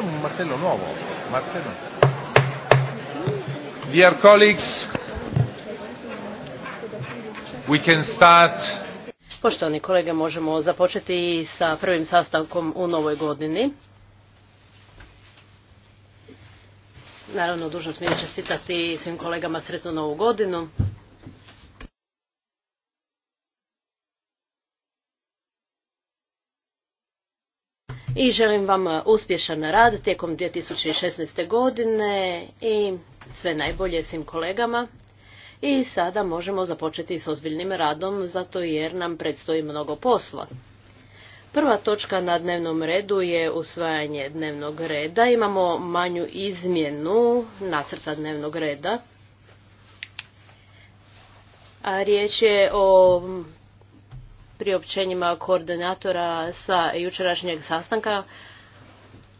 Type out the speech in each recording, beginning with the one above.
un nuovo. Martello. Dear colleagues, we can start. Poštovani kolege, možemo započeti sa prvim sastankom u novoj godini. Naravno, dužnost mi je čestitati svim kolegama sretnu novu godinu. i želim vam e, uspješan rad tijekom 2016. godine i sve najbolje svim kolegama. I sada možemo započeti s ozbiljnim radom, zato jer nam predstoji mnogo posla. Prva točka na dnevnom redu je usvajanje dnevnog reda. Imamo manju izmjenu nacrta dnevnog reda. A riječ je o priopćenjima koordinatora sa jučerašnjeg sastanka.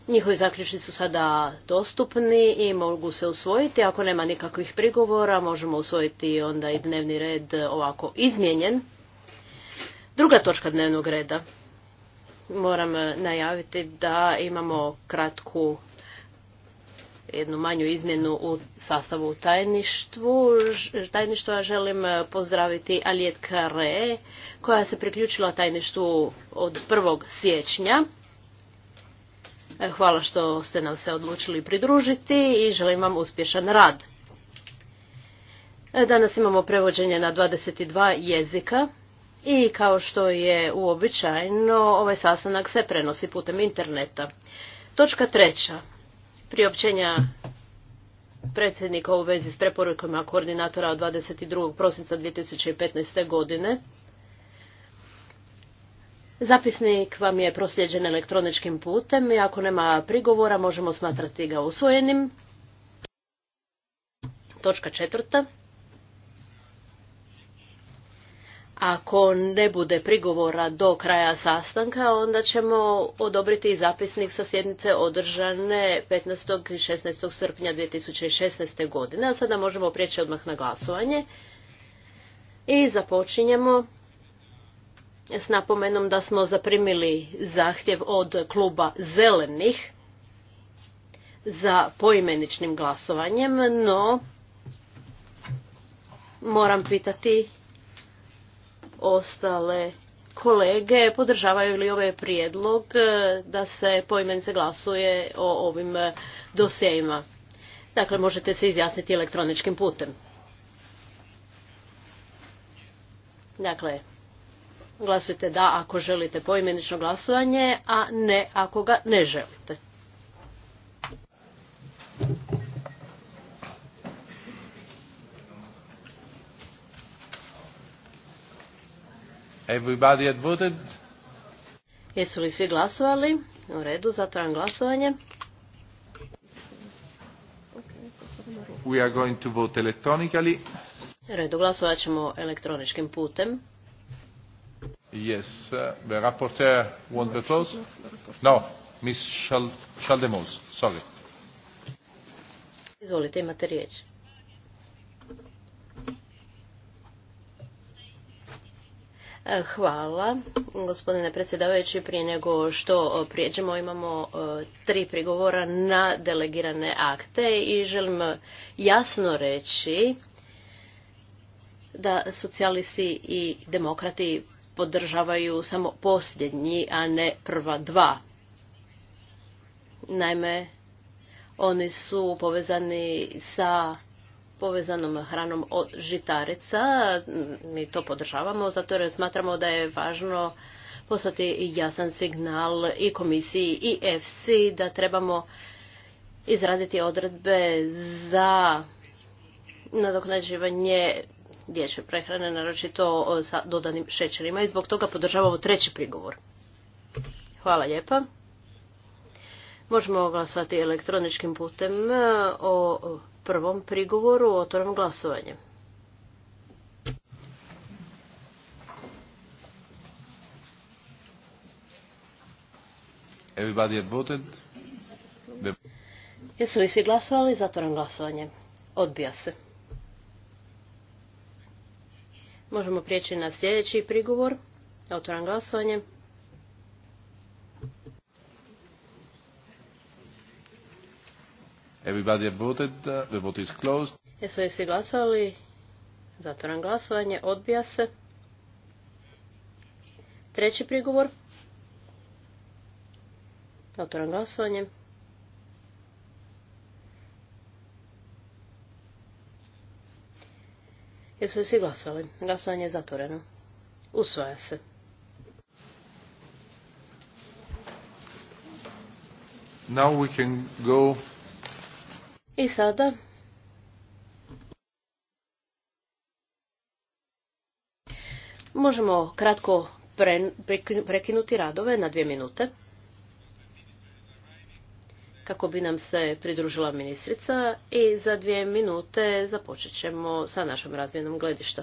Njihovi zaključci su sada dostupni i mogu se usvojiti. Ako nema nikakvih prigovora, možemo usvojiti onda i dnevni red ovako izmijenjen. Druga točka dnevnog reda. Moram najaviti da imamo kratku jednu manju izmjenu u sastavu tajništvu. tajništva. Želim e, pozdraviti Alijet Kare koja se priključila tajništvu od 1. siječnja. E, hvala što ste nam se odlučili pridružiti i želim vam uspješan rad. E, danas imamo prevođenje na 22 jezika i kao što je uobičajeno ovaj sastanak se prenosi putem interneta. Točka treća priopćenja predsjednika u vezi s preporukama koordinatora od 22. prosinca 2015. godine. Zapisnik vam je prosljeđen elektroničkim putem i ako nema prigovora možemo smatrati ga usvojenim. Točka četvrta. Ako ne bude prigovora do kraja sastanka, onda ćemo odobriti zapisnik sa sjednice održane 15. i 16. srpnja 2016. godine. A sada možemo prijeći odmah na glasovanje. I započinjemo s napomenom da smo zaprimili zahtjev od kluba zelenih za poimeničnim glasovanjem, no moram pitati ostale kolege podržavaju li ovaj prijedlog e, da se poimence glasuje o ovim e, dosjejima. Dakle, možete se izjasniti elektroničkim putem. Dakle, glasujte da ako želite poimenično glasovanje, a ne ako ga ne želite. Everybody had voted? Jesu li svi glasovali? U redu, zatvaram glasovanje. We are going to vote electronically. U redu, glasovat ćemo elektroničkim putem. Yes, uh, the rapporteur won't be close? No, Miss Chaldemose, sorry. Izvolite, imate riječi. E, hvala. Gospodine predsjedavajući, prije nego što prijeđemo imamo e, tri prigovora na delegirane akte i želim jasno reći da socijalisti i demokrati podržavaju samo posljednji, a ne prva dva. Naime, oni su povezani sa povezanom hranom od žitarica. Mi to podržavamo zato jer smatramo da je važno poslati jasan signal i komisiji i EFSI da trebamo izraditi odredbe za nadoknađivanje dječje prehrane, naročito sa dodanim šećerima i zbog toga podržavamo treći prigovor. Hvala lijepa. Možemo glasovati elektroničkim putem o prvom prigovoru otvorenom glasovanju Everybody voted. Jesu li svi glasovali? Zatvoram glasovanje. Odbija se. Možemo prijeći na sljedeći prigovor. autoran glasovanje. Everybody voted. The vote is closed. Jesu li svi glasovali? Zatvoram glasovanje. Odbija se. Treći prigovor. Zatvoram glasovanje. Jesu li svi glasovali? Glasovanje je zatvoreno. Usvaja se. Now we can go i sada možemo kratko prekinuti radove na dvije minute kako bi nam se pridružila ministrica i za dvije minute započet ćemo sa našom razmjenom gledišta.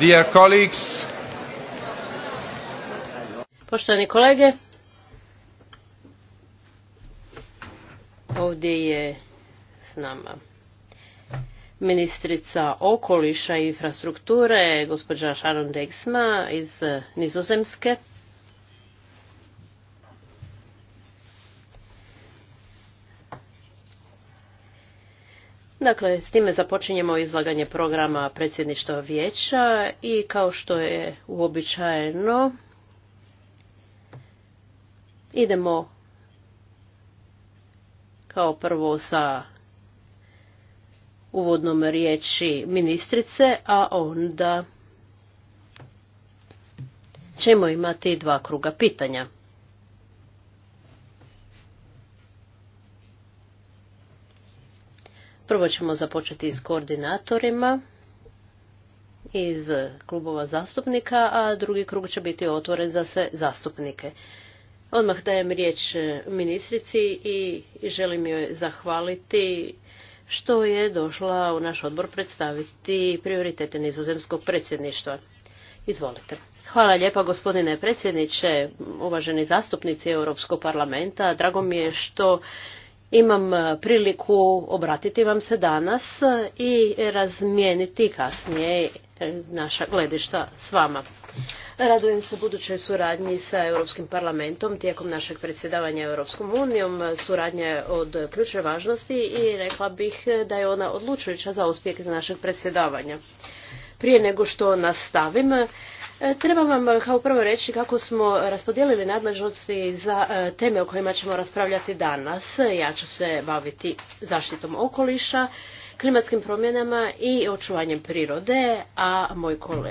Dear Poštovani kolege, ovdje je s nama ministrica okoliša i infrastrukture, gospođa Sharon Dexma iz Nizozemske. Dakle, s time započinjemo izlaganje programa predsjedništva vijeća i kao što je uobičajeno, idemo kao prvo sa uvodnom riječi ministrice, a onda ćemo imati dva kruga pitanja. Prvo ćemo započeti s koordinatorima iz klubova zastupnika, a drugi krug će biti otvoren za sve zastupnike. Odmah dajem riječ ministrici i želim joj zahvaliti što je došla u naš odbor predstaviti prioritete nizozemskog predsjedništva. Izvolite. Hvala lijepa gospodine predsjedniče, uvaženi zastupnici Europskog parlamenta. Drago mi je što imam e, priliku obratiti vam se danas e, i razmijeniti kasnije e, naša gledišta s vama. Radujem se budućoj suradnji sa Europskim parlamentom tijekom našeg predsjedavanja Europskom unijom. Suradnja je od ključne važnosti i rekla bih da je ona odlučujuća za uspjeh našeg predsjedavanja. Prije nego što nastavim, E, treba vam e, kao prvo reći kako smo raspodijelili nadležnosti za e, teme o kojima ćemo raspravljati danas. Ja ću se baviti zaštitom okoliša, klimatskim promjenama i očuvanjem prirode, a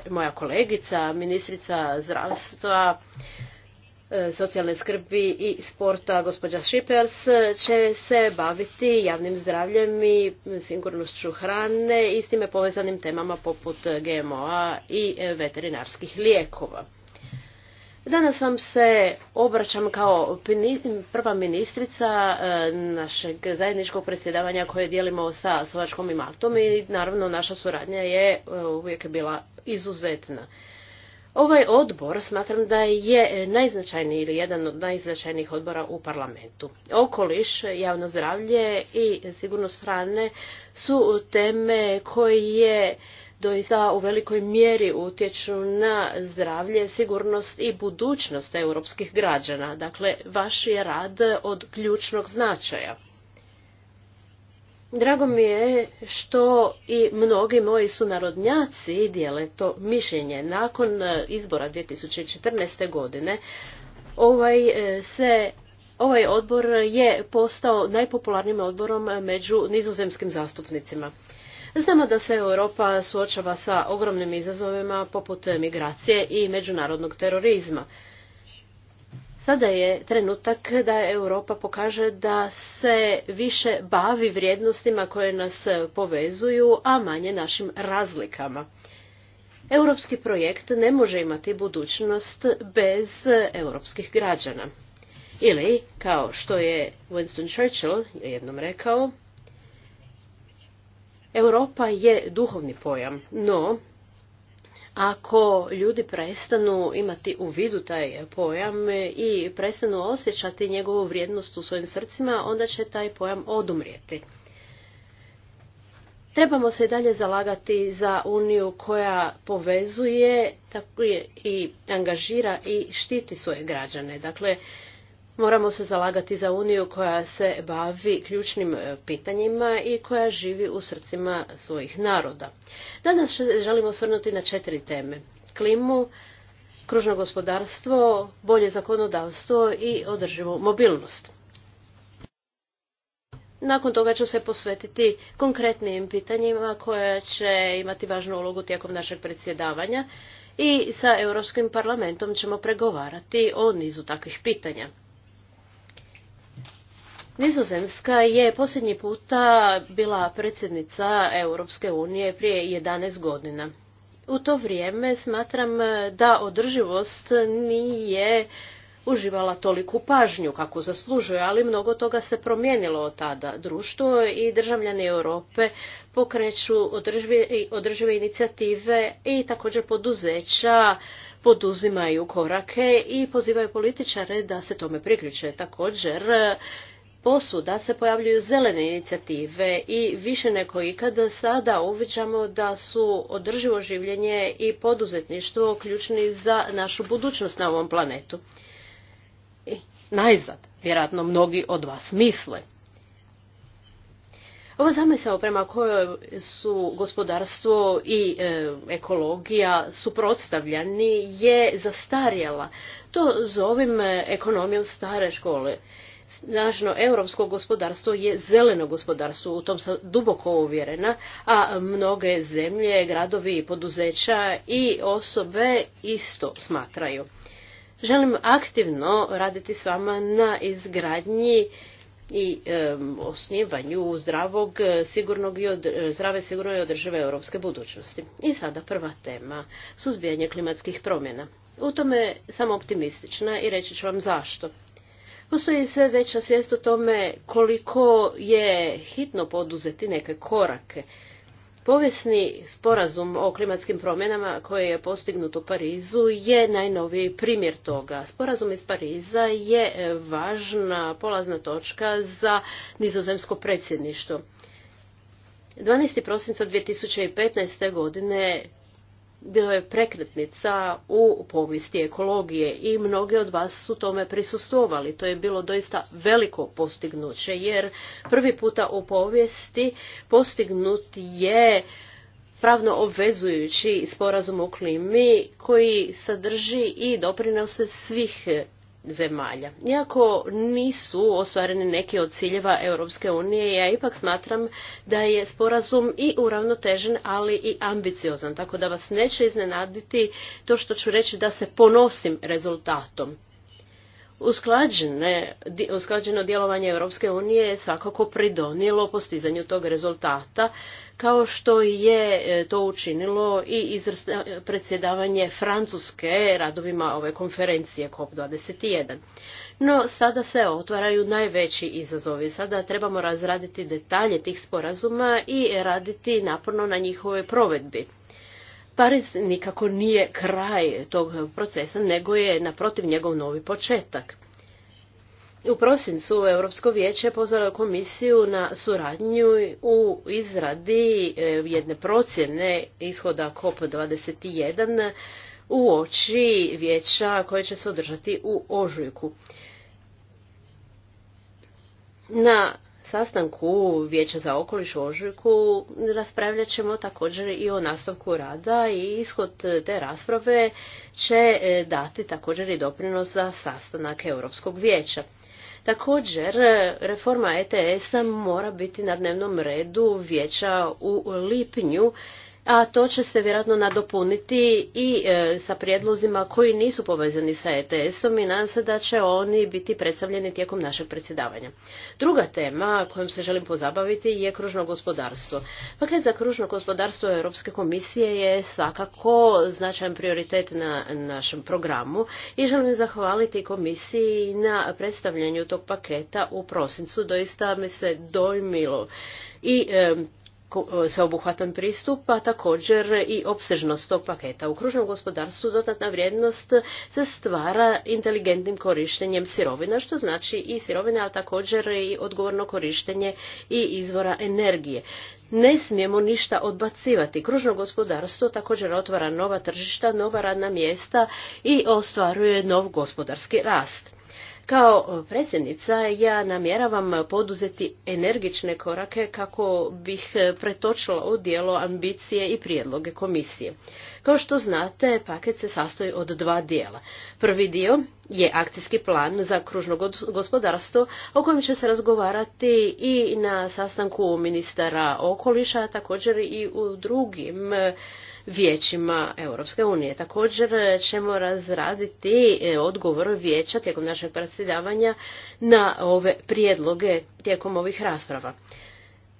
moja kolegica, ministrica zdravstva, E, socijalne skrbi i sporta gospođa Šipers e, će se baviti javnim zdravljem i sigurnošću hrane i s time povezanim temama poput GMO-a i e, veterinarskih lijekova. Danas vam se obraćam kao prva ministrica našeg zajedničkog predsjedavanja koje dijelimo sa Slovačkom i Maltom i naravno naša suradnja je uvijek bila izuzetna. Ovaj odbor smatram da je najznačajniji ili jedan od najznačajnijih odbora u parlamentu. Okoliš, javno zdravlje i sigurnost hrane su teme koje doista u velikoj mjeri utječu na zdravlje, sigurnost i budućnost europskih građana. Dakle, vaš je rad od ključnog značaja. Drago mi je što i mnogi moji sunarodnjaci dijele to mišljenje. Nakon e, izbora 2014. godine ovaj e, se Ovaj odbor je postao najpopularnijim odborom među nizozemskim zastupnicima. Znamo da se Europa suočava sa ogromnim izazovima poput migracije i međunarodnog terorizma. Sada je trenutak da Europa pokaže da se više bavi vrijednostima koje nas povezuju, a manje našim razlikama. Europski projekt ne može imati budućnost bez europskih građana. Ili, kao što je Winston Churchill jednom rekao, Europa je duhovni pojam, no ako ljudi prestanu imati u vidu taj pojam i prestanu osjećati njegovu vrijednost u svojim srcima, onda će taj pojam odumrijeti. Trebamo se dalje zalagati za Uniju koja povezuje i angažira i štiti svoje građane. Dakle, Moramo se zalagati za Uniju koja se bavi ključnim e, pitanjima i koja živi u srcima svojih naroda. Danas želimo osvrnuti na četiri teme. Klimu, kružno gospodarstvo, bolje zakonodavstvo i održivu mobilnost. Nakon toga ću se posvetiti konkretnim pitanjima koja će imati važnu ulogu tijekom našeg predsjedavanja i sa Europskim parlamentom ćemo pregovarati o nizu takvih pitanja. Nizozemska je posljednji puta bila predsjednica Europske unije prije 11 godina. U to vrijeme smatram da održivost nije uživala toliku pažnju kako zaslužuje, ali mnogo toga se promijenilo od tada. Društvo i državljani Europe pokreću održive, održive inicijative i također poduzeća poduzimaju korake i pozivaju političare da se tome priključe. Također Posuda se pojavljuju zelene inicijative i više nego ikada sada uviđamo da su održivo življenje i poduzetništvo ključni za našu budućnost na ovom planetu. I najzad, vjerojatno mnogi od vas misle. Ova zamisao prema kojoj su gospodarstvo i e, ekologija suprotstavljani je zastarjela. To zovim e, ekonomijom stare škole snažno europsko gospodarstvo je zeleno gospodarstvo, u tom sam duboko uvjerena, a mnoge zemlje, gradovi, i poduzeća i osobe isto smatraju. Želim aktivno raditi s vama na izgradnji i osnivanju zdravog, sigurnog i od, zdrave, sigurno i održive europske budućnosti. I sada prva tema, suzbijanje klimatskih promjena. U tome sam optimistična i reći ću vam zašto. Postoji sve veća svijest o tome koliko je hitno poduzeti neke korake. Povijesni sporazum o klimatskim promjenama koji je postignut u Parizu je najnoviji primjer toga. Sporazum iz Pariza je važna polazna točka za nizozemsko predsjedništvo. 12. prosinca 2015. godine bilo je prekretnica u povijesti ekologije i mnogi od vas su tome prisustovali. To je bilo doista veliko postignuće jer prvi puta u povijesti postignut je pravno obvezujući sporazum o klimi koji sadrži i doprinose svih zemalja. Iako nisu ostvareni neki od ciljeva Europske unije, ja ipak smatram da je sporazum i uravnotežen, ali i ambiciozan, tako da vas neće iznenaditi to što ću reći da se ponosim rezultatom. usklađeno djelovanje Europske unije je svakako pridonijelo postizanju tog rezultata kao što je e, to učinilo i e, predsjedavanje Francuske radovima ove konferencije COP21. No, sada se otvaraju najveći izazovi. Sada trebamo razraditi detalje tih sporazuma i raditi naporno na njihovoj provedbi. Pariz nikako nije kraj tog procesa, nego je naprotiv njegov novi početak. U prosincu Europsko vijeće pozvalo komisiju na suradnju u izradi e, jedne procjene ishoda COP21 u oči vijeća koje će se održati u ožujku. Na sastanku Vijeća za okoliš u Ožujku raspravljat ćemo također i o nastavku rada i ishod te rasprave će e, dati također i doprinos za sastanak Europskog vijeća. Također, reforma ETS-a mora biti na dnevnom redu vijeća u lipnju a to će se vjerojatno nadopuniti i e, sa prijedlozima koji nisu povezani sa ETS-om i nadam se da će oni biti predstavljeni tijekom našeg predsjedavanja. Druga tema kojom se želim pozabaviti je kružno gospodarstvo. Paket za kružno gospodarstvo Europske komisije je svakako značajan prioritet na našem programu i želim zahvaliti komisiji na predstavljanju tog paketa u prosincu. Doista mi se dojmilo i e, E, sveobuhvatan pristup, a također i opsežnost tog paketa. U kružnom gospodarstvu dodatna vrijednost se stvara inteligentnim korištenjem sirovina, što znači i sirovina, a također i odgovorno korištenje i izvora energije. Ne smijemo ništa odbacivati. Kružno gospodarstvo također otvara nova tržišta, nova radna mjesta i ostvaruje nov gospodarski rast. Kao predsjednica ja namjeravam poduzeti energične korake kako bih pretočila u dijelo ambicije i prijedloge komisije. Kao što znate, paket se sastoji od dva dijela. Prvi dio je akcijski plan za kružno gospodarstvo o kojem će se razgovarati i na sastanku ministara okoliša, također i u drugim vijećima Europske unije. Također ćemo razraditi e, odgovor vijeća tijekom našeg predsjedavanja na ove prijedloge tijekom ovih rasprava.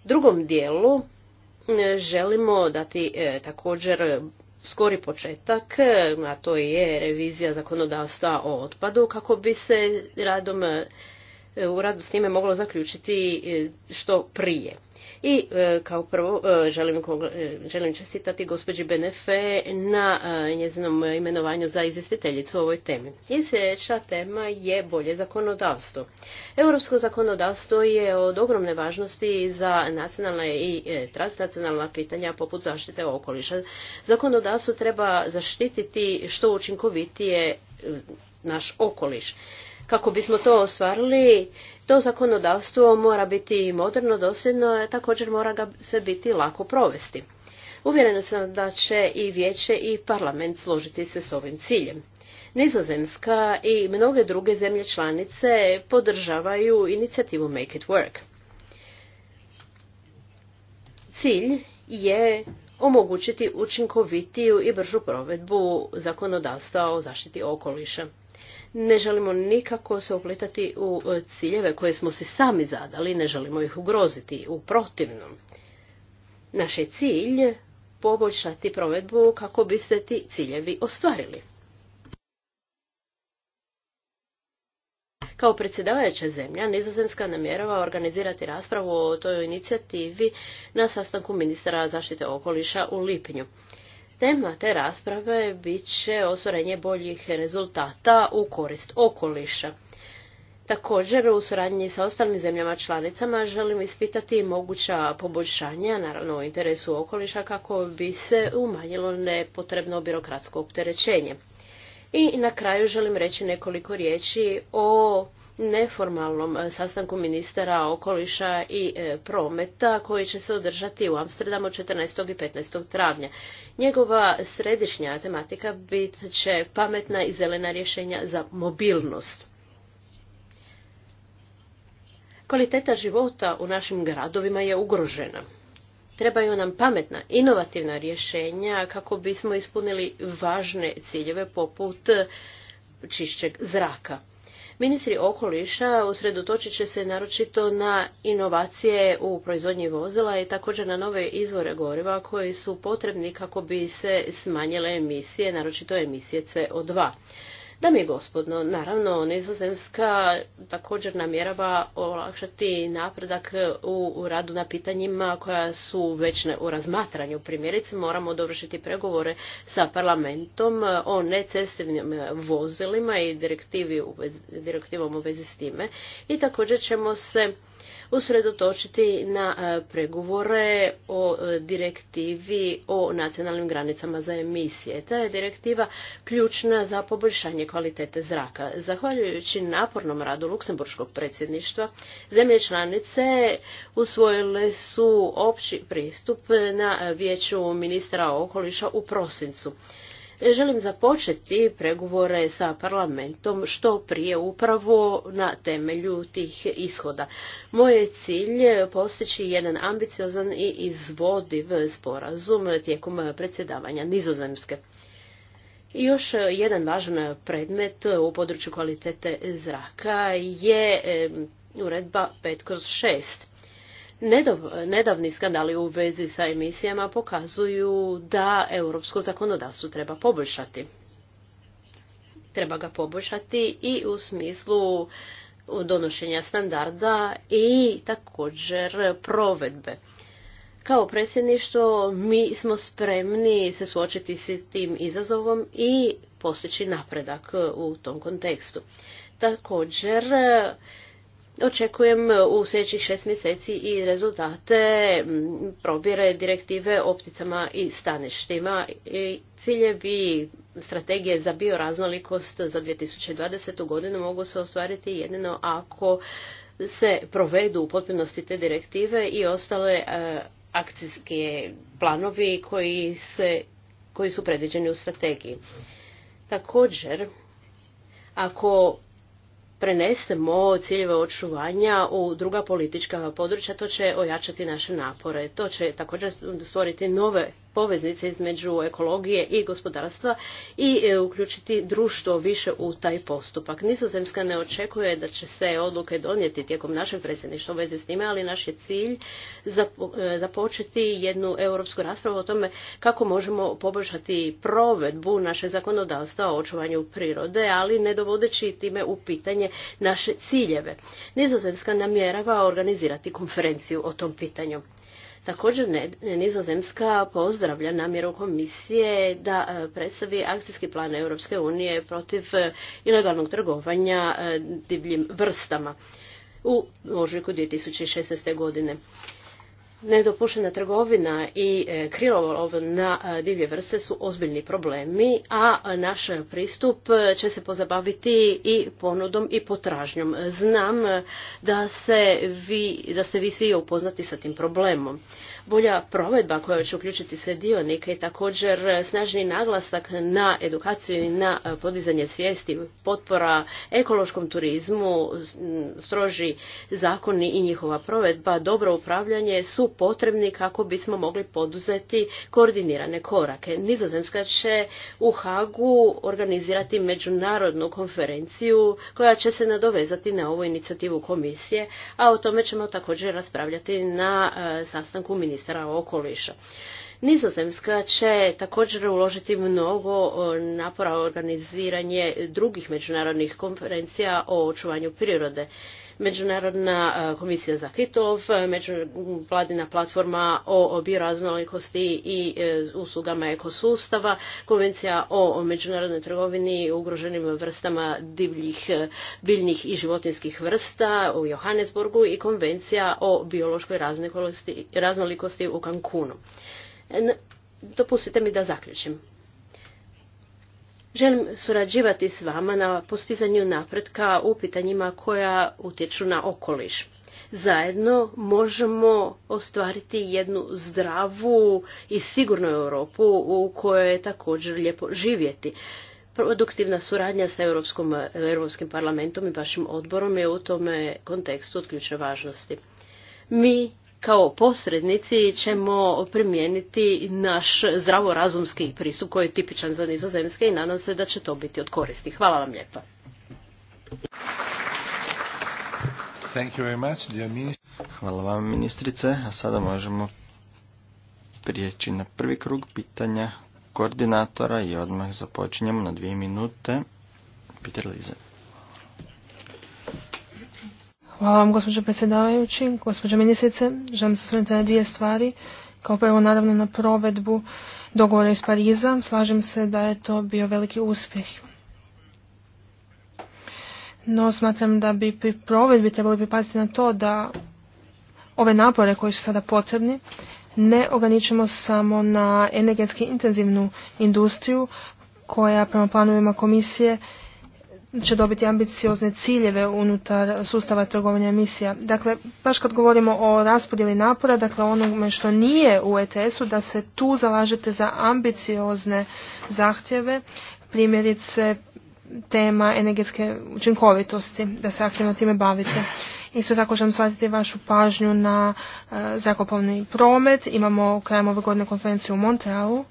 Drugom dijelu e, želimo dati e, također skori početak, a to je revizija zakonodavstva o otpadu, kako bi se radom, u radu s njime moglo zaključiti što prije. I e, kao prvo e, e, želim, čestitati gospođi Benefe na njezinom imenovanju za izvjestiteljicu o ovoj temi. I sljedeća tema je bolje zakonodavstvo. Europsko zakonodavstvo je od ogromne važnosti za nacionalna i transnacionalna pitanja poput zaštite okoliša. Zakonodavstvo treba zaštititi što učinkovitije naš okoliš. Kako bismo to ostvarili, to zakonodavstvo mora biti moderno, dosljedno, a također mora ga se biti lako provesti. Uvjerena sam da će i vijeće i parlament složiti se s ovim ciljem. Nizozemska i mnoge druge zemlje članice podržavaju inicijativu Make it Work. Cilj je omogućiti učinkovitiju i bržu provedbu zakonodavstva o zaštiti okoliša. Ne želimo nikako se upletati u e, ciljeve koje smo si sami zadali, ne želimo ih ugroziti u protivnom. Naš je cilj poboljšati provedbu kako bi se ti ciljevi ostvarili. Kao predsjedavajuća zemlja, Nizozemska namjerava organizirati raspravu o toj inicijativi na sastanku ministra zaštite okoliša u lipnju. Tema te rasprave bit će osvarenje boljih rezultata u korist okoliša. Također, u suradnji sa ostalim zemljama članicama želim ispitati moguća poboljšanja, naravno u interesu okoliša, kako bi se umanjilo nepotrebno birokratsko opterećenje. I na kraju želim reći nekoliko riječi o neformalnom e, sastanku ministara okoliša i e, prometa koji će se održati u Amsterdamu 14. i 15. travnja. Njegova središnja tematika bit će pametna i zelena rješenja za mobilnost. Kvaliteta života u našim gradovima je ugrožena. Trebaju nam pametna, inovativna rješenja kako bismo ispunili važne ciljeve poput e, čišćeg zraka. Ministri okoliša usredotočit će se naročito na inovacije u proizvodnji vozila i također na nove izvore goriva koji su potrebni kako bi se smanjile emisije, naročito emisije CO2. Dame i gospodno, naravno, Nizozemska također namjerava olakšati napredak u, radu na pitanjima koja su već u razmatranju. Primjerice, moramo dovršiti pregovore sa parlamentom o necestivnim vozilima i direktivi direktivom u vezi s time. I također ćemo se usredotočiti na e, pregovore o e, direktivi o nacionalnim granicama za emisije. Ta je direktiva ključna za poboljšanje kvalitete zraka. Zahvaljujući napornom radu Luksemburškog predsjedništva, zemlje članice usvojile su opći pristup na vijeću ministra okoliša u prosincu želim započeti pregovore sa parlamentom što prije upravo na temelju tih ishoda. Moj je cilj postići jedan ambiciozan i izvodiv sporazum tijekom predsjedavanja nizozemske. još jedan važan predmet u području kvalitete zraka je uredba 5 kroz 6. Nedavni skandali u vezi sa emisijama pokazuju da europsko zakonodavstvo treba poboljšati. Treba ga poboljšati i u smislu donošenja standarda i također provedbe. Kao predsjedništvo mi smo spremni se suočiti s tim izazovom i postići napredak u tom kontekstu. Također očekujem u sljedećih šest mjeseci i rezultate probire direktive opticama i staništima. Cilje ciljevi strategije za bioraznolikost za 2020. godinu mogu se ostvariti jedino ako se provedu u potpunosti te direktive i ostale e, akcijske planovi koji, se, koji su predviđeni u strategiji. Također, ako prenesemo ciljeve očuvanja u druga politička područja, to će ojačati naše napore. To će također stvoriti nove poveznice između ekologije i gospodarstva i e, uključiti društvo više u taj postupak. Nizozemska ne očekuje da će se odluke donijeti tijekom našeg predsjedništva u vezi s time, ali naš je cilj e, započeti jednu europsku raspravu o tome kako možemo poboljšati provedbu naše zakonodavstva o očuvanju prirode, ali ne dovodeći time u pitanje naše ciljeve. Nizozemska namjerava organizirati konferenciju o tom pitanju. Također Nizozemska pozdravlja namjeru komisije da e, predstavi akcijski plan Europske unije protiv e, ilegalnog trgovanja e, divljim vrstama u ožujku 2016. godine nedopuštena trgovina i e, krilovolov na e, divlje vrste su ozbiljni problemi, a e, naš pristup će se pozabaviti i ponudom i potražnjom. Znam da, se vi, da ste vi svi upoznati sa tim problemom. Bolja provedba koja će uključiti sve dionike i također snažni naglasak na edukaciju i na podizanje svijesti, potpora ekološkom turizmu, stroži zakoni i njihova provedba, dobro upravljanje su potrebni kako bismo mogli poduzeti koordinirane korake. Nizozemska će u Hagu organizirati međunarodnu konferenciju koja će se nadovezati na ovu inicijativu komisije, a o tome ćemo također raspravljati na e, sastanku ministra okoliša. Nizozemska će također uložiti mnogo e, napora u organiziranje drugih međunarodnih konferencija o očuvanju prirode. Međunarodna e, komisija za kitov, Vladina platforma o bioraznolikosti i e, uslugama ekosustava, konvencija o međunarodnoj trgovini i ugroženim vrstama divljih e, biljnih i životinskih vrsta u Johannesburgu i konvencija o biološkoj raznolikosti u Kankunu. Dopustite mi da zaključim. Želim surađivati s vama na postizanju napretka u pitanjima koja utječu na okoliš. Zajedno možemo ostvariti jednu zdravu i sigurnu Europu u kojoj je također lijepo živjeti. Produktivna suradnja sa Europskom, Europskim parlamentom i vašim odborom je u tome kontekstu od ključne važnosti. Mi kao posrednici ćemo primijeniti naš zdravorazumski pristup koji je tipičan za nizozemske i nadam se da će to biti od koristi. Hvala vam lijepa. Hvala vam ministrice, a sada možemo prijeći na prvi krug pitanja koordinatora i odmah započinjemo na dvije minute. Peter Lize. Hvala vam gospođo predsjedavajući, gospođo ministrice. Želim se osvrnuti na dvije stvari. Kao prvo naravno na provedbu dogovora iz Pariza. Slažem se da je to bio veliki uspjeh. No smatram da bi pri provedbi trebali pripaziti na to da ove napore koji su sada potrebni ne ograničimo samo na energetski intenzivnu industriju koja prema planovima komisije će dobiti ambiciozne ciljeve unutar sustava trgovanja emisija. Dakle, baš kad govorimo o raspodjeli napora, dakle onome što nije u ETS-u, da se tu zalažete za ambiciozne zahtjeve, primjerice tema energetske učinkovitosti, da se aktivno time bavite. Isto tako želim shvatiti vašu pažnju na e, zakopovni promet. Imamo krajem ove godine konferenciju u Montrealu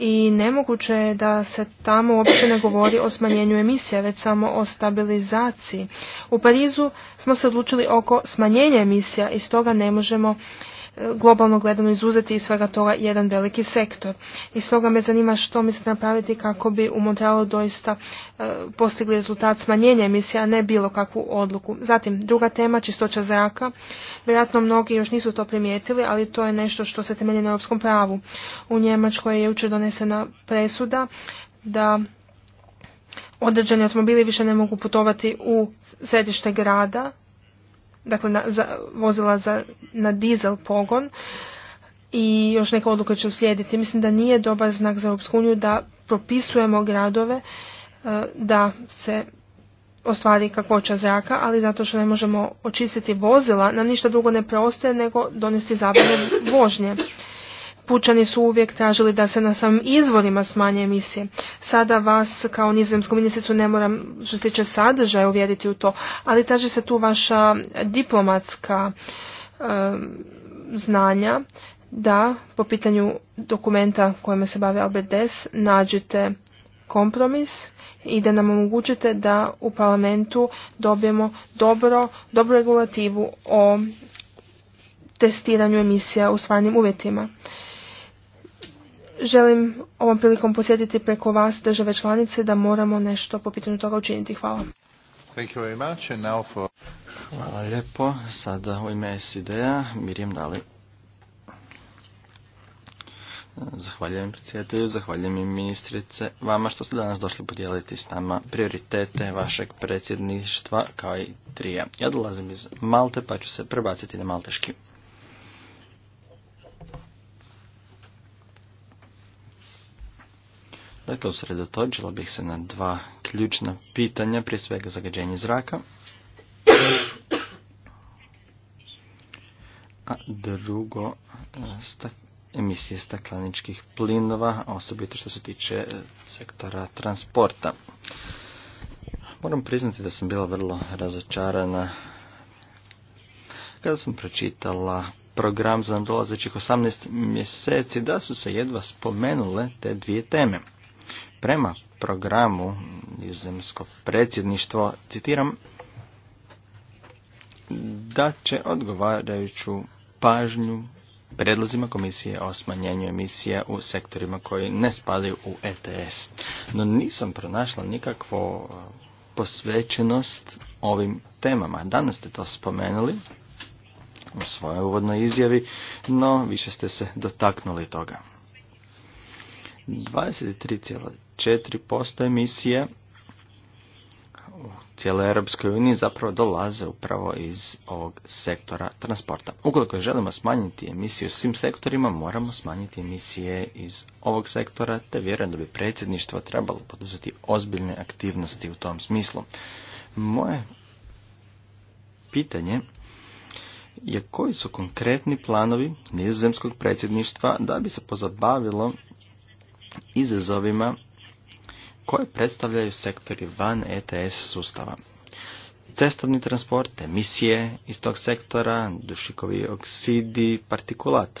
i nemoguće je da se tamo uopće ne govori o smanjenju emisija, već samo o stabilizaciji. U Parizu smo se odlučili oko smanjenja emisija i stoga ne možemo globalno gledano izuzeti iz svega toga jedan veliki sektor. I stoga me zanima što mislite napraviti kako bi u Montrealu doista e, postigli rezultat smanjenja emisija, a ne bilo kakvu odluku. Zatim, druga tema, čistoća zraka. Vjerojatno mnogi još nisu to primijetili, ali to je nešto što se temelji na europskom pravu. U Njemačkoj je jučer donesena presuda da određeni automobili više ne mogu putovati u središte grada dakle na, za, vozila za, na dizel pogon i još neka odluka će uslijediti. Mislim da nije dobar znak za Europsku uniju da propisujemo gradove e, da se ostvari kakvoća zraka, ali zato što ne možemo očistiti vozila, nam ništa drugo ne preostaje nego donesti zabrane vožnje. Pučani su uvijek tražili da se na samim izvorima smanje emisije. Sada vas kao nizozemsku ministricu ne moram što se tiče sadržaja uvjeriti u to, ali traži se tu vaša diplomatska znanja da po pitanju dokumenta kojima se bave Albert Des nađete kompromis i da nam omogućite da u parlamentu dobijemo dobro, dobru regulativu o testiranju emisija u stvarnim uvjetima želim ovom prilikom posjetiti preko vas države članice da moramo nešto po pitanju toga učiniti. Hvala. Hvala lijepo. Sada u ime SID-a Mirjam Dali. Zahvaljujem predsjedatelju, zahvaljujem i ministrice vama što ste danas došli podijeliti s nama prioritete vašeg predsjedništva kao i trija. Ja dolazim iz Malte pa ću se prebaciti na malteški. Dakle, usredotočila bih se na dva ključna pitanja, prije svega zagađenje zraka. A drugo, eh, stak, emisije stakleničkih plinova, osobito što se tiče eh, sektora transporta. Moram priznati da sam bila vrlo razočarana kada sam pročitala program za nadolazećih 18 mjeseci da su se jedva spomenule te dvije teme prema programu izzemskog predsjedništvo, citiram, da će odgovarajuću pažnju predlozima komisije o smanjenju emisija u sektorima koji ne spadaju u ETS. No nisam pronašla nikakvo e, posvećenost ovim temama. Danas ste to spomenuli u svojoj uvodnoj izjavi, no više ste se dotaknuli toga. 23 4% emisije u cijeloj Europskoj uniji zapravo dolaze upravo iz ovog sektora transporta. Ukoliko želimo smanjiti emisije u svim sektorima, moramo smanjiti emisije iz ovog sektora, te vjerujem da bi predsjedništvo trebalo poduzeti ozbiljne aktivnosti u tom smislu. Moje pitanje je koji su konkretni planovi nizozemskog predsjedništva da bi se pozabavilo izazovima koje predstavljaju sektori van ETS sustava. Cestovni transport, emisije iz tog sektora, dušikovi oksidi, partikulat.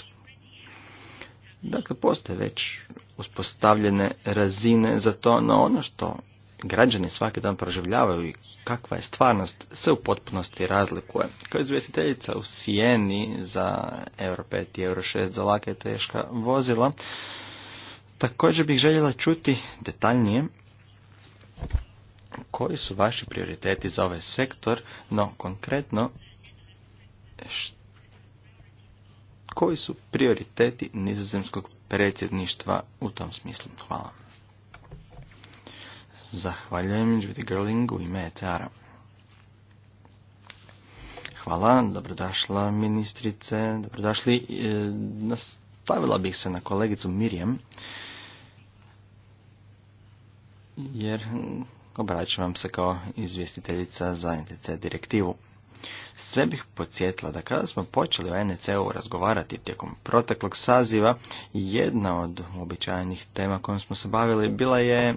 Dakle, postoje već uspostavljene razine za to, no ono što građani svaki dan proživljavaju i kakva je stvarnost se u potpunosti razlikuje. Kao izvjestiteljica u Sijeni za Euro 5 i Euro 6 za lake i teška vozila, također bih željela čuti detaljnije koji su vaši prioriteti za ovaj sektor, no konkretno koji su prioriteti nizozemskog predsjedništva u tom smislu. Hvala. Zahvaljujem Judy Gerling u ime ETR-a. Hvala, dobrodošla ministrice, dobrodošli. E, nastavila bih se na kolegicu Mirjem jer mm, obraćam vam se kao izvjestiteljica za NTC direktivu. Sve bih podsjetila da kada smo počeli o NEC-u razgovarati tijekom proteklog saziva, jedna od običajnih tema kojom smo se bavili bila je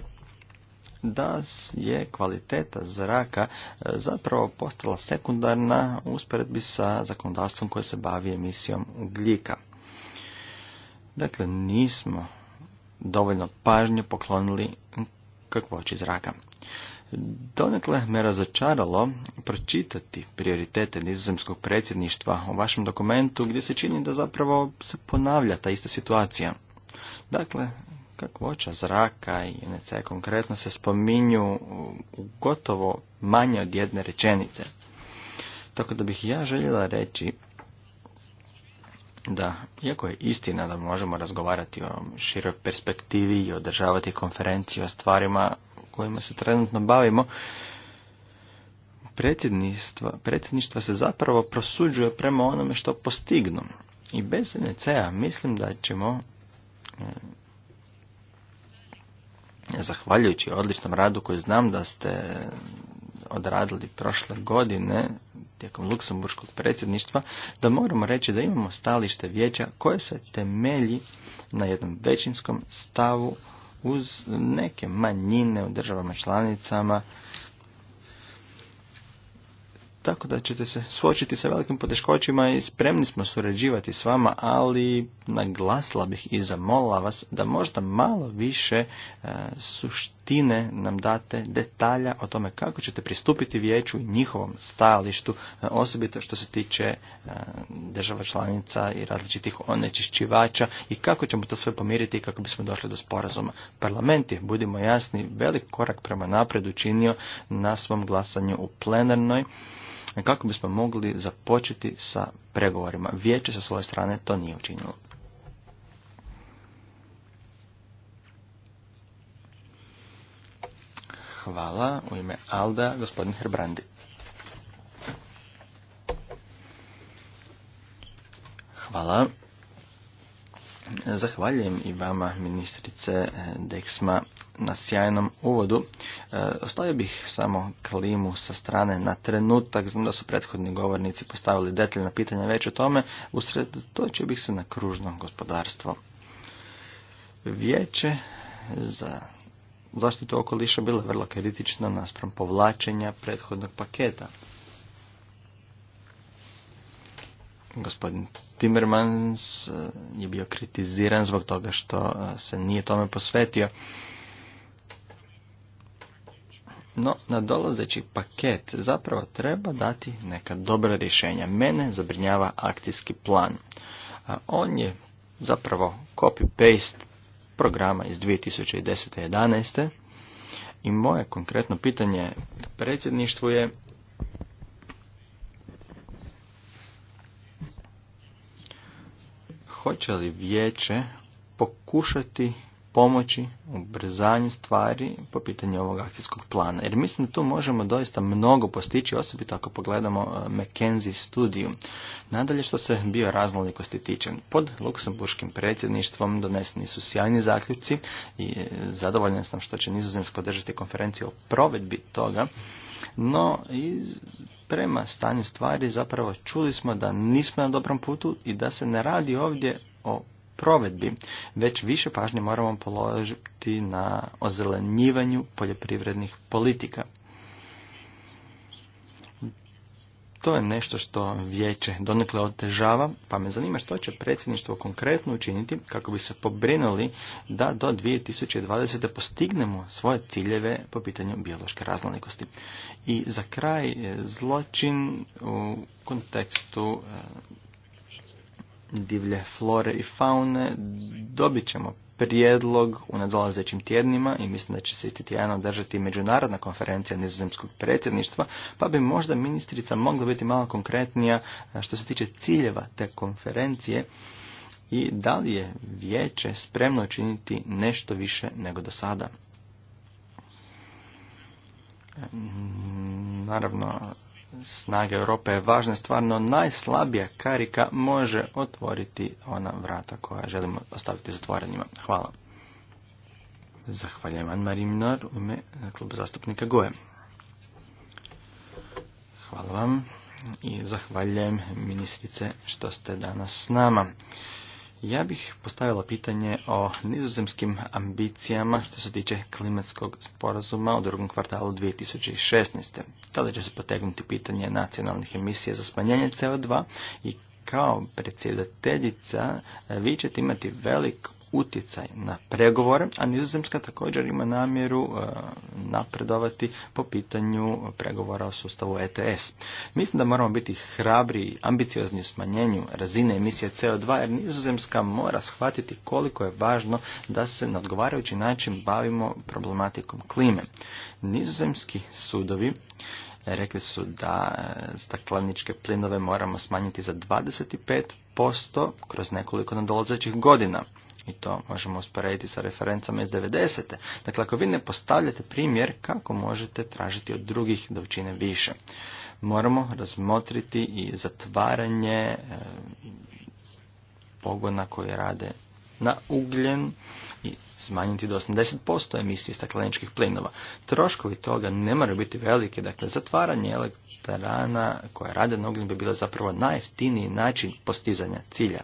da je kvaliteta zraka e, zapravo postala sekundarna usporedbi sa zakonodavstvom koje se bavi emisijom ugljika. Dakle, nismo dovoljno pažnje poklonili kakvoći zraka. Donekle me razočaralo pročitati prioritete nizozemskog predsjedništva u vašem dokumentu gdje se čini da zapravo se ponavlja ta ista situacija. Dakle, kakvoća zraka i NEC konkretno se spominju u gotovo manje od jedne rečenice. Tako da bih ja željela reći da, iako je istina da možemo razgovarati o široj perspektivi i održavati konferencije o stvarima kojima se trenutno bavimo, predsjedništva, se zapravo prosuđuje prema onome što postignu. I bez NCA mislim da ćemo, e, zahvaljujući odličnom radu koji znam da ste odradili prošle godine tijekom luksemburškog predsjedništva, da moramo reći da imamo stalište vijeća koje se temelji na jednom većinskom stavu uz neke manjine u državama članicama. Tako da ćete se suočiti sa velikim poteškoćima i spremni smo surađivati s vama, ali naglasila bih i zamolila vas da možda malo više e, desetine nam date detalja o tome kako ćete pristupiti vijeću i njihovom stajalištu, e, osobito što se tiče e, država članica i različitih onečišćivača i kako ćemo to sve pomiriti kako bismo došli do sporazuma. Parlament je, budimo jasni, velik korak prema napred učinio na svom glasanju u plenarnoj e, kako bismo mogli započeti sa pregovorima. Vijeće sa svoje strane to nije učinilo. Hvala. U ime Alda, gospodin Herbrandi. Hvala. Zahvaljujem i vama, ministrice Deksma, na sjajnom uvodu. E, ostavio bih samo klimu sa strane na trenutak. Znam da su prethodni govornici postavili detaljna pitanja već o tome. Usredotočio bih se na kružno gospodarstvo. Vijeće za zaštitu okoliša bila vrlo kritična naspram povlačenja prethodnog paketa. Gospodin Timmermans eh, je bio kritiziran zbog toga što eh, se nije tome posvetio. No, nadolazeći paket zapravo treba dati neka dobra rješenja. Mene zabrinjava akcijski plan. On je zapravo copy-paste programa iz 2010. 11. I moje konkretno pitanje predsjedništvu je hoće li vijeće pokušati pomoći ubrzanju stvari po pitanju ovog akcijskog plana. Jer mislim da tu možemo doista mnogo postići, osobito ako pogledamo e, McKenzie studiju. Nadalje što se bio raznolikosti tiče. Pod luksemburškim predsjedništvom doneseni su sjajni zaključci i e, zadovoljan sam što će nizozemsko držati konferenciju o provedbi toga. No, i prema stanju stvari zapravo čuli smo da nismo na dobrom putu i da se ne radi ovdje o provedbi, već više pažnje moramo položiti na ozelenjivanju poljoprivrednih politika. To je nešto što vijeće donekle otežava, pa me zanima što će predsjedništvo konkretno učiniti kako bi se pobrinuli da do 2020. postignemo svoje ciljeve po pitanju biološke raznolikosti. I za kraj e, zločin u kontekstu e, divlje flore i faune dobit ćemo prijedlog u nadolazećim tjednima i mislim da će se isti tjedan održati međunarodna konferencija nizozemskog predsjedništva, pa bi možda ministrica mogla biti malo konkretnija što se tiče ciljeva te konferencije i da li je vijeće spremno učiniti nešto više nego do sada. Naravno, snage Europe je važna stvar, no najslabija karika može otvoriti ona vrata koja želimo ostaviti zatvorenima. Hvala. Zahvaljujem Anmarim u ime kluba zastupnika Goje. Hvala vam i zahvaljujem ministrice što ste danas s nama. Ja bih postavila pitanje o nizozemskim ambicijama što se tiče klimatskog sporazuma u drugom kvartalu 2016. Tada će se potegnuti pitanje nacionalnih emisija za smanjenje CO2 i kao predsjedateljica vi ćete imati velik utjecaj na pregovore, a Nizozemska također ima namjeru e, napredovati po pitanju pregovora o sustavu ETS. Mislim da moramo biti hrabri i ambiciozni u smanjenju razine emisije CO2 jer Nizozemska mora shvatiti koliko je važno da se na odgovarajući način bavimo problematikom klime. Nizozemski sudovi rekli su da e, stakleničke plinove moramo smanjiti za 25% kroz nekoliko nadolazećih godina. I to možemo usporediti sa referencama iz 90. Dakle, ako vi ne postavljate primjer, kako možete tražiti od drugih da učine više? Moramo razmotriti i zatvaranje eh, pogona koji rade na ugljen i smanjiti do 80% emisije stakleničkih plinova. Troškovi toga ne moraju biti velike, dakle zatvaranje elektrana koja rade na ugljen bi bilo zapravo najjeftiniji način postizanja cilja.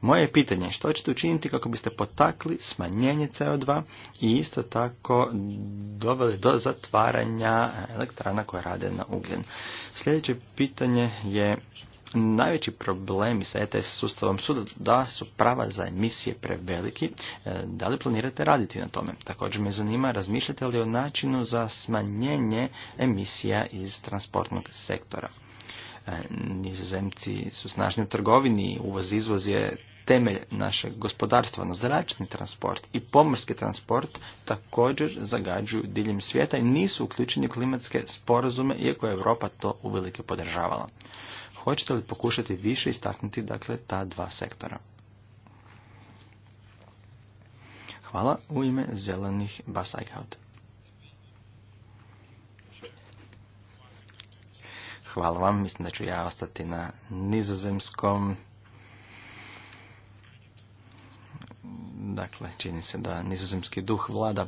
Moje pitanje je što ćete učiniti kako biste potakli smanjenje CO2 i isto tako doveli do zatvaranja elektrana koja rade na ugljen. Sljedeće pitanje je Najveći problemi sa ETS sustavom su da su prava za emisije preveliki. E, da li planirate raditi na tome? Također me zanima, razmišljate li o načinu za smanjenje emisija iz transportnog sektora? E, Nizozemci su snažni u trgovini, uvoz-izvoz je temelj našeg gospodarstva, no zračni transport i pomorski transport također zagađuju diljem svijeta i nisu uključeni u klimatske sporazume, iako je Europa to uvelike podržavala. Hoćete li pokušati više istaknuti dakle ta dva sektora? Hvala u ime zelenih Basajkhaut. Hvala vam, mislim da ću ja ostati na nizozemskom Dakle, čini se da nizozemski duh vlada.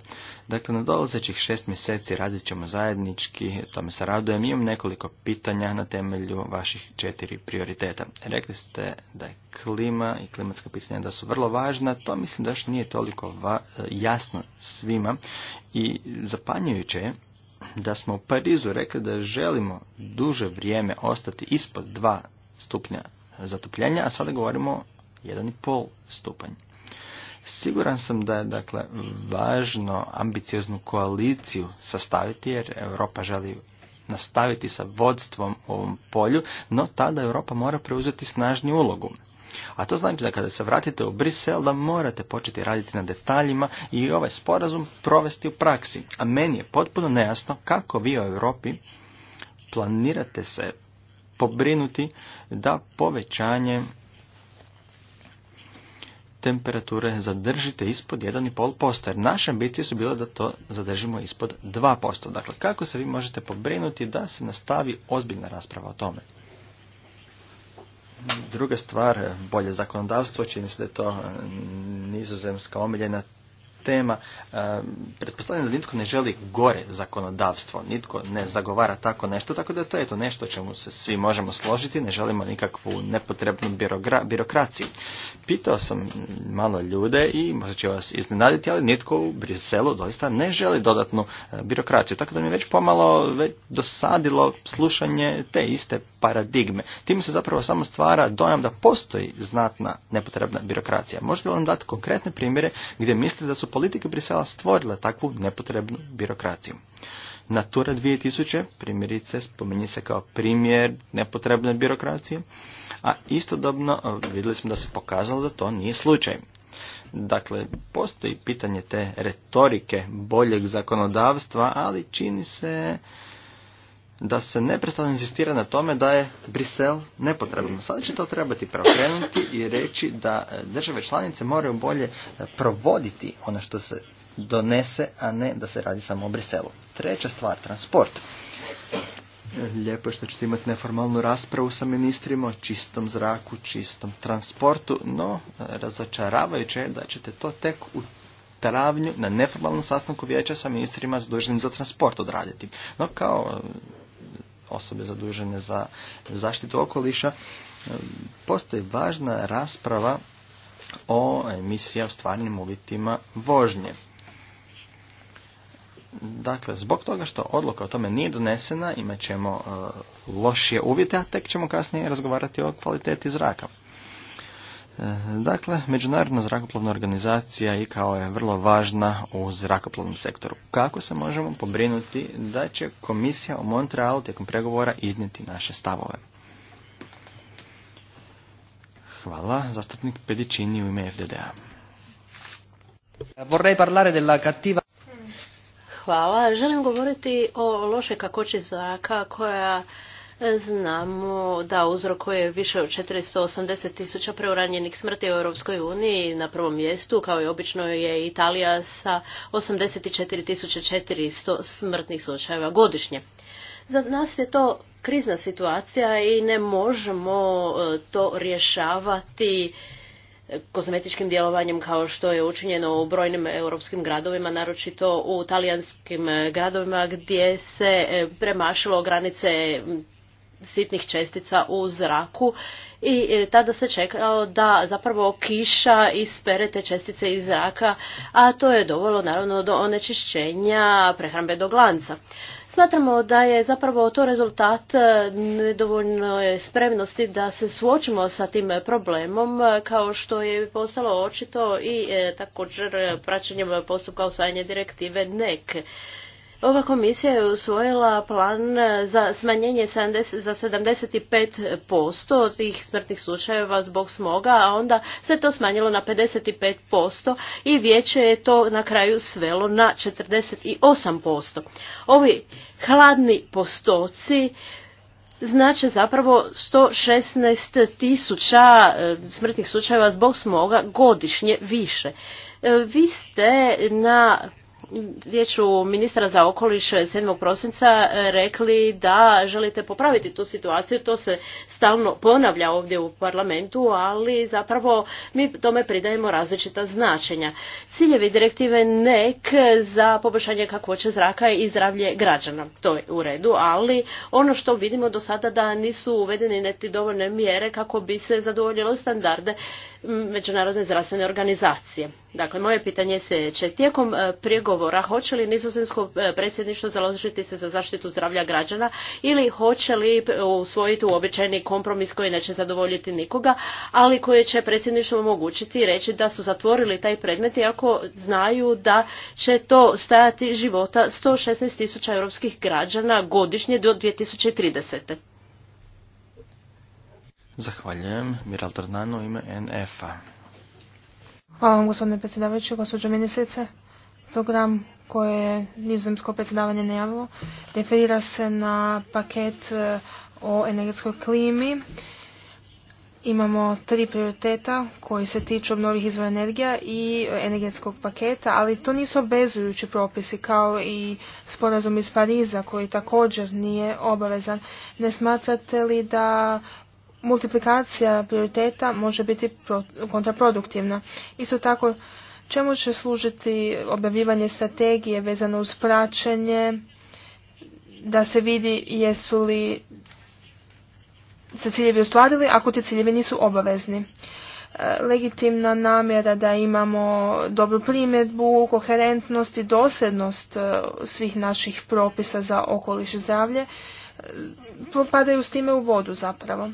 Dakle, na dolazećih šest mjeseci radit ćemo zajednički, tome se radujem. Imam nekoliko pitanja na temelju vaših četiri prioriteta. Rekli ste da je klima i klimatska pitanja da su vrlo važna, to mislim da još nije toliko jasno svima i zapanjujuće je da smo u Parizu rekli da želimo duže vrijeme ostati ispod dva stupnja zatopljenja, a sada govorimo 1,5 stupanj. Siguran sam da je dakle važno ambicioznu koaliciju sastaviti jer Europa želi nastaviti sa vodstvom u ovom polju, no tada Europa mora preuzeti snažniju ulogu. A to znači da kada se vratite u Brisel da morate početi raditi na detaljima i ovaj sporazum provesti u praksi. A meni je potpuno nejasno kako vi u Europi planirate se pobrinuti da povećanje temperature zadržite ispod 1,5%, jer naše ambicije su bila da to zadržimo ispod 2%. Dakle, kako se vi možete pobrinuti da se nastavi ozbiljna rasprava o tome? Druga stvar, bolje zakonodavstvo, čini se da je to e, nizozemska omiljena tema. E, pretpostavljam da nitko ne želi gore zakonodavstvo, nitko ne zagovara tako nešto, tako da to je to nešto čemu se svi možemo složiti, ne želimo nikakvu nepotrebnu birokraciju. Pitao sam malo ljude i možda će vas iznenaditi, ali nitko u Briselu doista ne želi dodatnu e, birokraciju, tako da mi je već pomalo već dosadilo slušanje te iste paradigme. Tim se zapravo samo stvara dojam da postoji znatna nepotrebna birokracija. Možete li nam dati konkretne primjere gdje mislite da su politike Brisela stvorila takvu nepotrebnu birokraciju. Natura 2000 primjerice spominje se kao primjer nepotrebne birokracije, a istodobno e, vidjeli smo da se pokazalo da to nije slučaj. Dakle, postoji pitanje te retorike boljeg zakonodavstva, ali čini se da se neprestano insistira na tome da je Brisel nepotrebno. Sada će to trebati preokrenuti i reći da e, države članice moraju bolje e, provoditi ono što se donese, a ne da se radi samo o Briselu. Treća stvar, transport. Lijepo je što ćete imati neformalnu raspravu sa ministrima o čistom zraku, čistom transportu, no e, razočaravajuće je da ćete to tek u travnju na neformalnom sastanku vijeća sa ministrima zaduženim za transport odraditi. No kao osobe zadužene za zaštitu okoliša, e, postoji važna rasprava o emisija o stvarnim uvjetima vožnje. Dakle, zbog toga što odluka o tome nije donesena, imat ćemo e, lošije uvjete, a tek ćemo kasnije razgovarati o kvaliteti zraka. Eh, dakle, Međunarodna zrakoplovna organizacija i kao je vrlo važna u zrakoplovnom sektoru. Kako se možemo pobrinuti da će komisija u Montrealu tijekom pregovora iznijeti naše stavove? Hvala. Zastupnik Pedicini u ime FDDA. Vorrei Hvala. Želim govoriti o loše kakoći zraka koja Znamo da uzrokuje više od 480 tisuća preuranjenih smrti u Europskoj uniji. Na prvom mjestu, kao i obično, je Italija sa 84 400 smrtnih slučajeva godišnje. Za nas je to krizna situacija i ne možemo e, to rješavati e, kozmetičkim djelovanjem kao što je učinjeno u brojnim europskim gradovima, naročito u talijanskim e, gradovima gdje se premašilo granice sitnih čestica u zraku i e, tada se čekao da zapravo kiša ispere te čestice iz zraka, a to je dovoljno naravno do onečišćenja do glanca. Smatramo da je zapravo to rezultat e, nedovoljno spremnosti da se suočimo sa tim problemom e, kao što je postalo očito i također praćenjem postupka osvajanja direktive NEC. Ova komisija je usvojila plan eh, za smanjenje 70, za 75% od tih smrtnih slučajeva zbog smoga, a onda se to smanjilo na 55% i vijeće je to na kraju svelo na 48%. Ovi hladni postoci znače zapravo 116 tisuća eh, smrtnih slučajeva zbog smoga godišnje više. Eh, vi ste na vijeću ministra za okoliš 7. prosinca e, rekli da želite popraviti tu situaciju. To se stalno ponavlja ovdje u parlamentu, ali zapravo mi tome pridajemo različita značenja. Ciljevi direktive NEK za poboljšanje kakvoće zraka i zdravlje građana. To je u redu, ali ono što vidimo do sada da nisu uvedeni neti dovoljne mjere kako bi se zadovoljilo standarde Međunarodne zdravstvene organizacije. Dakle, moje pitanje se sljedeće. Tijekom e, prijegovora dogovora. Hoće li nizozemsko e, predsjedništvo založiti se za zaštitu zdravlja građana ili hoće li e, usvojiti uobičajeni kompromis koji neće zadovoljiti nikoga, ali koji će predsjedništvo omogućiti i reći da su zatvorili taj predmet iako znaju da će to stajati života 116 tisuća europskih građana godišnje do 2030. Zahvaljujem. Miral ime NF-a. Hvala vam gospodine predsjedavajući, gospođo ministrice. Program koje je nizozemsko predsjedavanje najavilo referira se na paket e, o energetskoj klimi. Imamo tri prioriteta koji se tiču obnovih izvora energija i energetskog paketa, ali to nisu obvezujući propisi kao i sporazum iz Pariza koji također nije obavezan. Ne smatrate li da multiplikacija prioriteta može biti kontraproduktivna? Isto tako Čemu će služiti objavljivanje strategije vezano uz praćenje, da se vidi jesu li se ciljevi ostvarili ako ti ciljevi nisu obavezni. E, legitimna namjera da imamo dobru primjedbu, koherentnost i dosljednost e, svih naših propisa za okoliš i zdravlje e, propadaju s time u vodu zapravo.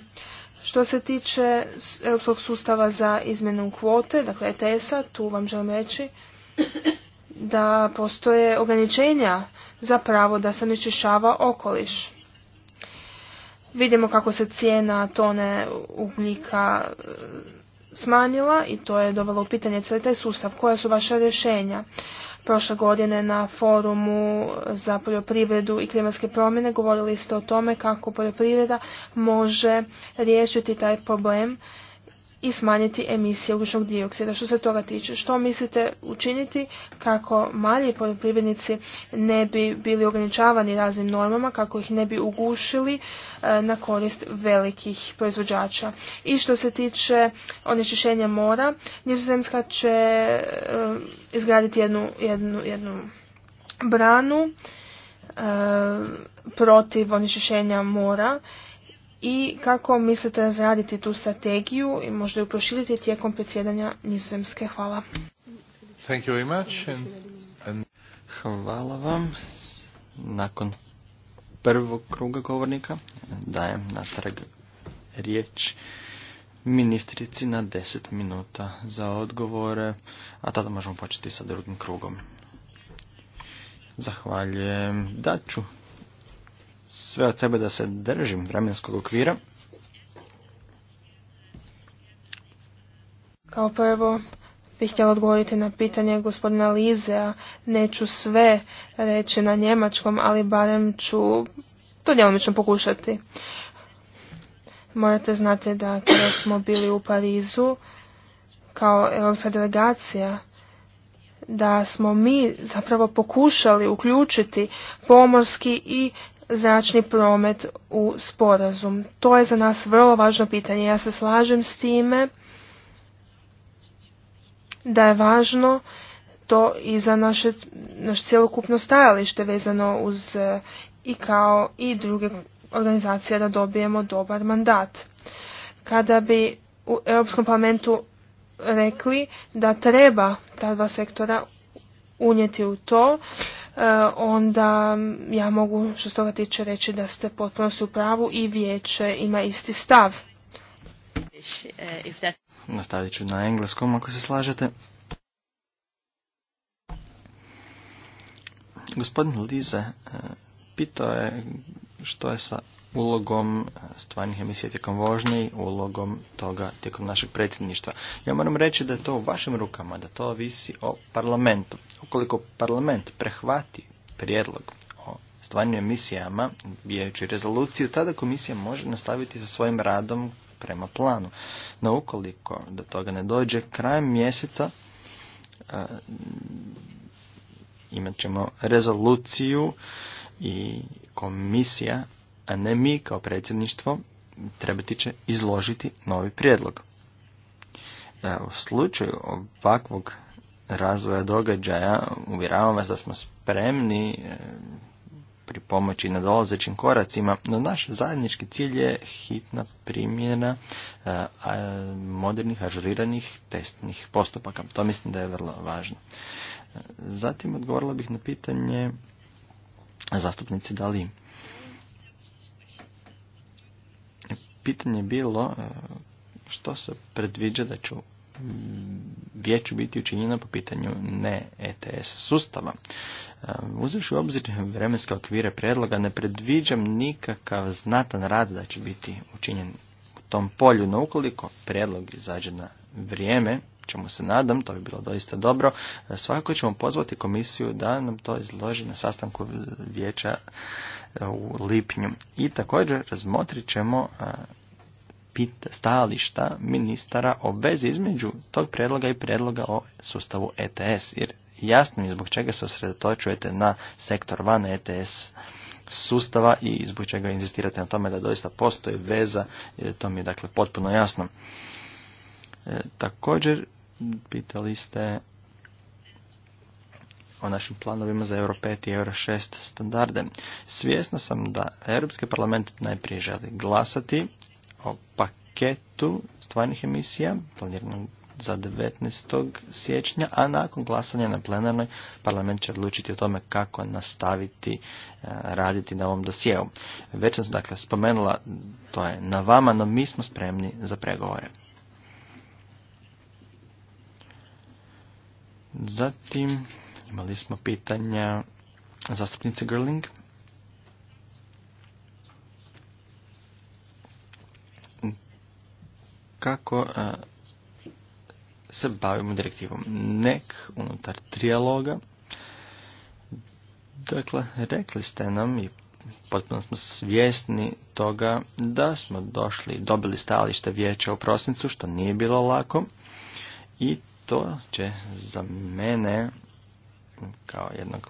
Što se tiče europskog sustava za izmjenu kvote, dakle ETS-a, tu vam želim reći da postoje ograničenja za pravo da se onečišćava okoliš. Vidimo kako se cijena tone ugljika e, smanjila i to je dovelo u pitanje cijeli taj sustav. Koja su vaša rješenja? Prošle godine na forumu za poljoprivredu i klimatske promjene govorili ste o tome kako poljoprivreda može riješiti taj problem i smanjiti emisije ugljičnog dioksida. Što se toga tiče, što mislite učiniti kako mali poljoprivrednici ne bi bili ograničavani raznim normama, kako ih ne bi ugušili e, na korist velikih proizvođača. I što se tiče onečišćenja mora, Nizozemska će e, izgraditi jednu, jednu, jednu branu e, protiv onečišćenja mora i kako mislite razraditi tu strategiju i možda ju proširiti tijekom predsjedanja Nizozemske? Hvala. Thank you very much Hvala vam. Nakon prvog kruga govornika dajem natrag riječ ministrici na 10 minuta za odgovore, a tada možemo početi sa drugim krugom. Zahvaljujem. Daću sve od sebe da se držim vremenskog okvira. Kao prvo pa bih htjela odgovoriti na pitanje gospodina Lizea. Neću sve reći na njemačkom, ali barem ću to djelomično pokušati. Morate znati da kada smo bili u Parizu kao europska delegacija, da smo mi zapravo pokušali uključiti pomorski i zračni promet u sporazum. To je za nas vrlo važno pitanje. Ja se slažem s time da je važno to i za naše, naše cjelokupno stajalište vezano uz e, i kao i druge organizacije da dobijemo dobar mandat. Kada bi u Europskom parlamentu rekli da treba ta dva sektora unijeti u to, E, onda ja mogu što s toga tiče reći da ste potpuno u pravu i vijeće ima isti stav. Nastavit ću na engleskom ako se slažete. Gospodin Lize e, pitao je što je sa ulogom stvarnih emisija tijekom vožnje i ulogom toga tijekom našeg predsjedništva. Ja moram reći da je to u vašim rukama, da to visi o parlamentu. Ukoliko parlament prehvati prijedlog o stvarnim emisijama, bijajući rezoluciju, tada komisija može nastaviti sa svojim radom prema planu. No ukoliko do toga ne dođe, krajem mjeseca e, imat ćemo rezoluciju i komisija a ne mi kao predsjedništvo trebati će izložiti novi prijedlog. U slučaju ovakvog razvoja događaja uvjeravam vas da smo spremni e, pri pomoći na koracima, no naš zajednički cilj je hitna primjena e, modernih ažuriranih testnih postupaka. To mislim da je vrlo važno. E, zatim odgovorila bih na pitanje zastupnici Dali. pitanje bilo e, što se predviđa da ću mm, vijeću biti učinjena po pitanju ne ETS sustava. E, uzevši u obzir vremenske okvire predloga, ne predviđam nikakav znatan rad da će biti učinjen u tom polju, no ukoliko predlog izađe na vrijeme, čemu se nadam, to bi bilo doista dobro, e, svakako ćemo pozvati komisiju da nam to izloži na sastanku vijeća E, u lipnju. I također razmotrit ćemo e, stajališta ministara o vezi između tog predloga i predloga o sustavu ETS. Jer jasno je zbog čega se osredotočujete na sektor van ETS sustava i zbog čega inzistirate na tome da doista postoji veza, to mi je dakle potpuno jasno. E, također, pitali ste o našim planovima za Euro 5 i Euro 6 standarde. Svjesna sam da Europski parlament najprije želi glasati o paketu stvarnih emisija planiranog za 19. siječnja, a nakon glasanja na plenarnoj parlament će odlučiti o tome kako nastaviti e, raditi na ovom dosjeu. Već sam dakle spomenula, to je na vama, no mi smo spremni za pregovore. Zatim, Imali smo pitanja zastupnice Grling. Kako e, se bavimo direktivom NEK unutar trijaloga? Dakle, rekli ste nam i potpuno smo svjesni toga da smo došli i dobili stajalište vijeća u prosincu, što nije bilo lako. I to će za mene kao jednog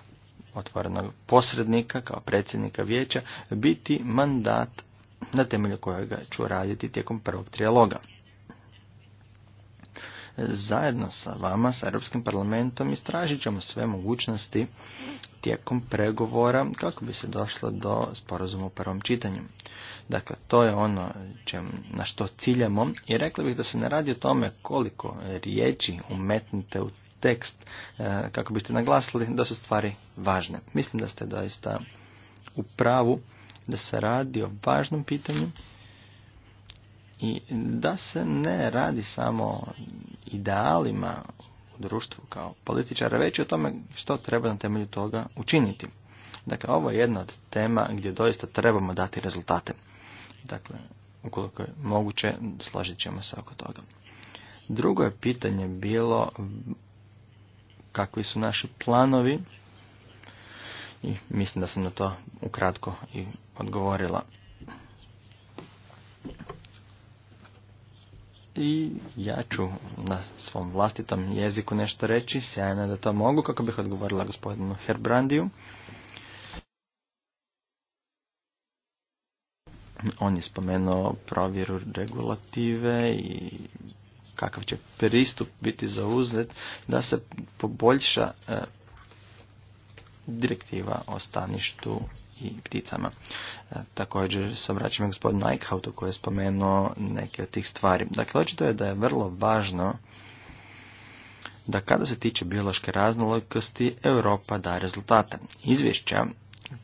otvorenog posrednika, kao predsjednika vijeća, biti mandat na temelju kojega ću raditi tijekom prvog trijaloga. Zajedno sa vama, sa Europskim parlamentom, istražit ćemo sve mogućnosti tijekom pregovora kako bi se došlo do sporazuma u prvom čitanju. Dakle, to je ono čem, na što ciljamo i rekla bih da se ne radi o tome koliko riječi umetnite u tekst e, kako biste naglasili da su stvari važne. Mislim da ste doista u pravu da se radi o važnom pitanju i da se ne radi samo o idealima u društvu kao političara, već i o tome što treba na temelju toga učiniti. Dakle, ovo je jedna od tema gdje doista trebamo dati rezultate. Dakle, ukoliko je moguće, složit ćemo se oko toga. Drugo je pitanje bilo kakvi su naši planovi i mislim da sam na to ukratko i odgovorila. I ja ću na svom vlastitom jeziku nešto reći, sjajno je da to mogu, kako bih odgovorila gospodinu Herbrandiju. On je spomenuo provjeru regulative i kakav će pristup biti zauzet da se poboljša e, direktiva o staništu i pticama. E, također se vraćam gospodinu Eichhautu koji je spomenuo neke od tih stvari. Dakle, očito je da je vrlo važno da kada se tiče biološke raznolikosti, Europa da rezultate. Izvješća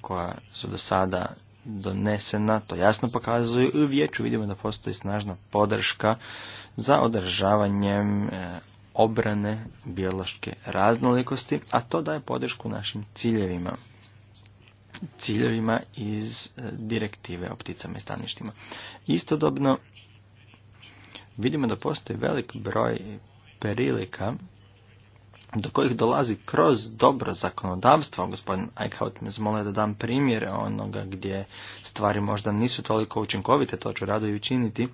koja su do sada donesena, to jasno pokazuju i u vijeću vidimo da postoji snažna podrška za održavanjem e, obrane biološke raznolikosti, a to daje podršku našim ciljevima ciljevima iz e, direktive o pticama i staništima. Istodobno vidimo da postoji velik broj perilika do kojih dolazi kroz dobro zakonodavstvo. Gospodin Eichhout me zmole da dam primjere onoga gdje stvari možda nisu toliko učinkovite, to ću rado i učiniti.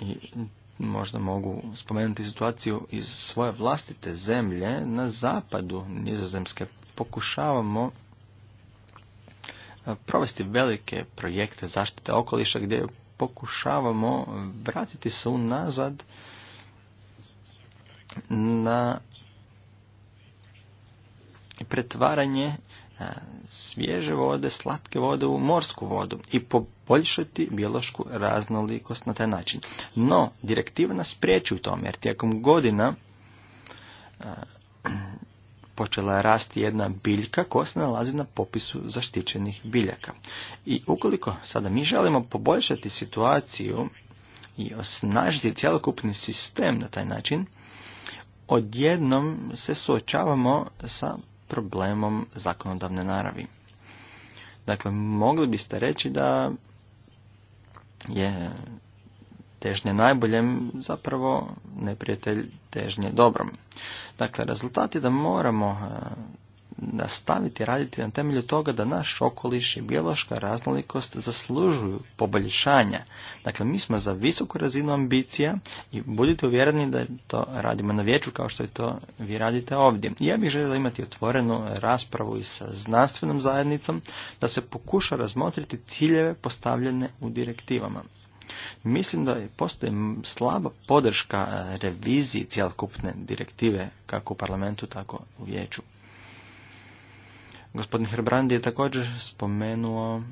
i možda mogu spomenuti situaciju iz svoje vlastite zemlje na zapadu nizozemske. Pokušavamo e, provesti velike projekte zaštite okoliša gdje pokušavamo vratiti se unazad na pretvaranje E, svježe vode, slatke vode u morsku vodu i poboljšati biološku raznolikost na taj način. No, direktiva nas priječi u tome jer tijekom godina e, počela je rasti jedna biljka koja se nalazi na popisu zaštićenih biljaka. I ukoliko sada mi želimo poboljšati situaciju i osnažiti cjelokupni sistem na taj način, odjednom se suočavamo sa problemom zakonodavne naravi. Dakle, mogli biste reći da je težnje najboljem zapravo neprijatelj težnje dobrom. Dakle, rezultat je da moramo nastaviti raditi na temelju toga da naš okoliš i biološka raznolikost zaslužuju poboljšanja. Dakle, mi smo za visoku razinu ambicija i budite uvjereni da to radimo na vječu kao što je to vi radite ovdje. Ja bih željela imati otvorenu raspravu i sa znanstvenom zajednicom da se pokuša razmotriti ciljeve postavljene u direktivama. Mislim da postoji slaba podrška reviziji cjelokupne direktive kako u parlamentu tako u vijeću. Gospodin Herbrandi je također spomenuo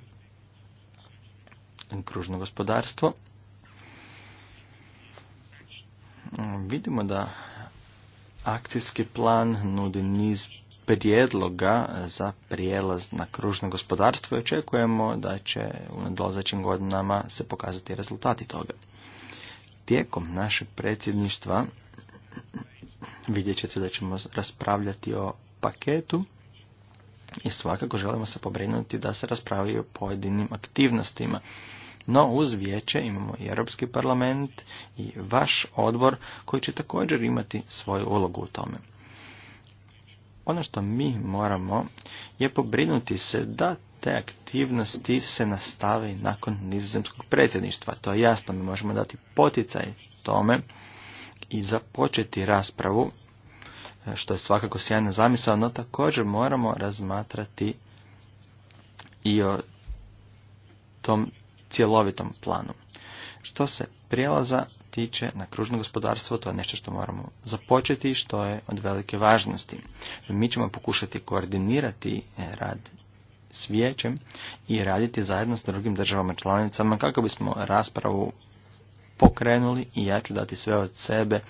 kružno gospodarstvo. Vidimo da akcijski plan nudi niz prijedloga za prijelaz na kružno gospodarstvo i očekujemo da će u nadolazećim godinama se pokazati rezultati toga. Tijekom naše predsjedništva vidjet ćete da ćemo raspravljati o paketu i svakako želimo se pobrinuti da se raspravljaju o pojedinim aktivnostima. No uz vijeće imamo i Europski parlament i vaš odbor koji će također imati svoju ulogu u tome. Ono što mi moramo je pobrinuti se da te aktivnosti se nastave nakon nizozemskog predsjedništva. To je jasno, mi možemo dati poticaj tome i započeti raspravu što je svakako sjajna zamisao, no također moramo razmatrati i o tom cjelovitom planu. Što se prijelaza tiče na kružno gospodarstvo, to je nešto što moramo započeti i što je od velike važnosti. Mi ćemo pokušati koordinirati rad s vijećem i raditi zajedno s drugim državama članicama kako bismo raspravu pokrenuli i ja ću dati sve od sebe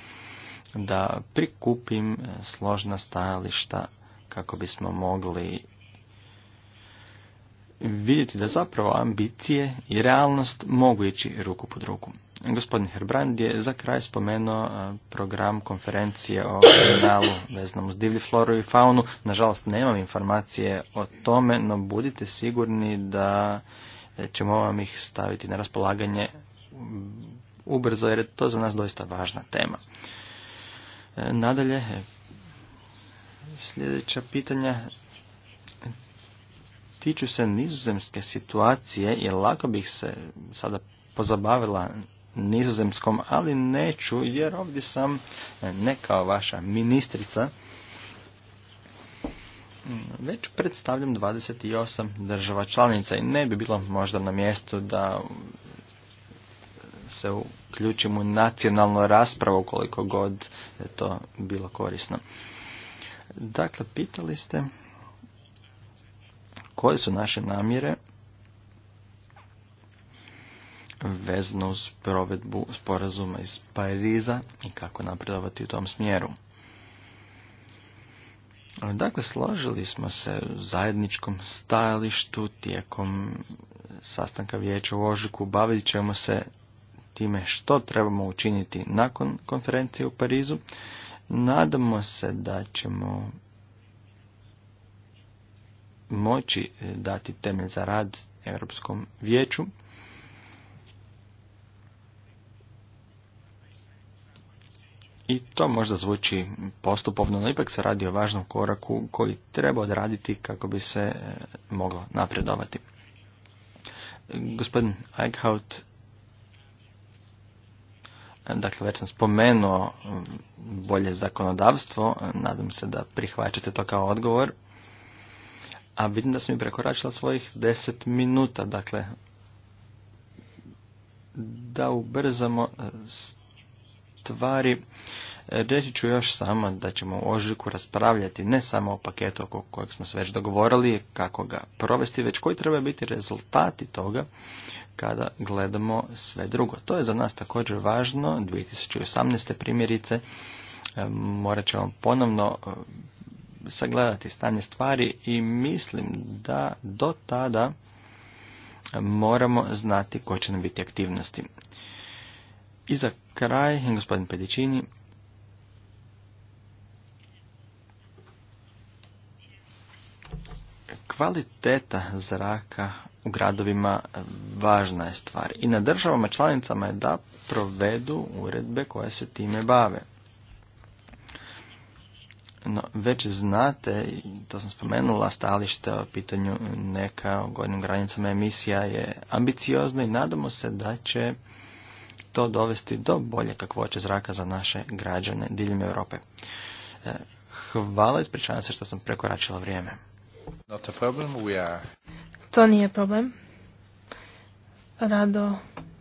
da prikupim e, složna stajališta kako bismo mogli vidjeti da zapravo ambicije i realnost mogu ići ruku pod ruku. Gospodin Herbrand je za kraj spomenuo e, program konferencije o kriminalu veznom uz divlju floru i faunu. Nažalost, nemam informacije o tome, no budite sigurni da e, ćemo vam ih staviti na raspolaganje ubrzo, jer je to za nas doista važna tema. Nadalje, sljedeća pitanja tiču se nizozemske situacije, jer lako bih se sada pozabavila nizozemskom, ali neću, jer ovdje sam ne kao vaša ministrica, već predstavljam 28 država članica i ne bi bilo možda na mjestu da se uključimo u nacionalnu raspravu koliko god je to bilo korisno. Dakle, pitali ste koje su naše namjere vezno uz provedbu sporazuma iz Pariza i kako napredovati u tom smjeru. Dakle, složili smo se u zajedničkom stajalištu tijekom sastanka vijeća u Ožiku. Bavit ćemo se time što trebamo učiniti nakon konferencije u Parizu. Nadamo se da ćemo moći e, dati temelj za rad Europskom vijeću. I to možda zvuči postupovno, no ipak se radi o važnom koraku koji treba odraditi kako bi se e, moglo napredovati. Gospodin Eichhout Dakle, već sam spomenuo mm, bolje zakonodavstvo, nadam se da prihvaćate to kao odgovor. A vidim da sam i prekoračila svojih deset minuta, dakle, da ubrzamo e, stvari. E, reći ću još samo da ćemo u ožujku raspravljati ne samo o paketu oko kojeg smo se već dogovorili, kako ga provesti, već koji treba biti rezultati toga kada gledamo sve drugo. To je za nas također važno. 2018. primjerice e, morat ćemo ponovno e, sagledati stanje stvari i mislim da do tada moramo znati koje će nam biti aktivnosti. I za kraj, gospodin Pedićini, kvaliteta zraka u gradovima važna je stvar i na državama članicama je da provedu uredbe koje se time bave. No, već znate, to sam spomenula, stalište o pitanju neka o gornjim granicama emisija je ambiciozno i nadamo se da će to dovesti do bolje kakvoće zraka za naše građane diljem Europe. E, hvala, ispričavam se što sam prekoračila vrijeme. To nije problem. Rado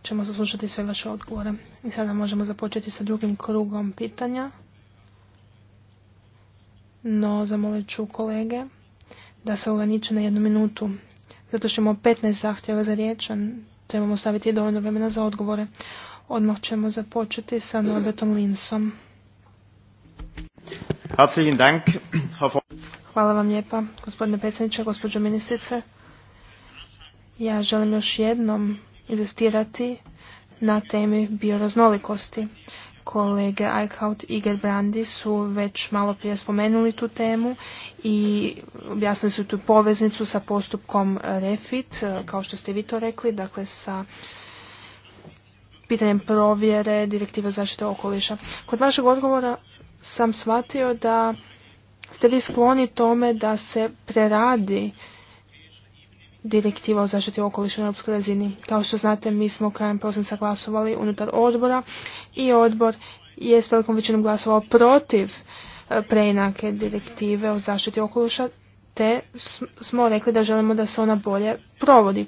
ćemo saslušati sve vaše odgovore. I sada možemo započeti sa drugim krugom pitanja. No, zamolit ću kolege da se ograniče na jednu minutu. Zato što imamo 15 zahtjeva za riječ, trebamo staviti dovoljno vremena za odgovore. Odmah ćemo započeti sa Norbertom Linsom. Dank, Hvala vam lijepa, gospodine predsjedniče, gospođo ministrice. Ja želim još jednom izestirati na temi bioraznolikosti. Kolege Eichhout i Gerbrandi su već malo prije spomenuli tu temu i objasnili su tu poveznicu sa postupkom REFIT, kao što ste vi to rekli, dakle sa pitanjem provjere direktive zaštite okoliša. Kod vašeg odgovora sam shvatio da ste vi skloni tome da se preradi direktiva o zaštiti okoliša na europskoj razini. Kao što znate, mi smo krajem prosinca glasovali unutar odbora i odbor je s velikom većinom glasovao protiv e, preinake direktive o zaštiti okoliša, te smo rekli da želimo da se ona bolje provodi.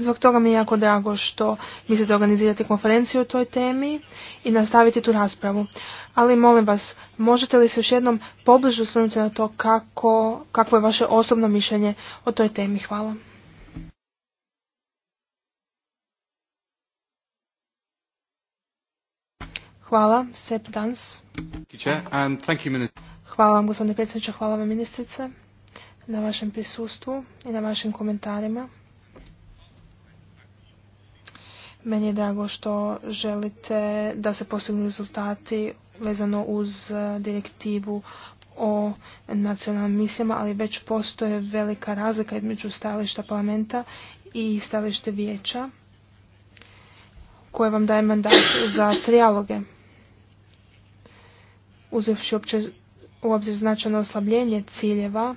Zbog toga mi je jako drago što mislite organizirati konferenciju o toj temi i nastaviti tu raspravu. Ali molim vas, možete li se još jednom pobliže osvrnuti na to kako, kakvo je vaše osobno mišljenje o toj temi? Hvala. Hvala, Sepp Dans. Hvala vam, gospodine predsjedniče, hvala vam ministrice na vašem prisustvu i na vašim komentarima. Meni je drago što želite da se postignu rezultati vezano uz e, direktivu o nacionalnim misijama, ali već postoje velika razlika između stajališta parlamenta i stajalište vijeća koje vam daje mandat za trijaloge. Uzevši u obzir značajno oslabljenje ciljeva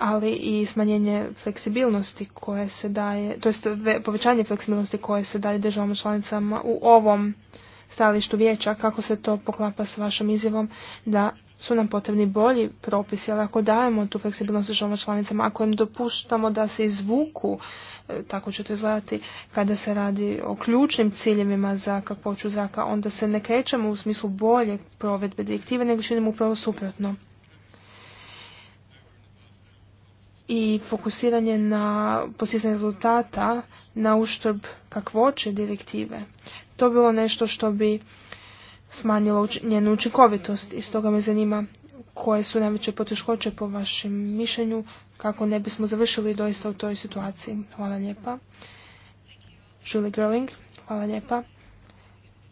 ali i smanjenje fleksibilnosti koje se daje, to jest povećanje fleksibilnosti koje se daje državama članicama u ovom stajalištu vijeća, kako se to poklapa s vašom izjavom da su nam potrebni bolji propisi, ali ako dajemo tu fleksibilnost državama članicama, ako im dopuštamo da se izvuku, e, tako će to izgledati, kada se radi o ključnim ciljevima za kakvoću zraka, onda se ne krećemo u smislu bolje provedbe direktive, nego činimo upravo suprotno. i fokusiranje na postizanje rezultata na uštrb kakvoće direktive. To bi bilo nešto što bi smanjilo njenu učinkovitost i stoga me zanima koje su najveće poteškoće po vašem mišljenju kako ne bismo završili doista u toj situaciji. Hvala lijepa. Julie Gerling, hvala lijepa.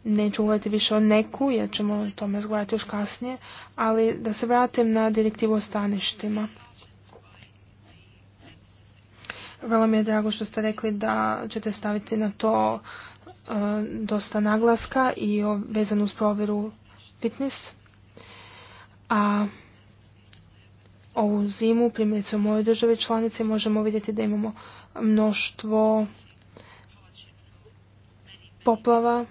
Neću govoriti više o neku jer ćemo o tome razgovarati još kasnije, ali da se vratim na direktivu o staništima. Vrlo mi je drago što ste rekli da ćete staviti na to e, dosta naglaska i vezano uz provjeru fitness. A ovu zimu, primjerice u mojoj državi članici, možemo vidjeti da imamo mnoštvo poplava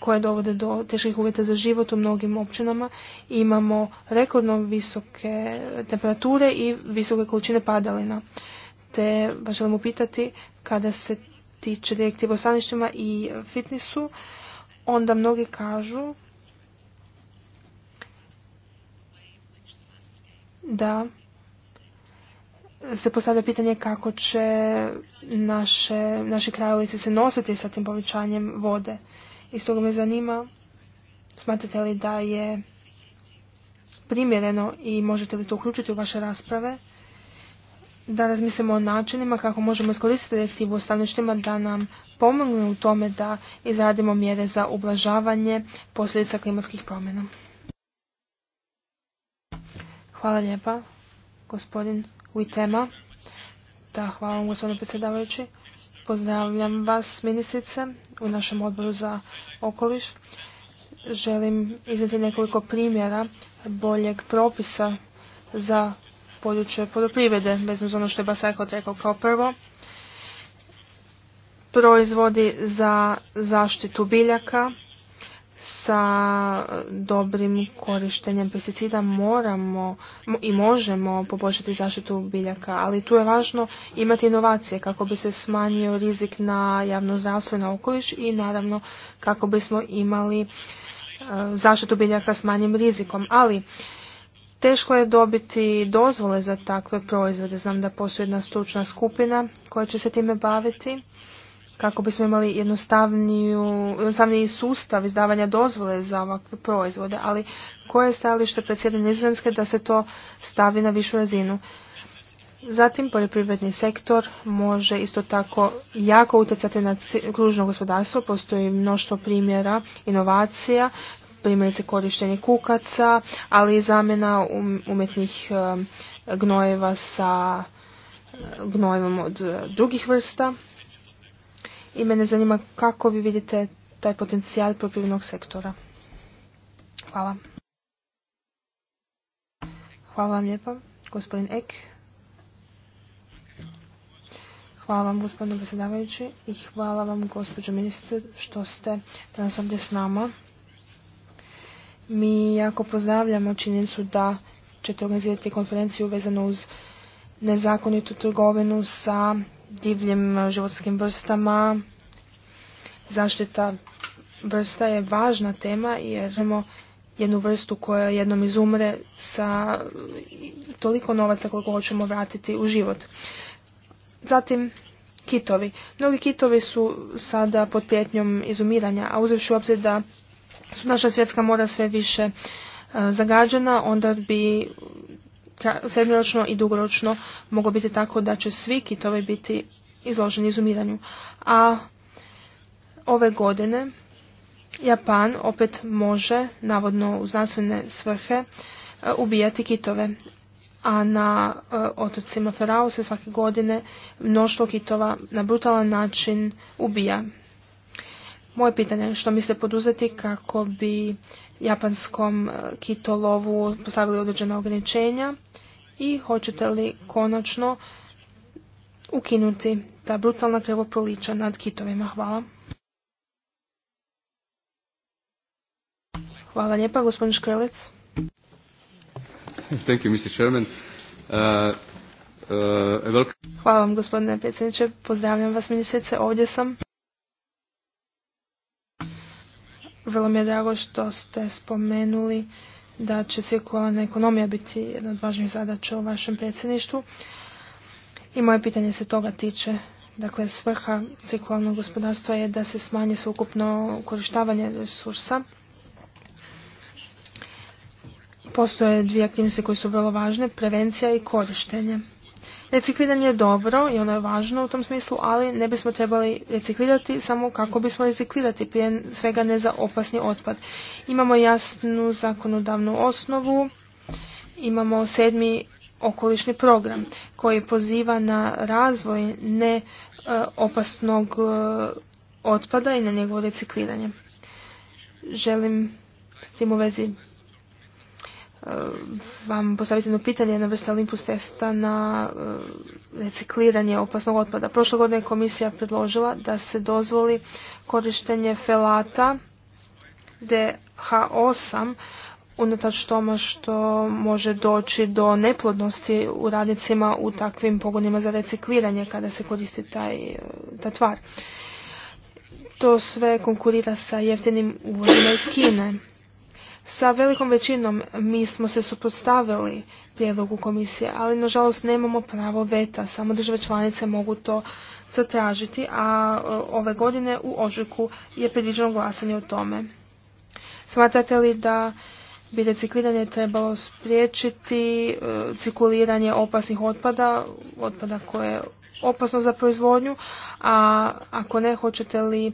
koje dovode do teških uvjeta za život u mnogim općinama. Imamo rekordno visoke temperature i visoke količine padalina te vas želim upitati kada se tiče direktive o staništima i fitnessu, onda mnogi kažu da se postavlja pitanje kako će naše, naši krajolice se nositi sa tim povećanjem vode. I stoga me zanima, smatrate li da je primjereno i možete li to uključiti u vaše rasprave da razmislimo o načinima kako možemo iskoristiti direktivu u staništima da nam pomognu u tome da izradimo mjere za ublažavanje posljedica klimatskih promjena. Hvala lijepa, gospodin Uitema. Da, hvala vam, gospodine predsjedavajući. Pozdravljam vas, ministrice, u našem odboru za okoliš. Želim izneti nekoliko primjera boljeg propisa za područje poljoprivrede, bez za ono što je Basarkot rekao kao prvo. Proizvodi za zaštitu biljaka sa dobrim korištenjem pesticida moramo i možemo poboljšati zaštitu biljaka, ali tu je važno imati inovacije kako bi se smanjio rizik na javno zdravstvo i na okoliš i naravno kako bismo imali e, zaštitu biljaka s manjim rizikom. Ali Teško je dobiti dozvole za takve proizvode. Znam da postoji jedna stručna skupina koja će se time baviti kako bismo imali jednostavniji sustav izdavanja dozvole za ovakve proizvode, ali koje je stajalište predsjedanja Nizozemske da se to stavi na višu razinu? Zatim poljoprivredni sektor može isto tako jako utjecati na kružno gospodarstvo, postoji mnoštvo primjera inovacija primjerice korištenje kukaca, ali i zamjena um, umjetnih um, gnojeva sa uh, gnojevom od uh, drugih vrsta. I mene zanima kako vi vidite taj potencijal poljoprivrednog sektora. Hvala. Hvala vam lijepa, gospodin Ek. Hvala vam gospodine predsjedavajući i hvala vam gospođo ministar, što ste danas ovdje s nama. Mi jako pozdravljamo činjenicu da ćete organizirati konferenciju vezano uz nezakonitu trgovinu sa divljim životskim vrstama. Zaštita vrsta je važna tema jer imamo jednu vrstu koja jednom izumre sa toliko novaca koliko hoćemo vratiti u život. Zatim, kitovi. Mnogi kitovi su sada pod prijetnjom izumiranja, a uzevši u obzir da su naša svjetska mora sve više e, zagađena, onda bi srednjoročno i dugoročno moglo biti tako da će svi kitovi biti izloženi izumiranju. A ove godine Japan opet može, navodno u znanstvene svrhe, e, ubijati kitove. A na e, otocima Ferao se svake godine mnoštvo kitova na brutalan način ubija. Moje pitanje je što misle poduzeti kako bi japanskom e, kitolovu postavili određena ograničenja i hoćete li konačno ukinuti ta brutalna krvoprolića nad kitovima. Hvala. Hvala lijepa, gospodin Škrelec. Uh, uh, Hvala vam, gospodine predsjedniče. Pozdravljam vas, ministrice. Ovdje sam. Vrlo mi je drago što ste spomenuli da će cirkularna ekonomija biti jedna od važnijih zadaća u vašem predsjedništvu. I moje pitanje se toga tiče. Dakle, svrha cirkularnog gospodarstva je da se smanji sveukupno korištavanje resursa. Postoje dvije aktivnosti koje su vrlo važne, prevencija i korištenje. Recikliranje je dobro i ono je važno u tom smislu, ali ne bismo trebali reciklirati samo kako bismo reciklirati, prije svega ne za opasni otpad. Imamo jasnu zakonodavnu osnovu, imamo sedmi okolišni program koji poziva na razvoj ne e, opasnog e, otpada i na njegovo recikliranje. Želim s tim u vezi vam postaviti jedno pitanje na vrsta Olympus testa na e, recikliranje opasnog otpada. Prošle godine je komisija predložila da se dozvoli korištenje felata DH8 unatoč toma što može doći do neplodnosti u radnicima u takvim pogonima za recikliranje kada se koristi taj, e, ta tvar. To sve konkurira sa jeftinim uvozima iz Kine sa velikom većinom mi smo se suprotstavili prijedlogu komisije, ali nažalost nemamo pravo veta, samo države članice mogu to zatražiti, a e, ove godine u ožujku je predviđeno glasanje o tome. Smatrate li da bi recikliranje trebalo spriječiti e, cirkuliranje opasnih otpada, otpada koje je opasno za proizvodnju, a ako ne, hoćete li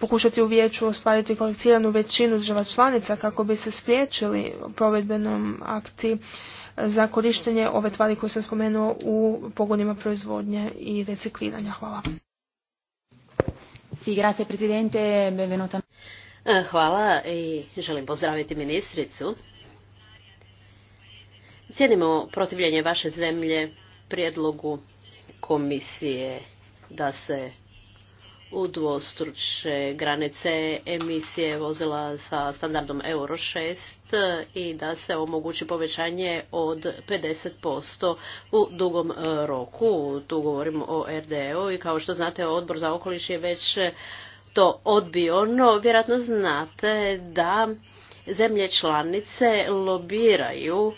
pokušati u vijeću ostvariti kvalificiranu većinu država članica kako bi se spriječili provedbenom akti za korištenje ove tvari koje sam spomenuo u pogonima proizvodnje i recikliranja. Hvala. E, hvala i želim pozdraviti ministricu. Cijenimo protivljenje vaše zemlje prijedlogu komisije da se u dvostruče granice emisije vozila sa standardom Euro 6 i da se omogući povećanje od 50% u dugom e, roku. Tu govorimo o RDO i kao što znate odbor za okoliš je već to odbio, no vjerojatno znate da zemlje članice lobiraju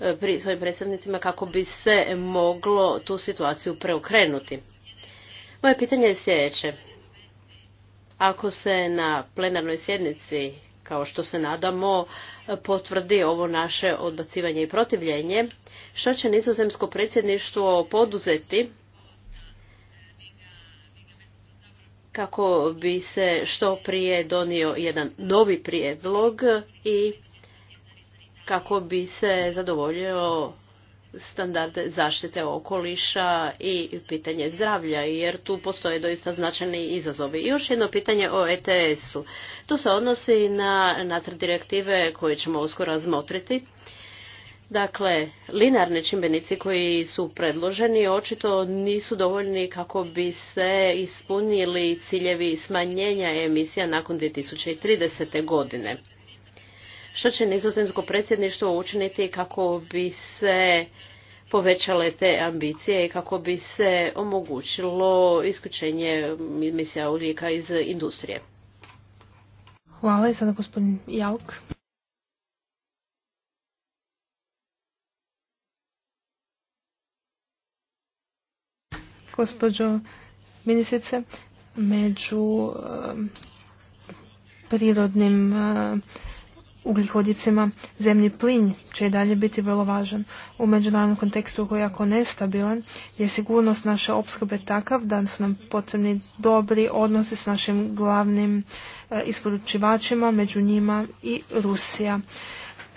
e, pri svojim predstavnicima kako bi se moglo tu situaciju preokrenuti. Moje pitanje je sljedeće. Ako se na plenarnoj sjednici, kao što se nadamo, potvrdi ovo naše odbacivanje i protivljenje, što će nizozemsko predsjedništvo poduzeti kako bi se što prije donio jedan novi prijedlog i kako bi se zadovoljio standarde zaštite okoliša i pitanje zdravlja, jer tu postoje doista značajni izazovi. I još jedno pitanje o ETS-u. To se odnosi na NATRA direktive koje ćemo uskoro razmotriti. Dakle, linearni čimbenici koji su predloženi očito nisu dovoljni kako bi se ispunili ciljevi smanjenja emisija nakon 2030. godine što će nizozemsko predsjedništvo učiniti kako bi se povećale te ambicije i kako bi se omogućilo isključenje emisija ugljika iz industrije. Hvala i sada gospodin Jalk. Gospođo ministrice, među prirodnim ugljikodicima, zemlji plin će i dalje biti vrlo važan. U međunarodnom kontekstu koji je jako nestabilan je sigurnost naše opskrbe takav da su nam potrebni dobri odnosi s našim glavnim e, isporučivačima, među njima i Rusija.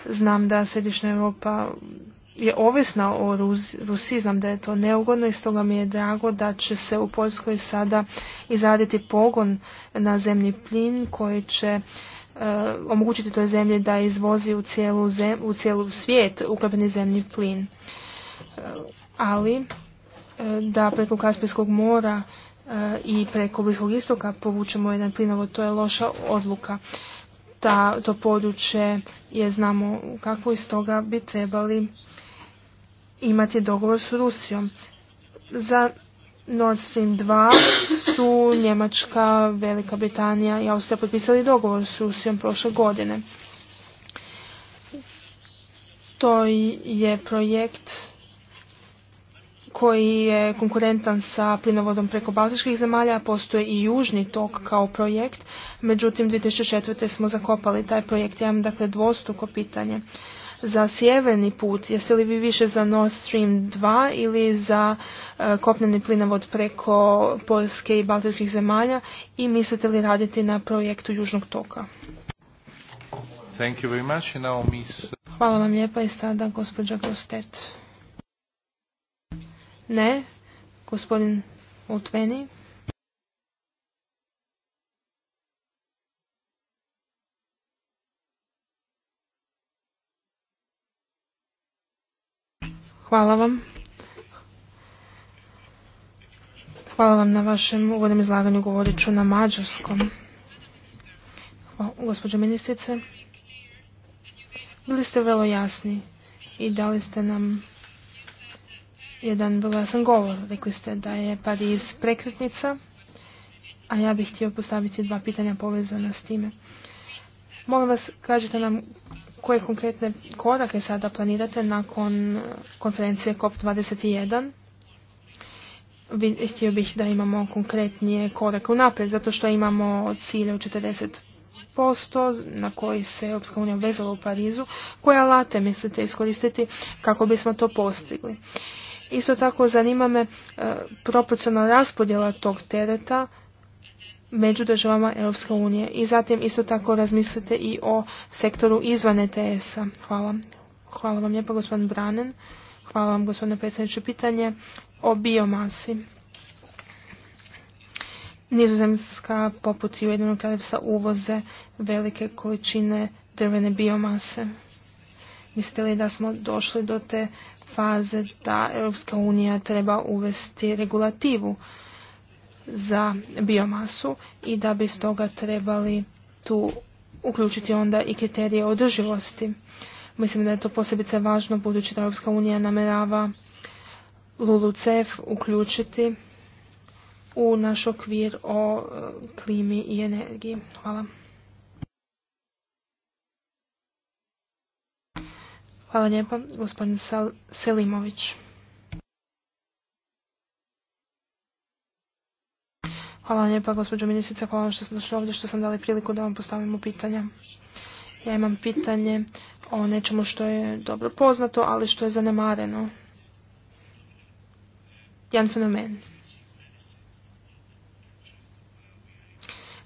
Znam da Središnja Europa je ovisna o Rusiji, znam da je to neugodno i stoga mi je drago da će se u Poljskoj sada izraditi pogon na zemlji plin koji će Eh, omogućiti toj zemlji da izvozi u cijelu, u cijelu svijet ukapljeni zemlji plin. Eh, ali eh, da preko Kaspijskog mora i preko Bliskog istoka povučemo jedan plinovod, to je loša odluka. Ta, to područje je znamo kako iz toga bi trebali imati dogovor s Rusijom. Za Nord Stream 2 su Njemačka, Velika Britanija i Austrija potpisali dogovor s Rusijom prošle godine. To je projekt koji je konkurentan sa plinovodom preko Baltičkih zemalja, postoji i Južni tok kao projekt, međutim 2004. smo zakopali taj projekt, ja imam dakle dvostruko pitanje za sjeverni put? Jeste li vi više za Nord Stream 2 ili za e, kopneni plinovod preko Polske i Baltičkih zemalja i mislite li raditi na projektu Južnog toka? Thank Hvala vam lijepa i sada gospođa Grostet. Ne, gospodin Utveni. Hvala vam. Hvala vam na vašem uvodnom izlaganju. Govorit ću na mađarskom. gospođo ministrice, bili ste vrlo jasni i dali ste nam jedan vrlo jasan govor. Rekli ste da je Pariz prekretnica, a ja bih htio postaviti dva pitanja povezana s time. Molim vas, kažete nam koje konkretne korake sada planirate nakon e, konferencije COP21? Htio bih da imamo konkretnije korake unaprijed, zato što imamo cilje u 40% na koji se Europska unija obvezala u Parizu. Koje alate mislite iskoristiti kako bismo to postigli? Isto tako zanima me e, proporcionalna raspodjela tog tereta među državama Europske unije. I zatim isto tako razmislite i o sektoru izvan ETS-a. Hvala. Hvala vam lijepa gospodin Branen. Hvala vam gospodine predsjedniče pitanje o biomasi. Nizozemska poput i Ujedinog kraljevstva uvoze velike količine drvene biomase. Mislite li da smo došli do te faze da Europska unija treba uvesti regulativu za biomasu i da bi stoga trebali tu uključiti onda i kriterije održivosti. Mislim da je to posebice važno budući da Europska unija lulu LULUCEF uključiti u naš okvir o e, klimi i energiji. Hvala. Hvala lijepa, gospodin Selimović. Hvala vam lijepa, gospođo ministrica. Hvala vam što ste došli ovdje, što sam dali priliku da vam postavimo pitanja. Ja imam pitanje o nečemu što je dobro poznato, ali što je zanemareno. Jedan fenomen.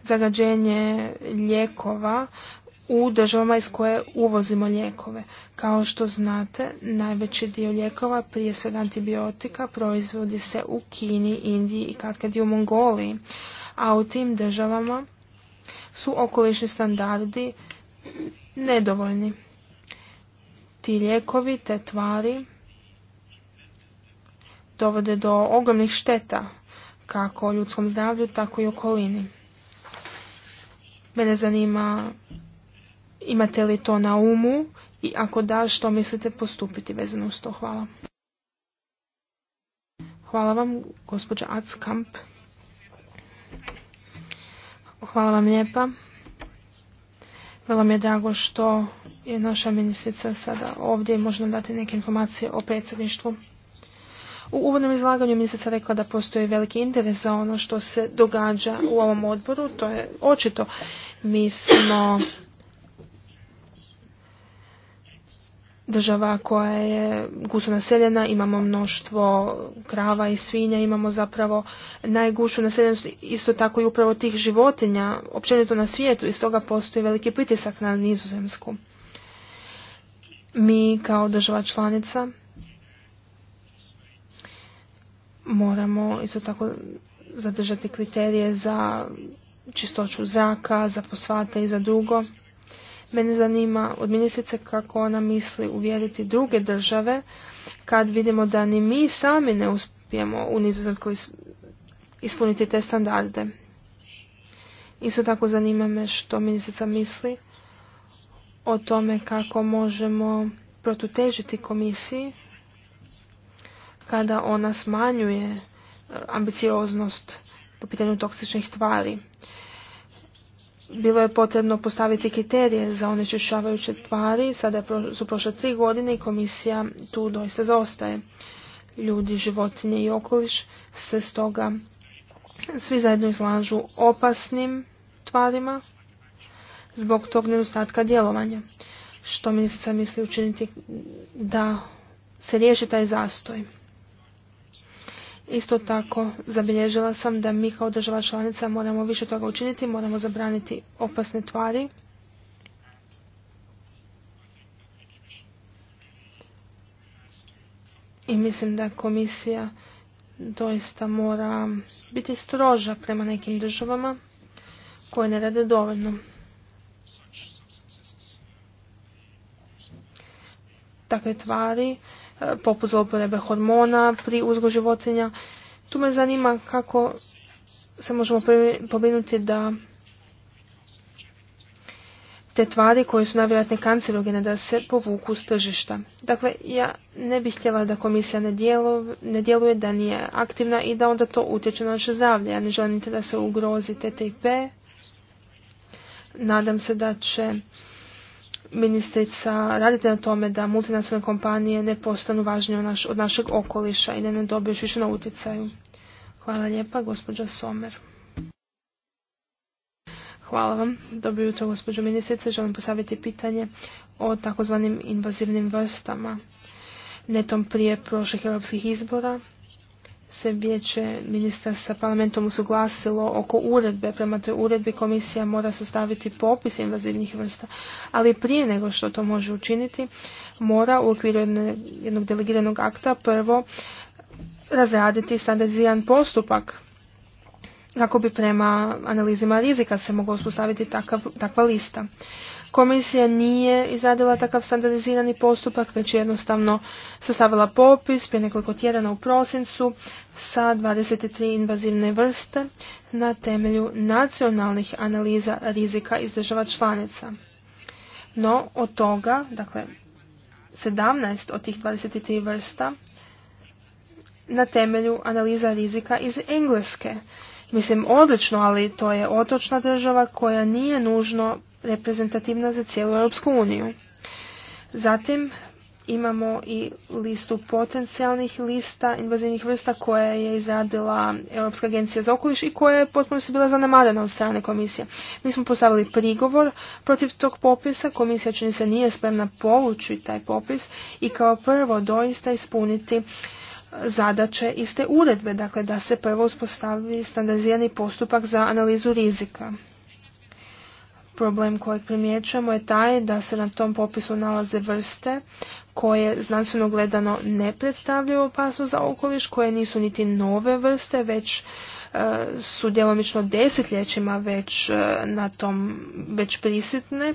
Zagađenje lijekova u državama iz koje uvozimo lijekove. Kao što znate, najveći dio lijekova, prije svega antibiotika, proizvodi se u Kini, Indiji i katkad i u Mongoliji. A u tim državama su okolišni standardi nedovoljni. Ti lijekovi, te tvari dovode do ogromnih šteta kako ljudskom zdravlju, tako i okolini. Mene zanima Imate li to na umu i ako da, što mislite postupiti vezano uz to? Hvala. Hvala vam, gospođa Atskamp. Hvala vam lijepa. Vrlo mi je drago što je naša ministrica sada ovdje i možda dati neke informacije o predsjedništvu. U uvodnom izlaganju ministrica rekla da postoji veliki interes za ono što se događa u ovom odboru. To je očito. Mi smo država koja je gusto naseljena, imamo mnoštvo krava i svinja, imamo zapravo najgušu naseljenost isto tako i upravo tih životinja općenito na svijetu i stoga postoji veliki pritisak na nizozemsku. Mi kao država članica moramo isto tako zadržati kriterije za čistoću zraka, za fosfate i za drugo Mene zanima od ministrice kako ona misli uvjeriti druge države kad vidimo da ni mi sami ne uspijemo u nizozemskoj ispuniti te standarde. Isto tako zanima me što ministrica misli o tome kako možemo protutežiti komisiji kada ona smanjuje eh, ambicioznost po pitanju toksičnih tvari bilo je potrebno postaviti kriterije za onečišćavajuće tvari, sada su prošle tri godine i komisija tu doista zaostaje. Ljudi, životinje i okoliš se stoga svi zajedno izlažu opasnim tvarima zbog tog nedostatka djelovanja. Što ministrica misli učiniti da se riješi taj zastoj? Isto tako zabilježila sam da mi kao država članica moramo više toga učiniti, moramo zabraniti opasne tvari. I mislim da komisija doista mora biti stroža prema nekim državama koje ne rade dovoljno. Takve tvari poput zlouporabe hormona pri uzgoju životinja. Tu me zanima kako se možemo pobrinuti da te tvari koje su najvjerojatne kancerogene da se povuku s tržišta. Dakle, ja ne bih htjela da komisija ne, djeluje, ne da nije aktivna i da onda to utječe na naše zdravlje. Ja ne želim da se ugrozi TTIP. Nadam se da će ministrica, radite na tome da multinacionalne kompanije ne postanu važnije od našeg okoliša i da ne dobiju više na utjecaju. Hvala lijepa, gospođa Somer. Hvala vam. Dobro jutro, gospođo ministrice. Želim postaviti pitanje o takozvanim invazivnim vrstama. Netom prije prošlih europskih izbora se vijeće ministra sa parlamentom usuglasilo oko uredbe. Prema toj uredbi komisija mora sastaviti popis invazivnih vrsta, ali prije nego što to može učiniti, mora u okviru jednog delegiranog akta prvo razraditi standardiziran postupak kako bi prema analizima rizika se mogla uspostaviti takva lista. Komisija nije izradila takav standardizirani postupak, već jednostavno sastavila popis prije nekoliko tjedana u prosincu sa 23 invazivne vrste na temelju nacionalnih analiza rizika iz država članica. No, od toga, dakle, 17 od tih 23 vrsta na temelju analiza rizika iz Engleske. Mislim, odlično, ali to je otočna država koja nije nužno reprezentativna za cijelu Europsku uniju. Zatim imamo i listu potencijalnih lista invazivnih vrsta koje je izradila Europska agencija za okoliš i koja je potpuno se bila zanemarena od strane komisije. Mi smo postavili prigovor protiv tog popisa, komisija čini se nije spremna povući taj popis i kao prvo doista ispuniti zadaće iste uredbe, dakle da se prvo uspostavi standardizirani postupak za analizu rizika. Problem kojeg primjećujemo je taj da se na tom popisu nalaze vrste koje znanstveno gledano ne predstavljaju opasnost za okoliš, koje nisu niti nove vrste, već e, su djelomično desetljećima već e, na tom već prisitne e,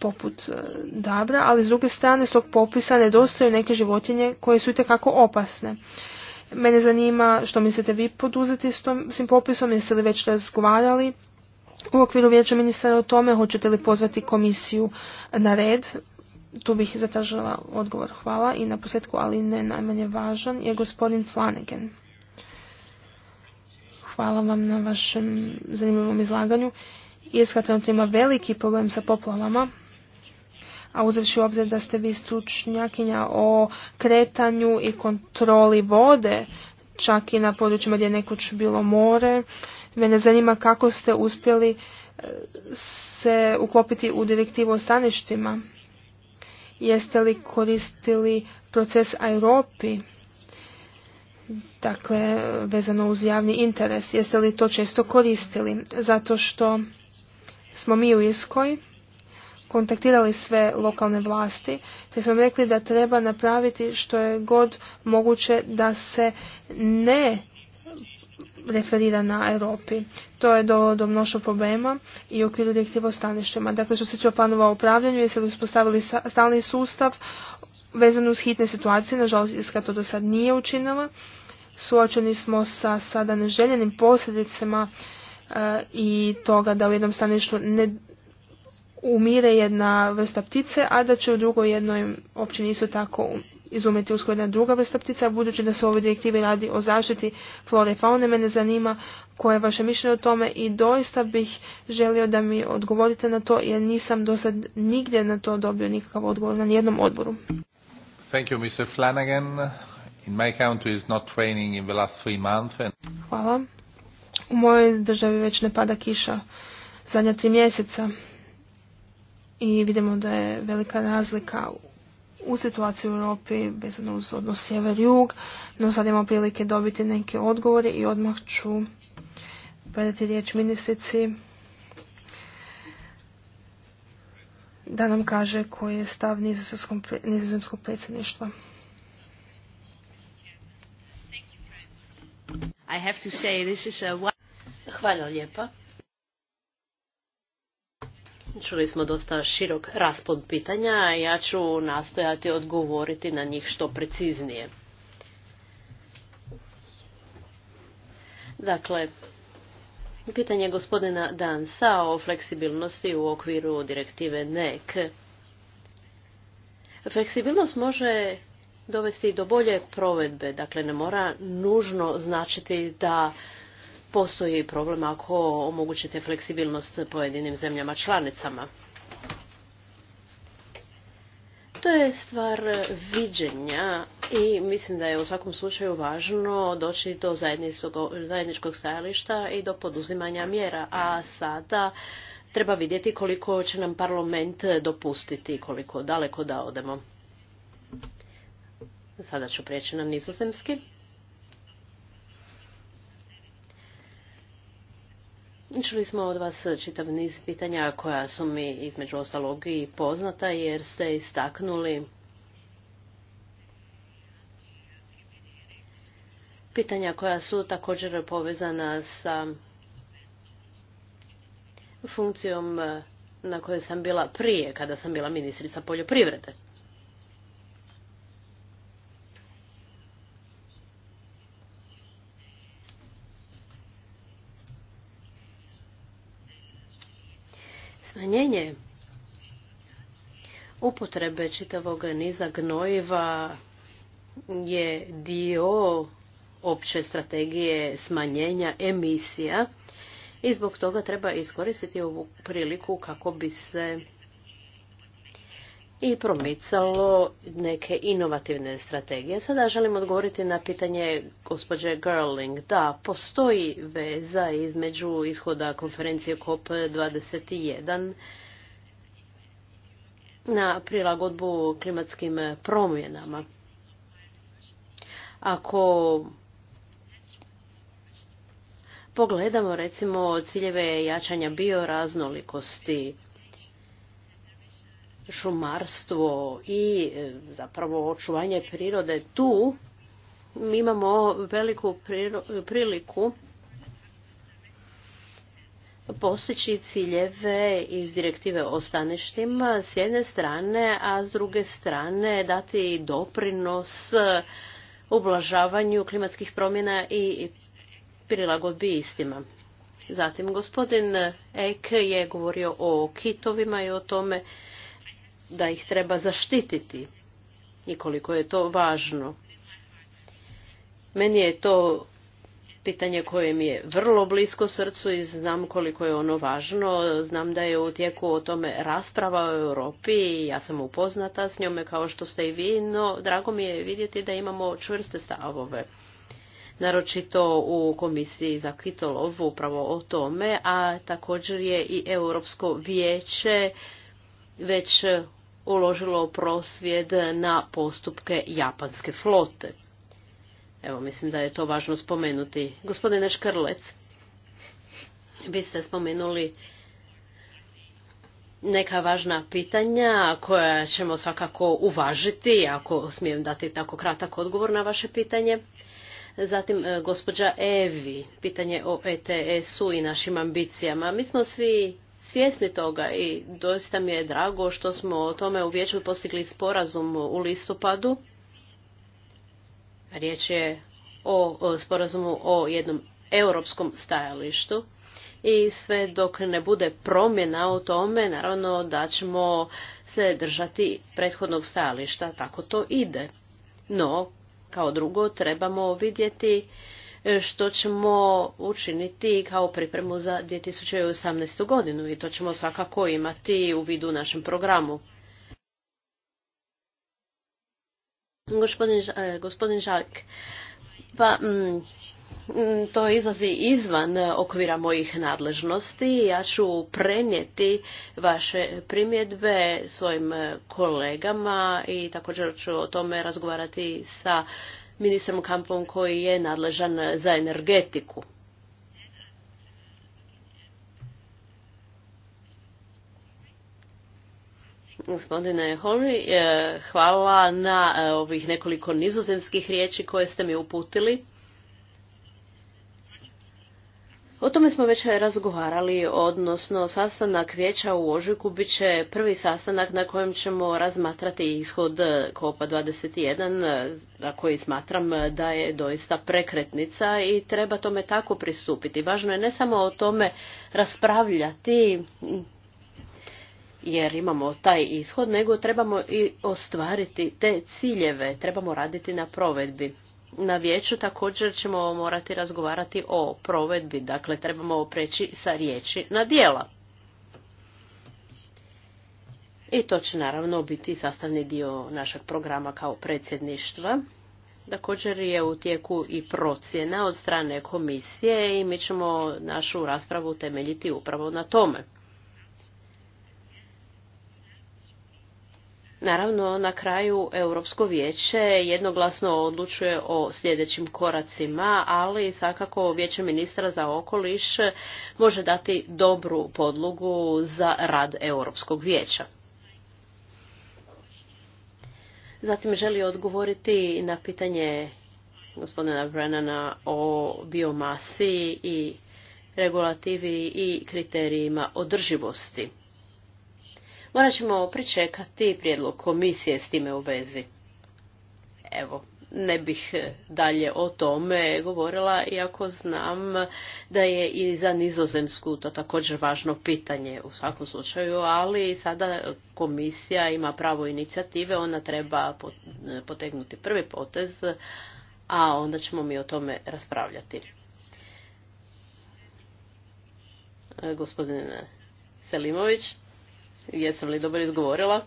poput dabra, ali s druge strane s tog popisa nedostaju neke životinje koje su itekako opasne. Mene zanima što mislite vi poduzeti s, s tim popisom, jeste li već razgovarali u okviru vijeća ministara o tome hoćete li pozvati komisiju na red. Tu bih zatražila odgovor. Hvala. I na posljedku, ali ne najmanje važan, je gospodin Flanagan. Hvala vam na vašem zanimljivom izlaganju. Irska trenutno ima veliki problem sa poplavama, a uzevši u obzir da ste vi stručnjakinja o kretanju i kontroli vode, čak i na područjima gdje je nekoć bilo more, Mene zanima kako ste uspjeli e, se uklopiti u direktivu o staništima. Jeste li koristili proces Europi, dakle vezano uz javni interes? Jeste li to često koristili? Zato što smo mi u Iskoj kontaktirali sve lokalne vlasti te smo rekli da treba napraviti što je god moguće da se ne referira na Europi. To je do, do mnoštva problema i u okviru direktiva o staništima. Dakle, što se će planova upravljanju, jeste li uspostavili stalni sustav vezan uz hitne situacije, nažalost iska to do sad nije učinila. Suočeni smo sa sada neželjenim posljedicama eh, i toga da u jednom staništu ne umire jedna vrsta ptice, a da će u drugoj jednoj općini isto tako izumiti usko druga vrsta ptica, budući da se ovoj direktivi radi o zaštiti flore i faune. Mene zanima koje je vaše mišljenje o tome i doista bih želio da mi odgovorite na to, jer nisam do sad nigdje na to dobio nikakav odgovor na nijednom odboru. Hvala. U mojoj državi već ne pada kiša zadnja tri mjeseca i vidimo da je velika razlika u situaciji u Europi vezano uz odnos sjever-jug, no sad imamo prilike dobiti neke odgovore i odmah ću predati riječ ministrici da nam kaže koji je stav nizozemskog predsjedništva. Hvala lijepa. Čuli smo dosta širok raspod pitanja, a ja ću nastojati odgovoriti na njih što preciznije. Dakle, pitanje gospodina Dansa o fleksibilnosti u okviru direktive NEC. Fleksibilnost može dovesti do bolje provedbe, dakle ne mora nužno značiti da postoji problem ako omogućite fleksibilnost pojedinim zemljama članicama. To je stvar viđenja i mislim da je u svakom slučaju važno doći do zajedničkog stajališta i do poduzimanja mjera, a sada treba vidjeti koliko će nam parlament dopustiti, koliko daleko da odemo. Sada ću prijeći na nizozemski. Čuli smo od vas čitav niz pitanja koja su mi između ostalog i poznata jer ste istaknuli pitanja koja su također povezana sa funkcijom na kojoj sam bila prije kada sam bila ministrica poljoprivrede. smanjenje upotrebe čitavog niza gnojiva je dio opće strategije smanjenja emisija i zbog toga treba iskoristiti ovu priliku kako bi se i promicalo neke inovativne strategije. Sada želim odgovoriti na pitanje gospođe Girling, Da, postoji veza između ishoda konferencije COP21 na prilagodbu klimatskim promjenama. Ako pogledamo recimo ciljeve jačanja bioraznolikosti, šumarstvo i e, zapravo očuvanje prirode tu mi imamo veliku priliku postići ciljeve iz direktive o staništima s jedne strane, a s druge strane dati doprinos ublažavanju klimatskih promjena i prilagodbi istima. Zatim gospodin Ek je govorio o kitovima i o tome da ih treba zaštititi i koliko je to važno. Meni je to pitanje koje mi je vrlo blisko srcu i znam koliko je ono važno. Znam da je u tijeku o tome rasprava u Europi i ja sam upoznata s njome kao što ste i vi, no drago mi je vidjeti da imamo čvrste stavove. Naročito u komisiji za Kitolov upravo o tome, a također je i Europsko vijeće već uložilo prosvjed na postupke japanske flote. Evo, mislim da je to važno spomenuti. Gospodine Škrlec, vi ste spomenuli neka važna pitanja koja ćemo svakako uvažiti, ako smijem dati tako kratak odgovor na vaše pitanje. Zatim, e, gospođa Evi, pitanje o ETS-u i našim ambicijama. Mi smo svi svjesni toga i doista mi je drago što smo o tome u vijeću postigli sporazum u listopadu. Riječ je o, sporazumu o jednom europskom stajalištu i sve dok ne bude promjena u tome, naravno da ćemo se držati prethodnog stajališta, tako to ide. No, kao drugo, trebamo vidjeti što ćemo učiniti kao pripremu za 2018. godinu i to ćemo svakako imati u vidu u našem programu. Gospodin, e, gospodin pa mm, mm, to izlazi izvan okvira mojih nadležnosti. Ja ću prenijeti vaše primjedbe svojim kolegama i također ću o tome razgovarati sa ministrom Kampom koji je nadležan za energetiku. Gospodine Hori, eh, hvala na eh, ovih nekoliko nizozemskih riječi koje ste mi uputili. O tome smo već razgovarali, odnosno sastanak vijeća u Ožujku bit će prvi sastanak na kojem ćemo razmatrati ishod Kopa 21, za koji smatram da je doista prekretnica i treba tome tako pristupiti. Važno je ne samo o tome raspravljati, jer imamo taj ishod, nego trebamo i ostvariti te ciljeve, trebamo raditi na provedbi na vijeću također ćemo morati razgovarati o provedbi, dakle trebamo preći sa riječi na dijela. I to će naravno biti sastavni dio našeg programa kao predsjedništva. Također je u tijeku i procjena od strane komisije i mi ćemo našu raspravu temeljiti upravo na tome. Naravno, na kraju Europsko vijeće jednoglasno odlučuje o sljedećim koracima, ali svakako Vijeće ministra za okoliš može dati dobru podlogu za rad Europskog vijeća. Zatim želi odgovoriti na pitanje gospodina Brennana o biomasi i regulativi i kriterijima održivosti. Morat ćemo pričekati prijedlog komisije s time u vezi. Evo, ne bih e, dalje o tome govorila, iako znam da je i za nizozemsku to također važno pitanje u svakom slučaju, ali sada komisija ima pravo inicijative, ona treba e, potegnuti prvi potez, a onda ćemo mi o tome raspravljati. E, Gospodin Selimović. Jesam li dobro izgovorila?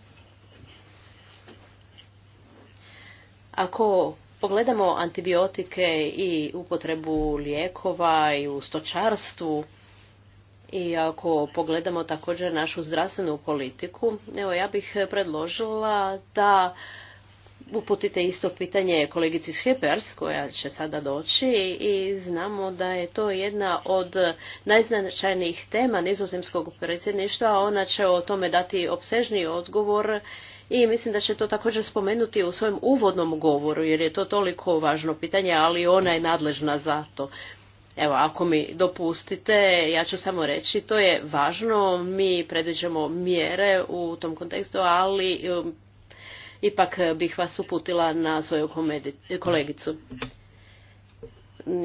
Ako pogledamo antibiotike i upotrebu lijekova i u stočarstvu, i ako pogledamo također našu zdravstvenu politiku, evo ja bih predložila da uputite isto pitanje kolegici Schippers koja će sada doći i znamo da je to jedna od najznačajnijih tema nizozemskog predsjedništva. Ona će o tome dati obsežni odgovor i mislim da će to također spomenuti u svojem uvodnom govoru jer je to toliko važno pitanje, ali ona je nadležna za to. Evo, ako mi dopustite, ja ću samo reći, to je važno, mi predviđamo mjere u tom kontekstu, ali um, ipak eh, bih vas uputila na svoju kolegicu.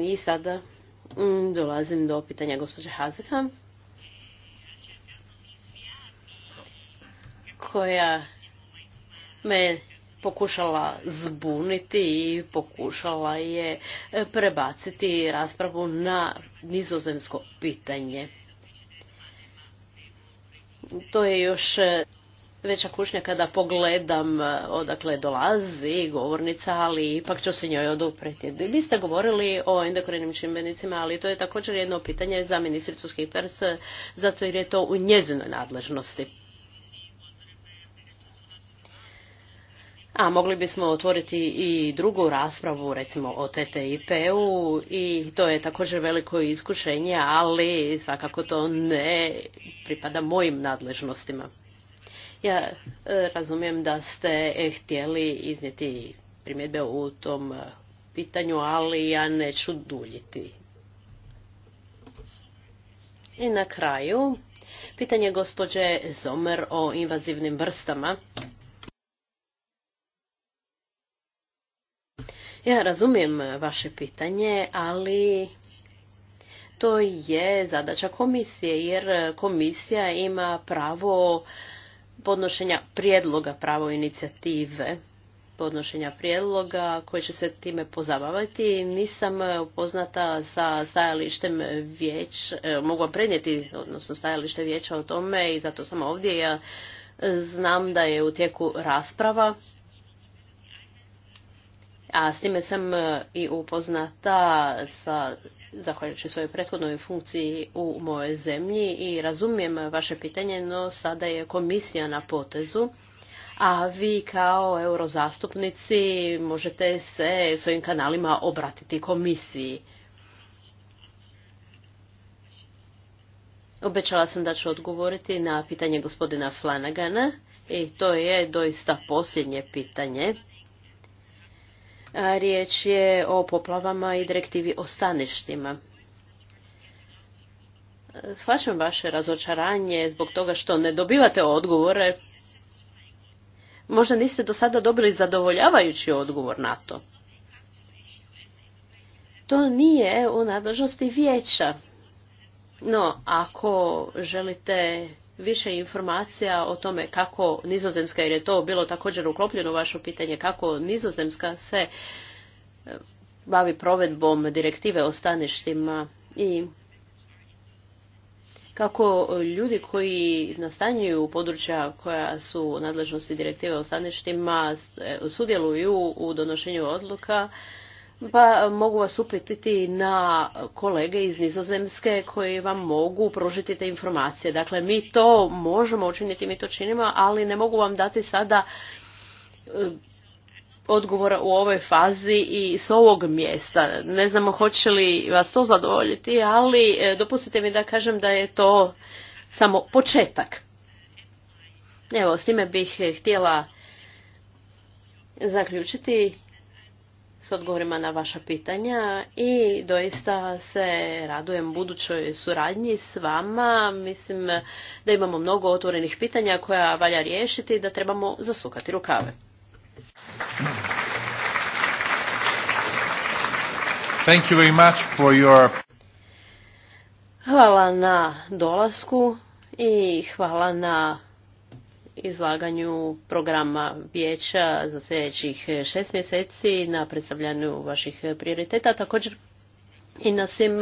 I sada mm, dolazim do pitanja gospođe Hazeha, koja me pokušala zbuniti i pokušala je eh, prebaciti raspravu na nizozemsko pitanje. To je još eh, veća kušnja kada pogledam e, odakle dolazi govornica, ali ipak ću se njoj odupreti. Vi ste govorili o endokrinim čimbenicima, ali to je također jedno pitanje za ministricu Skipers, e, zato jer je to u njezinoj nadležnosti. A mogli bismo otvoriti i drugu raspravu, recimo o TTIP-u i to je također veliko iskušenje, ali svakako to ne pripada mojim nadležnostima. Ja e, razumijem da ste e, htjeli iznijeti primjedbe u tom e, pitanju, ali ja neću duljiti. I na kraju, pitanje gospođe Zomer o invazivnim vrstama. Ja razumijem vaše pitanje, ali to je zadaća komisije, jer komisija ima pravo podnošenja prijedloga pravo inicijative podnošenja prijedloga koji će se time pozabaviti. Nisam e, upoznata sa stajalištem vijeć, e, mogu vam prenijeti, odnosno stajalište vijeća o tome i zato sam ovdje. Ja e, znam da je u tijeku rasprava a s time sam e, i upoznata sa zahvaljujući svojoj prethodnoj funkciji u mojoj zemlji i razumijem vaše pitanje, no sada je komisija na potezu, a vi kao eurozastupnici možete se svojim kanalima obratiti komisiji. Obećala sam da ću odgovoriti na pitanje gospodina Flanagana i to je doista posljednje pitanje. Riječ je o poplavama i direktivi o staništima. Shvaćam vaše razočaranje zbog toga što ne dobivate odgovore. Možda niste do sada dobili zadovoljavajući odgovor na to. To nije u nadležnosti vijeća. No, ako želite više informacija o tome kako Nizozemska, jer je to bilo također uklopljeno u vaše pitanje, kako Nizozemska se e, bavi provedbom direktive o staništima i kako ljudi koji nastanjuju područja koja su u nadležnosti direktive o staništima e, sudjeluju u donošenju odluka pa e, mogu vas upititi na kolege iz Nizozemske koji vam mogu pružiti te informacije. Dakle, mi to možemo učiniti, mi to činimo, ali ne mogu vam dati sada e, odgovora u ovoj fazi i s ovog mjesta. Ne znamo hoće li vas to zadovoljiti, ali e, dopustite mi da kažem da je to samo početak. Evo, s time bih htjela zaključiti s odgovorima na vaša pitanja i doista se radujem budućoj suradnji s vama. Mislim da imamo mnogo otvorenih pitanja koja valja riješiti i da trebamo zasukati rukave. Thank you very much for your... Hvala na dolasku i hvala na izlaganju programa vijeća za sljedećih šest mjeseci na predstavljanju vaših prioriteta, također i na svim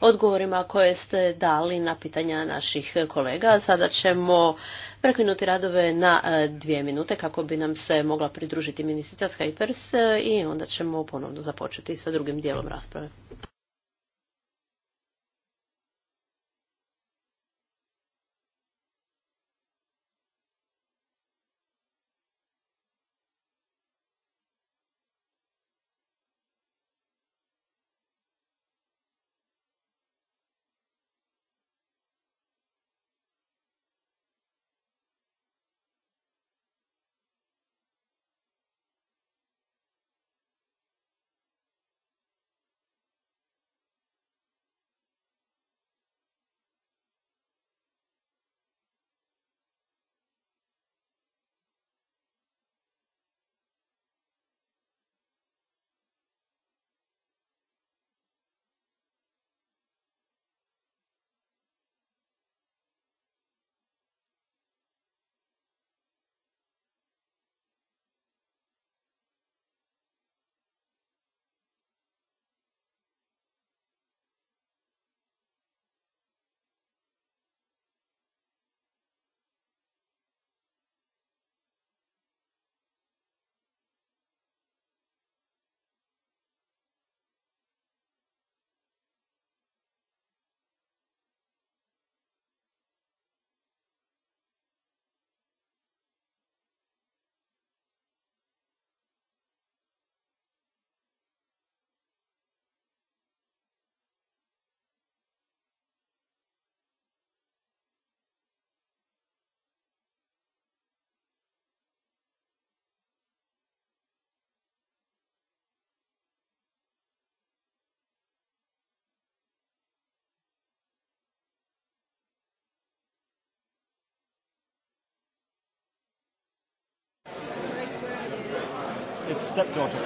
odgovorima koje ste dali na pitanja naših kolega. Sada ćemo prekinuti radove na e, dvije minute kako bi nam se mogla pridružiti ministrica Skypers e, i onda ćemo ponovno započeti sa drugim dijelom rasprave. stepdaughter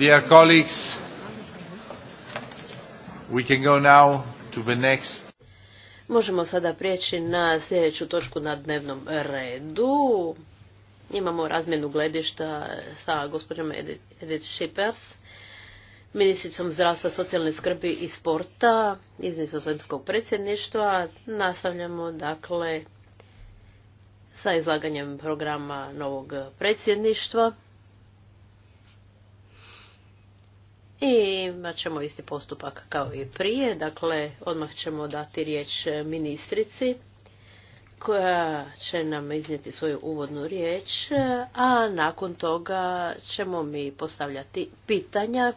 Dear colleagues, we can go now to the next. Možemo sada prijeći na sljedeću točku na dnevnom redu. Imamo razmjenu gledišta sa gospođom Edith Schippers, ministricom zdravstva, socijalne skrbi i sporta iz nizozemskog predsjedništva. Nastavljamo dakle sa izlaganjem programa novog predsjedništva. I imat ćemo isti postupak kao i prije, dakle odmah ćemo dati riječ ministrici koja će nam iznijeti svoju uvodnu riječ, a nakon toga ćemo mi postavljati pitanja.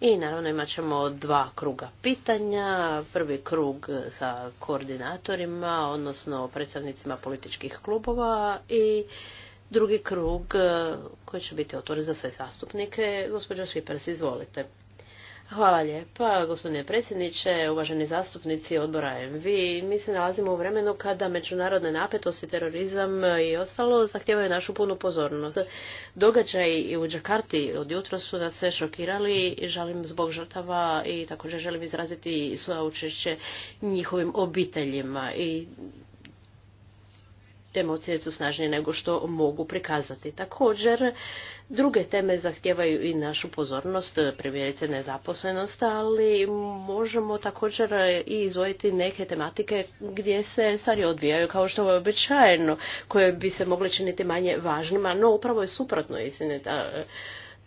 I naravno imat ćemo dva kruga pitanja. Prvi krug sa koordinatorima, odnosno predstavnicima političkih klubova i drugi krug e, koji će biti otvoren za sve zastupnike. gospođa Šipers, izvolite. Hvala lijepa, gospodine predsjedniče, uvaženi zastupnici odbora MV. Mi se nalazimo u vremenu kada međunarodne napetosti, terorizam i ostalo zahtijevaju našu punu pozornost. Događaj u Džakarti od jutra su nas sve šokirali i žalim zbog žrtava i također želim izraziti svoje učešće njihovim obiteljima. I emocije su snažnije nego što mogu prikazati. Također, druge teme zahtijevaju i našu pozornost, primjerice nezaposlenost, ali možemo također i izvojiti neke tematike gdje se stvari odvijaju kao što je običajeno, koje bi se mogle činiti manje važnima, no upravo je suprotno istinita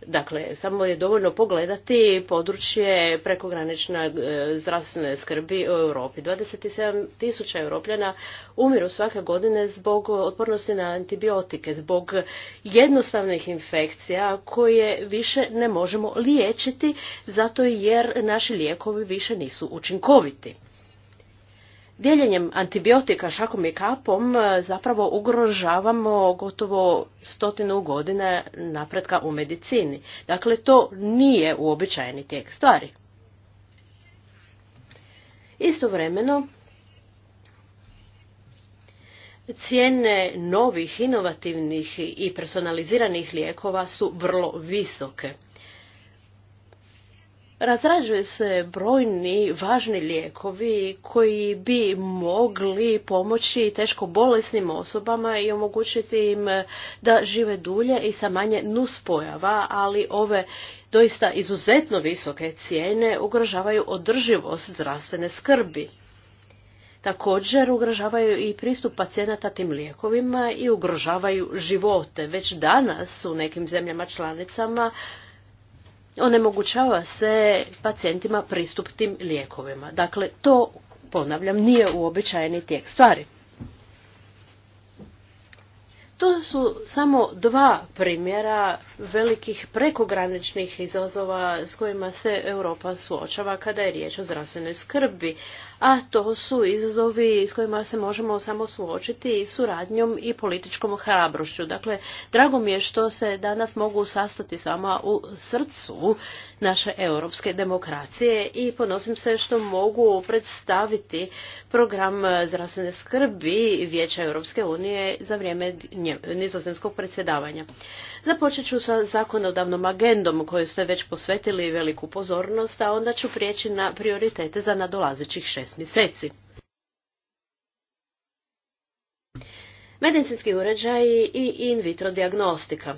Dakle, samo je dovoljno pogledati područje prekogranične e, zdravstvene skrbi u Europi. 27 tisuća europljana umiru svake godine zbog otpornosti na antibiotike, zbog jednostavnih infekcija koje više ne možemo liječiti zato jer naši lijekovi više nisu učinkoviti. Dijeljenjem antibiotika šakom i kapom e, zapravo ugrožavamo gotovo stotinu godina napretka u medicini. Dakle, to nije uobičajeni tijek stvari. Istovremeno, cijene novih, inovativnih i personaliziranih lijekova su vrlo visoke. Razrađuju se brojni važni lijekovi koji bi mogli pomoći teško bolesnim osobama i omogućiti im da žive dulje i sa manje nuspojava, ali ove doista izuzetno visoke cijene ugrožavaju održivost zdravstvene skrbi. Također ugrožavaju i pristup pacijenata tim lijekovima i ugrožavaju živote. Već danas u nekim zemljama članicama onemogućava se pacijentima pristup tim lijekovima. Dakle, to, ponavljam, nije uobičajeni tijek stvari. To su samo dva primjera velikih prekograničnih izazova s kojima se Europa suočava kada je riječ o zdravstvenoj skrbi, a to su izazovi s kojima se možemo samo suočiti i suradnjom i političkom hrabrošću. Dakle, drago mi je što se danas mogu sastati vama u srcu naše europske demokracije i ponosim se što mogu predstaviti program zdravstvene skrbi Vijeća Europske unije za vrijeme nizozemskog predsjedavanja. Započet ću sa zakonodavnom agendom kojoj ste već posvetili veliku pozornost, a onda ću prijeći na prioritete za nadolazećih šest mjeseci. Medicinski uređaji i in vitro diagnostika.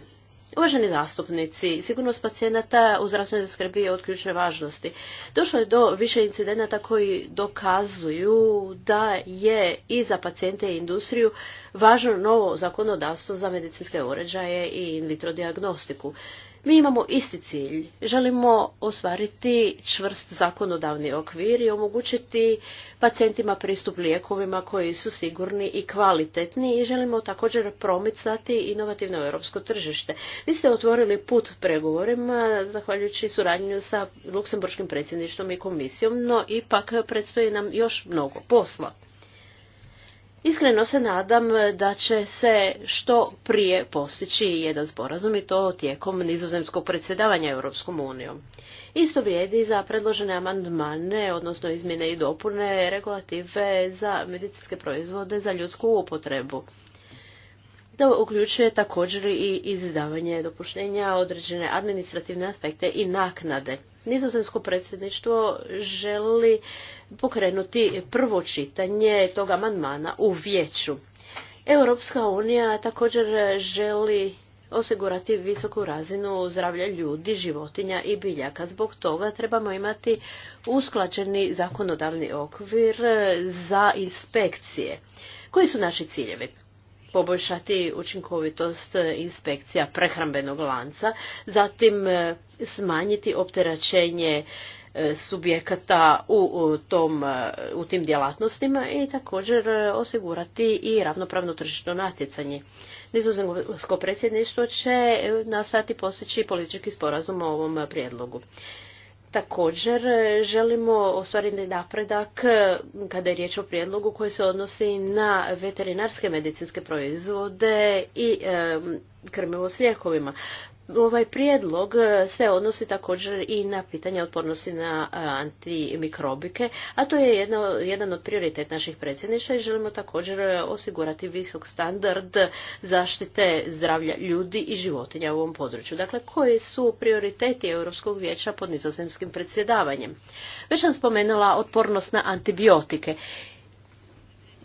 Uvaženi zastupnici, sigurnost pacijenata u zdravstvenoj skrbi je od ključne važnosti. Došlo je do više incidenata koji dokazuju da je i za pacijente i industriju važno novo zakonodavstvo za medicinske uređaje i in vitro diagnostiku. Mi imamo isti cilj. Želimo ostvariti čvrst zakonodavni okvir i omogućiti pacijentima pristup lijekovima koji su sigurni i kvalitetni i želimo također promicati inovativno europsko tržište. Vi ste otvorili put pregovorima zahvaljujući suradnju sa Luksemburškim predsjedništvom i komisijom, no ipak predstoji nam još mnogo posla. Iskreno se nadam da će se što prije postići jedan sporazum i to tijekom nizozemskog predsjedavanja Europskom unijom. Isto vrijedi za predložene amandmane, odnosno izmjene i dopune regulative za medicinske proizvode za ljudsku upotrebu. To uključuje također i izdavanje dopuštenja, određene administrativne aspekte i naknade nizozemsko predsjedništvo želi pokrenuti prvo čitanje tog amandmana u vijeću. Europska unija također želi osigurati visoku razinu zdravlja ljudi, životinja i biljaka. Zbog toga trebamo imati usklađeni zakonodavni okvir za inspekcije. Koji su naši ciljevi? poboljšati učinkovitost e, inspekcija prehrambenog lanca, zatim e, smanjiti opterećenje e, subjekata u, tom, u tim djelatnostima i također osigurati i ravnopravno tržišno natjecanje. Nizozemsko predsjedništvo će nasvati postići politički sporazum o ovom prijedlogu. Također želimo ostvariti napredak e, kada je riječ o prijedlogu koji se odnosi na veterinarske medicinske proizvode i e, krmivo s lijekovima. Ovaj prijedlog e, se odnosi također i na pitanje otpornosti na e, antimikrobike, a to je jedno, jedan od prioritet naših predsjedništva i želimo također e, osigurati visok standard zaštite zdravlja ljudi i životinja u ovom području. Dakle, koji su prioriteti Europskog vijeća pod nizozemskim predsjedavanjem? Već sam spomenula otpornost na antibiotike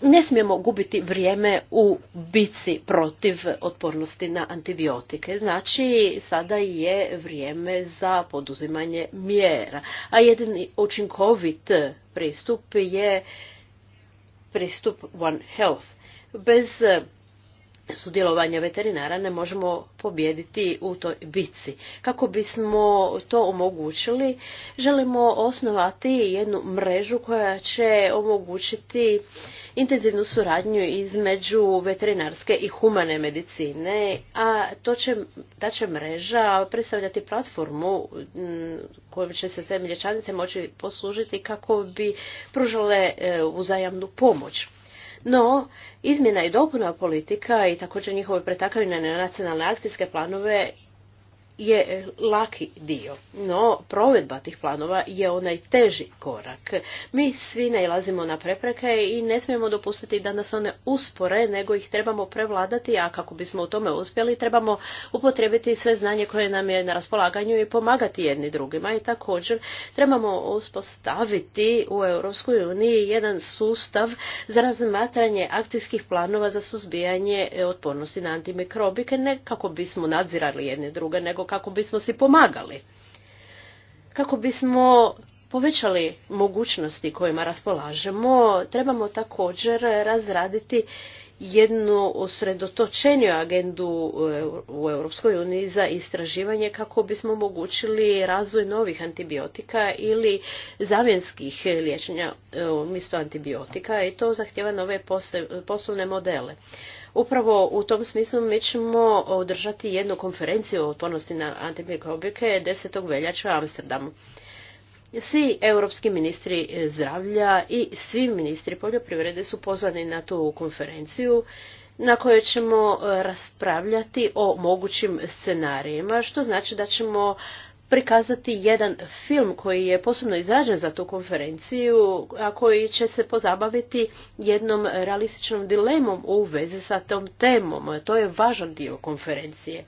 ne smijemo gubiti vrijeme u bici protiv otpornosti na antibiotike. Znači, sada je vrijeme za poduzimanje mjera. A jedini učinkovit pristup je pristup One Health. Bez sudjelovanje veterinara ne možemo pobijediti u toj bici. Kako bismo to omogućili, želimo osnovati jednu mrežu koja će omogućiti intenzivnu suradnju između veterinarske i humane medicine, a to će, ta će mreža predstavljati platformu mm, kojom će se sve mlječanice moći poslužiti kako bi pružale e, uzajamnu pomoć. No, izmjena i dopuna politika i također njihove pretakavine na nacionalne akcijske planove je laki dio, no provedba tih planova je onaj teži korak. Mi svi nailazimo na prepreke i ne smijemo dopustiti da nas one uspore, nego ih trebamo prevladati, a kako bismo u tome uspjeli trebamo upotrijebiti sve znanje koje nam je na raspolaganju i pomagati jedni drugima i također trebamo uspostaviti u Europskoj uniji jedan sustav za razmatranje akcijskih planova za suzbijanje otpornosti na antimikrobike, ne kako bismo nadzirali jedne druge, nego kako bismo si pomagali, kako bismo povećali mogućnosti kojima raspolažemo, trebamo također razraditi jednu osredotočeniju agendu e, u Europskoj uniji za istraživanje kako bismo omogućili razvoj novih antibiotika ili zamjenskih liječenja e, umjesto antibiotika i to zahtjeva nove poslovne modele. Upravo u tom smislu mi ćemo održati jednu konferenciju o otpornosti na antimikrobike 10. veljača u Amsterdamu. Svi europski ministri zdravlja i svi ministri poljoprivrede su pozvani na tu konferenciju na kojoj ćemo raspravljati o mogućim scenarijima, što znači da ćemo prikazati jedan film koji je posebno izražen za tu konferenciju, a koji će se pozabaviti jednom realističnom dilemom u vezi sa tom temom. To je važan dio konferencije.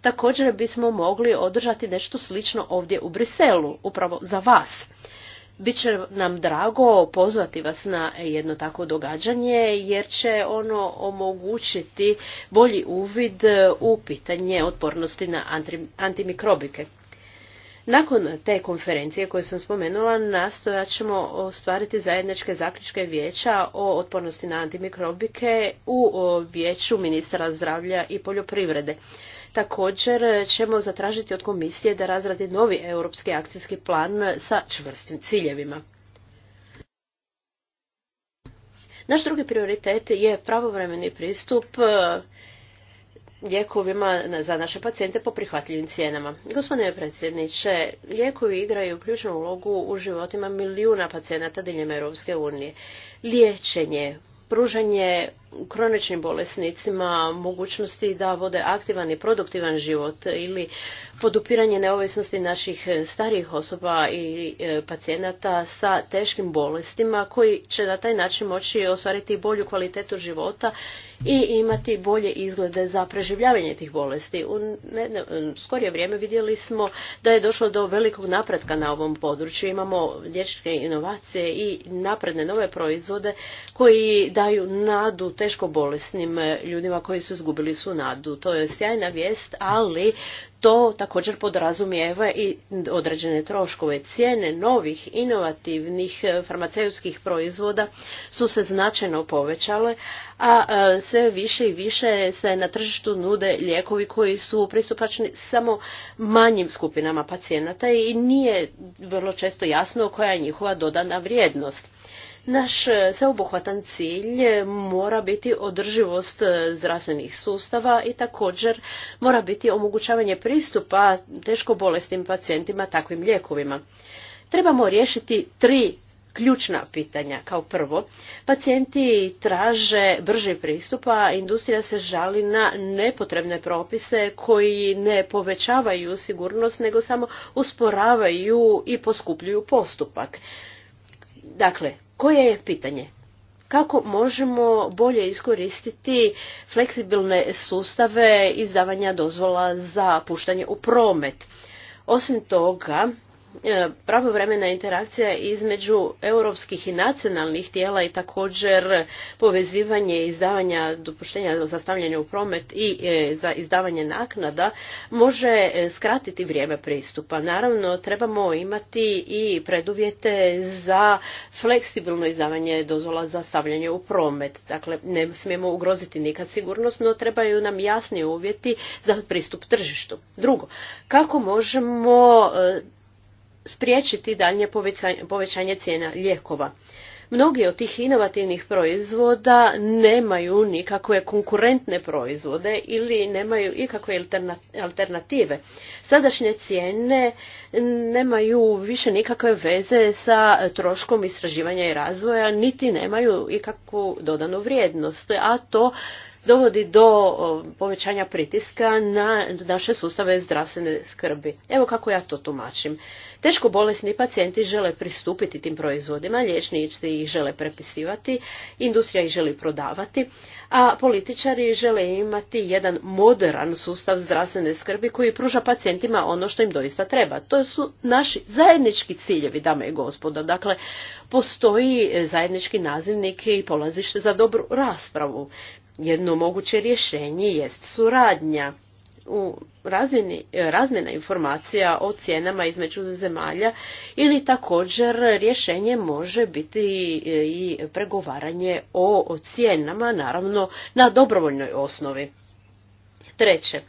Također bismo mogli održati nešto slično ovdje u Briselu, upravo za vas. Biće nam drago pozvati vas na jedno takvo događanje jer će ono omogućiti bolji uvid u pitanje otpornosti na antimikrobike. Nakon te konferencije koju sam spomenula, nastojat ćemo ostvariti zajedničke zaključke vijeća o otpornosti na antimikrobike u vijeću ministra zdravlja i poljoprivrede. Također ćemo zatražiti od komisije da razradi novi europski akcijski plan sa čvrstim ciljevima. Naš drugi prioritet je pravovremeni pristup lijekovima za naše pacijente po prihvatljivim cijenama. Gospodine predsjedniče, lijekovi igraju ključnu ulogu u životima milijuna pacijenata diljem Europske unije. Liječenje, pružanje kroničnim bolesnicima mogućnosti da vode aktivan i produktivan život ili podupiranje neovisnosti naših starijih osoba i e, pacijenata sa teškim bolestima koji će na taj način moći ostvariti bolju kvalitetu života i imati bolje izglede za preživljavanje tih bolesti. U skorije vrijeme vidjeli smo da je došlo do velikog napretka na ovom području. Imamo liječničke inovacije i napredne nove proizvode koji daju nadu teško bolesnim e, ljudima koji su izgubili su nadu. To je sjajna vijest, ali to također podrazumijeva i određene troškove. Cijene novih inovativnih e, farmaceutskih proizvoda su se značajno povećale, a e, sve više i više se na tržištu nude lijekovi koji su pristupačni samo manjim skupinama pacijenata i nije vrlo često jasno koja je njihova dodana vrijednost. Naš sveobuhvatan cilj mora biti održivost zdravstvenih sustava i također mora biti omogućavanje pristupa teško bolestim pacijentima takvim lijekovima. Trebamo riješiti tri ključna pitanja. Kao prvo, pacijenti traže brži pristup, a industrija se žali na nepotrebne propise koji ne povećavaju sigurnost, nego samo usporavaju i poskupljuju postupak. Dakle, koje je pitanje kako možemo bolje iskoristiti fleksibilne sustave izdavanja dozvola za puštanje u promet. Osim toga, E, pravovremena interakcija između europskih i nacionalnih tijela i također povezivanje izdavanja dopuštenja za stavljanje u promet i e, za izdavanje naknada može e, skratiti vrijeme pristupa. Naravno, trebamo imati i preduvjete za fleksibilno izdavanje dozvola za stavljanje u promet. Dakle, ne smijemo ugroziti nikad sigurnost, no trebaju nam jasni uvjeti za pristup tržištu. Drugo, kako možemo spriječiti daljnje povećanje cijena lijekova. Mnogi od tih inovativnih proizvoda nemaju nikakve konkurentne proizvode ili nemaju ikakve alternative. Sadašnje cijene nemaju više nikakve veze sa troškom istraživanja i razvoja, niti nemaju ikakvu dodanu vrijednost, a to dovodi do povećanja pritiska na naše sustave zdravstvene skrbi. Evo kako ja to tumačim. Teško bolesni pacijenti žele pristupiti tim proizvodima, liječnici ih žele prepisivati, industrija ih želi prodavati, a političari žele imati jedan moderan sustav zdravstvene skrbi koji pruža pacijentima ono što im doista treba. To su naši zajednički ciljevi, dame i gospodo. Dakle, postoji zajednički nazivnik i polazište za dobru raspravu. Jedno moguće rješenje jest suradnja u razmjeni, razmjena informacija o cijenama između zemalja ili također rješenje može biti i pregovaranje o cijenama, naravno na dobrovoljnoj osnovi. Treće,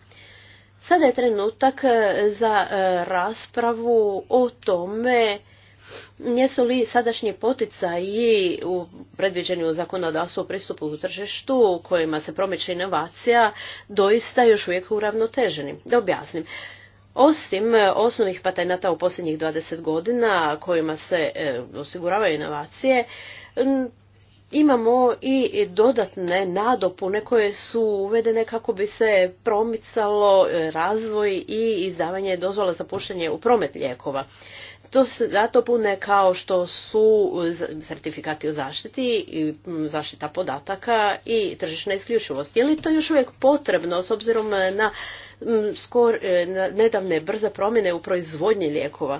sada je trenutak za e, raspravu o tome Jesu li sadašnji poticaji u predviđenju zakonodavstvu o pristupu u tržištu kojima se promiče inovacija doista još uvijek uravnoteženi? Da objasnim. Osim e, osnovnih patenata u posljednjih 20 godina kojima se e, osiguravaju inovacije, imamo i dodatne nadopune koje su uvedene kako bi se promicalo e, razvoj i izdavanje dozvola za puštanje u promet lijekova to se pune kao što su certifikati o zaštiti i zaštita podataka i tržišna isključivost. Je li to još uvijek potrebno s obzirom na, skor, e, na nedavne brze promjene u proizvodnji lijekova?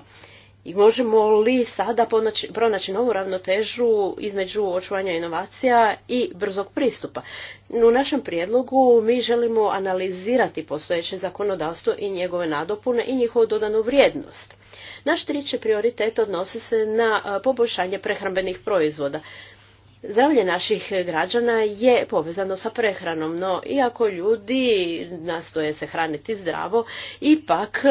I možemo li sada pronaći novu ravnotežu između očuvanja inovacija i brzog pristupa? U našem prijedlogu mi želimo analizirati postojeće zakonodavstvo i njegove nadopune i njihovu dodanu vrijednost. Naš treći prioritet odnosi se na poboljšanje prehrambenih proizvoda. Zdravlje naših građana je povezano sa prehranom, no iako ljudi nastoje se hraniti zdravo, ipak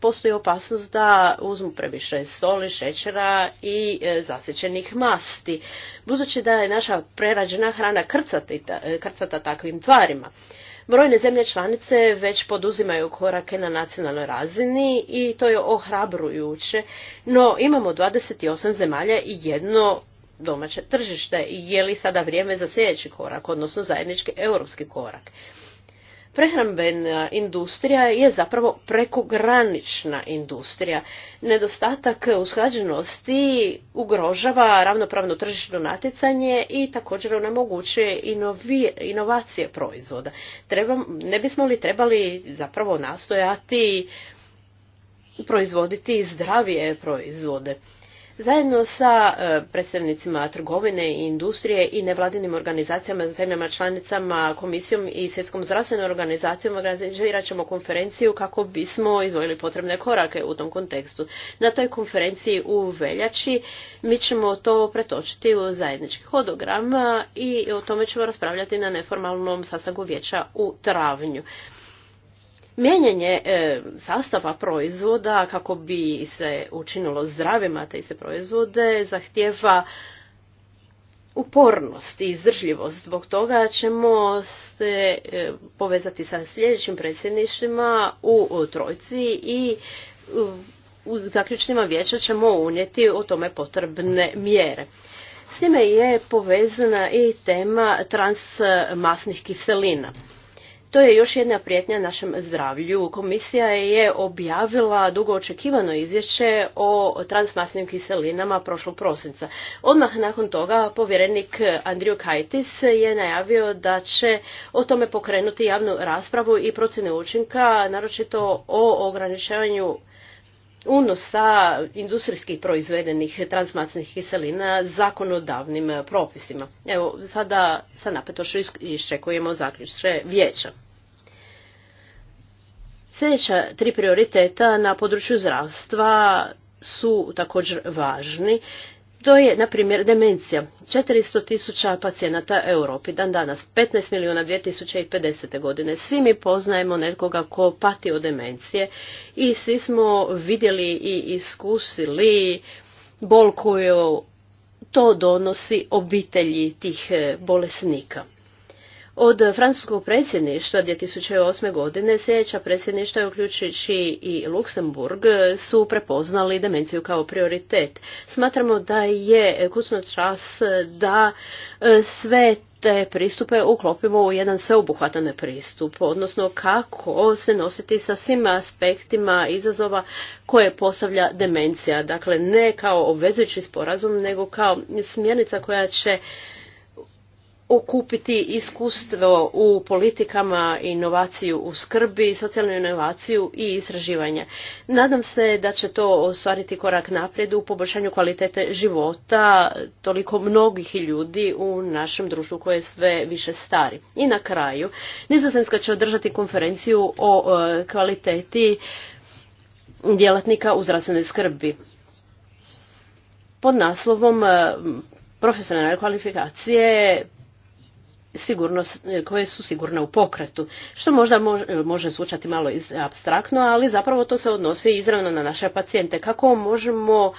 postoji opasnost da uzmu previše soli, šećera i e, zasićenih masti, budući da je naša prerađena hrana e, krcata takvim tvarima. Brojne zemlje članice već poduzimaju korake na nacionalnoj razini i to je ohrabrujuće, no imamo 28 zemalja i jedno domaće tržište. Je li sada vrijeme za sljedeći korak, odnosno zajednički europski korak? prehrambena industrija je zapravo prekogranična industrija. Nedostatak usklađenosti ugrožava ravnopravno tržišno natjecanje i također onemogućuje inovacije proizvoda. ne bismo li trebali zapravo nastojati proizvoditi zdravije proizvode? zajedno sa e, predstavnicima trgovine i industrije i nevladinim organizacijama, zemljama članicama, komisijom i svjetskom zdravstvenom organizacijom organizirat ćemo konferenciju kako bismo izvojili potrebne korake u tom kontekstu. Na toj konferenciji u veljači mi ćemo to pretočiti u zajednički hodogram i o tome ćemo raspravljati na neformalnom sastanku vijeća u travnju mijenjanje e, sastava proizvoda kako bi se učinilo zdravima te se proizvode zahtjeva upornost i izdržljivost. Zbog toga ćemo se e, povezati sa sljedećim predsjedništvima u, u Trojci i u, u zaključnjima vijeća ćemo unijeti o tome potrebne mjere. S njime je povezana i tema transmasnih kiselina. To je još jedna prijetnja našem zdravlju. Komisija je objavila dugo očekivano izvješće o transmasnim kiselinama prošlog prosinca. Odmah nakon toga povjerenik Andriju Kajtis je najavio da će o tome pokrenuti javnu raspravu i procjene učinka, naročito o ograničavanju unosa industrijski proizvedenih transmacnih kiselina zakonodavnim e, propisima. Evo, sada sa napetošću iščekujemo zaključke vijeća. Sljedeća tri prioriteta na području zdravstva su također važni to je, na primjer, demencija. 400 tisuća pacijenata Europi dan danas, 15 milijuna 2050. godine. Svi mi poznajemo nekoga ko pati od demencije i svi smo vidjeli i iskusili bol koju to donosi obitelji tih eh, bolesnika. Od francuskog predsjedništva 2008. godine sljedeća predsjedništva, uključujući i Luksemburg, su prepoznali demenciju kao prioritet. Smatramo da je kućno čas da e, sve te pristupe uklopimo u jedan sveobuhvatan pristup, odnosno kako se nositi sa svim aspektima izazova koje postavlja demencija. Dakle, ne kao obvezujući sporazum, nego kao smjernica koja će okupiti iskustvo u politikama, inovaciju u skrbi, socijalnu inovaciju i istraživanje. Nadam se da će to ostvariti korak naprijed u poboljšanju kvalitete života toliko mnogih ljudi u našem društvu koje je sve više stari. I na kraju, Nizozemska će održati konferenciju o e, kvaliteti djelatnika u zdravstvenoj skrbi. Pod naslovom e, profesionalne kvalifikacije koje su sigurne u pokretu. Što možda može zvučati malo abstraktno, ali zapravo to se odnosi izravno na naše pacijente. Kako možemo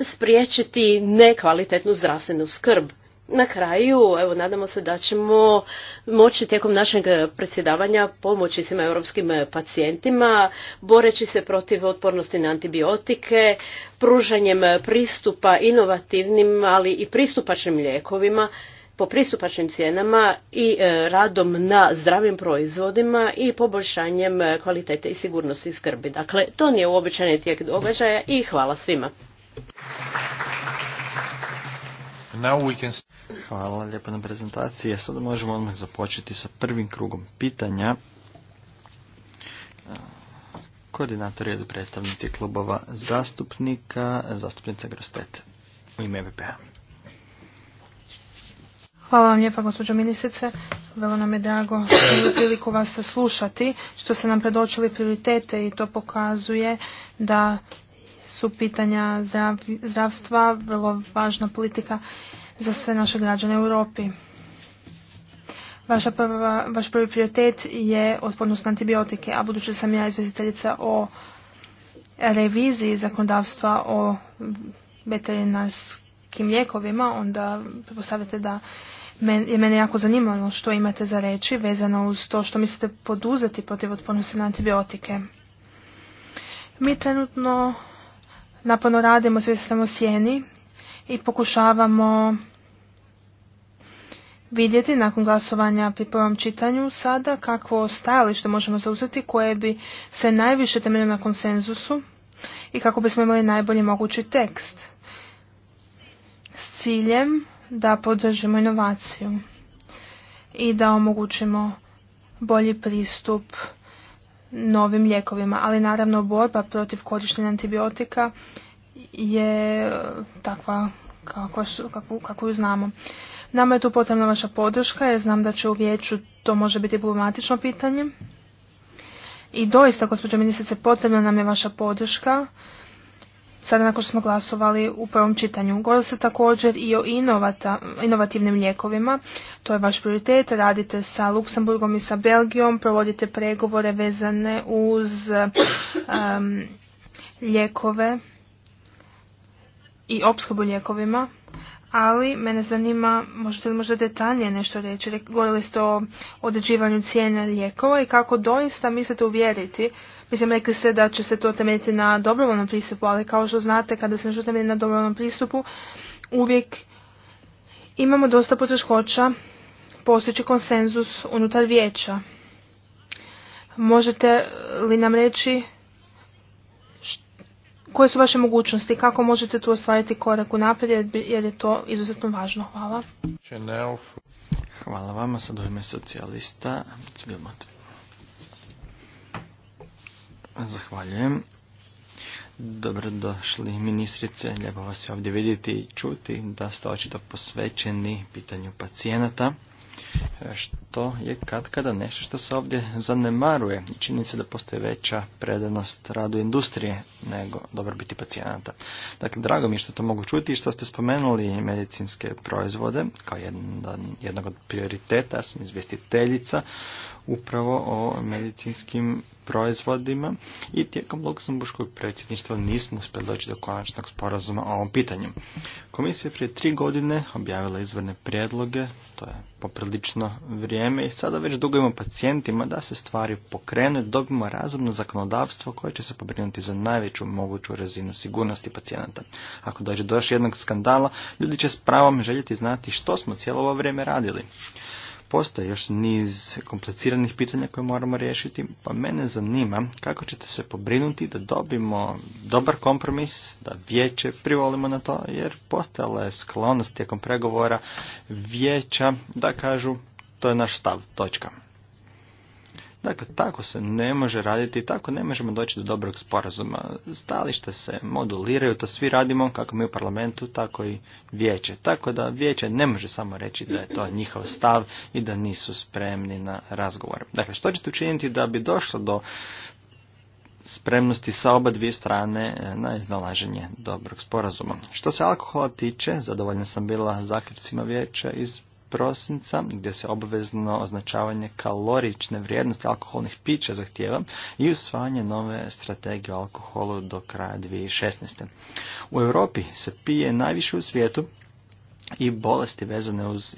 spriječiti nekvalitetnu zdravstvenu skrb? Na kraju, evo, nadamo se da ćemo moći tijekom našeg predsjedavanja pomoći svima europskim pacijentima, boreći se protiv otpornosti na antibiotike, pružanjem pristupa inovativnim, ali i pristupačnim lijekovima, po pristupačnim cijenama i e, radom na zdravim proizvodima i poboljšanjem kvalitete i sigurnosti skrbi. Dakle, to nije uobičajeni tijek događaja i hvala svima. Hvala lijepo na prezentaciji. Sada možemo odmah započeti sa prvim krugom pitanja. E, Koordinator je predstavnici klubova zastupnika, zastupnica Grostete u ime VPA. E Hvala vam lijepa gospođo ministrice. Vrlo nam je drago priliku vas slušati, što ste nam predočili prioritete i to pokazuje da su pitanja zdravstva vrlo važna politika za sve naše građane u Europi. vaš prvi prioritet je otpornost na antibiotike, a budući sam ja izvjestiteljica o reviziji zakonodavstva o veterinarskim lijekovima, onda postavite da je mene jako zanimalo što imate za reći vezano uz to što mislite poduzeti protiv otpornosti na antibiotike. Mi trenutno naporno radimo sve u sjeni i pokušavamo vidjeti nakon glasovanja pri prvom čitanju sada kakvo stajalište možemo zauzeti koje bi se najviše temeljilo na konsenzusu i kako bismo imali najbolji mogući tekst s ciljem da podržimo inovaciju i da omogućimo bolji pristup novim lijekovima. Ali naravno borba protiv korištenja antibiotika je takva kako znamo. Nama je tu potrebna vaša podrška jer znam da će u vijeću to može biti problematično pitanje. I doista, gospođo ministrice, potrebna nam je vaša podrška sada nakon što smo glasovali u prvom čitanju. Govorili se također i o inovativnim lijekovima, to je vaš prioritet, radite sa Luksemburgom i sa Belgijom, provodite pregovore vezane uz um, lijekove i opskrbu lijekovima. Ali mene zanima, možete li možda detaljnije nešto reći, govorili ste o određivanju cijene lijekova i kako doista mislite uvjeriti Mislim, rekli ste da će se to temeljiti na dobrovolnom pristupu, ali kao što znate, kada se nešto temelji na dobrovolnom pristupu, uvijek imamo dosta poteškoća postići konsenzus unutar vijeća. Možete li nam reći koje su vaše mogućnosti, kako možete tu ostvariti korak u naprijed, jer je to izuzetno važno. Hvala. Hvala vama, sad ovime socijalista. Zahvaljujem. Dobrodošli ministrice, lijepo vas je ovdje vidjeti i čuti da ste očito posvećeni pitanju pacijenata e, što je kad kada nešto što se ovdje zanemaruje čini se da postoje veća predanost radu industrije nego dobrobiti pacijenata. Dakle, drago mi je što to mogu čuti i što ste spomenuli medicinske proizvode kao jedan, jednog od prioriteta, sam izvjestiteljica upravo o medicinskim proizvodima i tijekom Luksemburškog predsjedništva nismo uspjeli doći do konačnog sporazuma o ovom pitanju. Komisija prije tri godine objavila izvorne prijedloge, to je poprilično vrijeme i sada već dugujemo pacijentima da se stvari pokrenu dobimo razumno zakonodavstvo koje će se pobrinuti za najveću moguću razinu sigurnosti pacijenata. Ako dođe do još jednog skandala, ljudi će s pravom željeti znati što smo cijelo ovo vrijeme radili. Postoje još niz kompliciranih pitanja koje moramo riješiti, pa mene zanima kako ćete se pobrinuti da dobimo dobar kompromis, da vijeće privolimo na to, jer postojala je sklonost tijekom pregovora vijeća da kažu to je naš stav, točka. Dakle, tako se ne može raditi i tako ne možemo doći do dobrog sporazuma. Stalište se moduliraju, to svi radimo kako mi u parlamentu, tako i vijeće. Tako da vijeće ne može samo reći da je to njihov stav i da nisu spremni na razgovor. Dakle, što ćete učiniti da bi došlo do spremnosti sa oba dvije strane e, na iznalaženje dobrog sporazuma. Što se alkohola tiče, zadovoljna sam bila zaključcima vijeća iz prosinca gdje se obvezno označavanje kalorične vrijednosti alkoholnih pića zahtjeva i usvajanje nove strategije o alkoholu do kraja 2016. U Europi se pije najviše u svijetu i bolesti vezane uz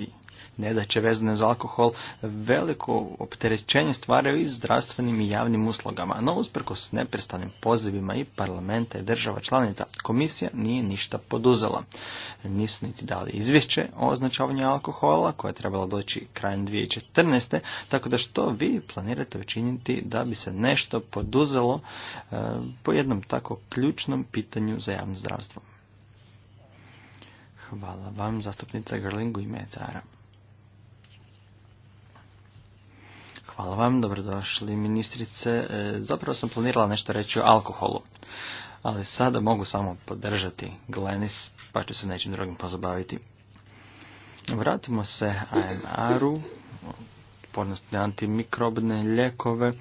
nedaće vezane za alkohol veliko opterećenje stvaraju i zdravstvenim i javnim uslogama, no usprkos neprestanim pozivima i parlamenta i država članica, komisija nije ništa poduzela. Nisu niti dali izvješće o označavanju alkohola koje je trebalo doći krajem 2014. Tako da što vi planirate učiniti da bi se nešto poduzelo e, po jednom tako ključnom pitanju za javno zdravstvo? Hvala vam, zastupnica Grlingu i Mecara. Hvala vam, dobrodošli ministrice. E, zapravo sam planirala nešto reći o alkoholu, ali sada mogu samo podržati Glenis, pa ću se nečim drugim pozabaviti. Vratimo se AMR-u, antimikrobne ljekove.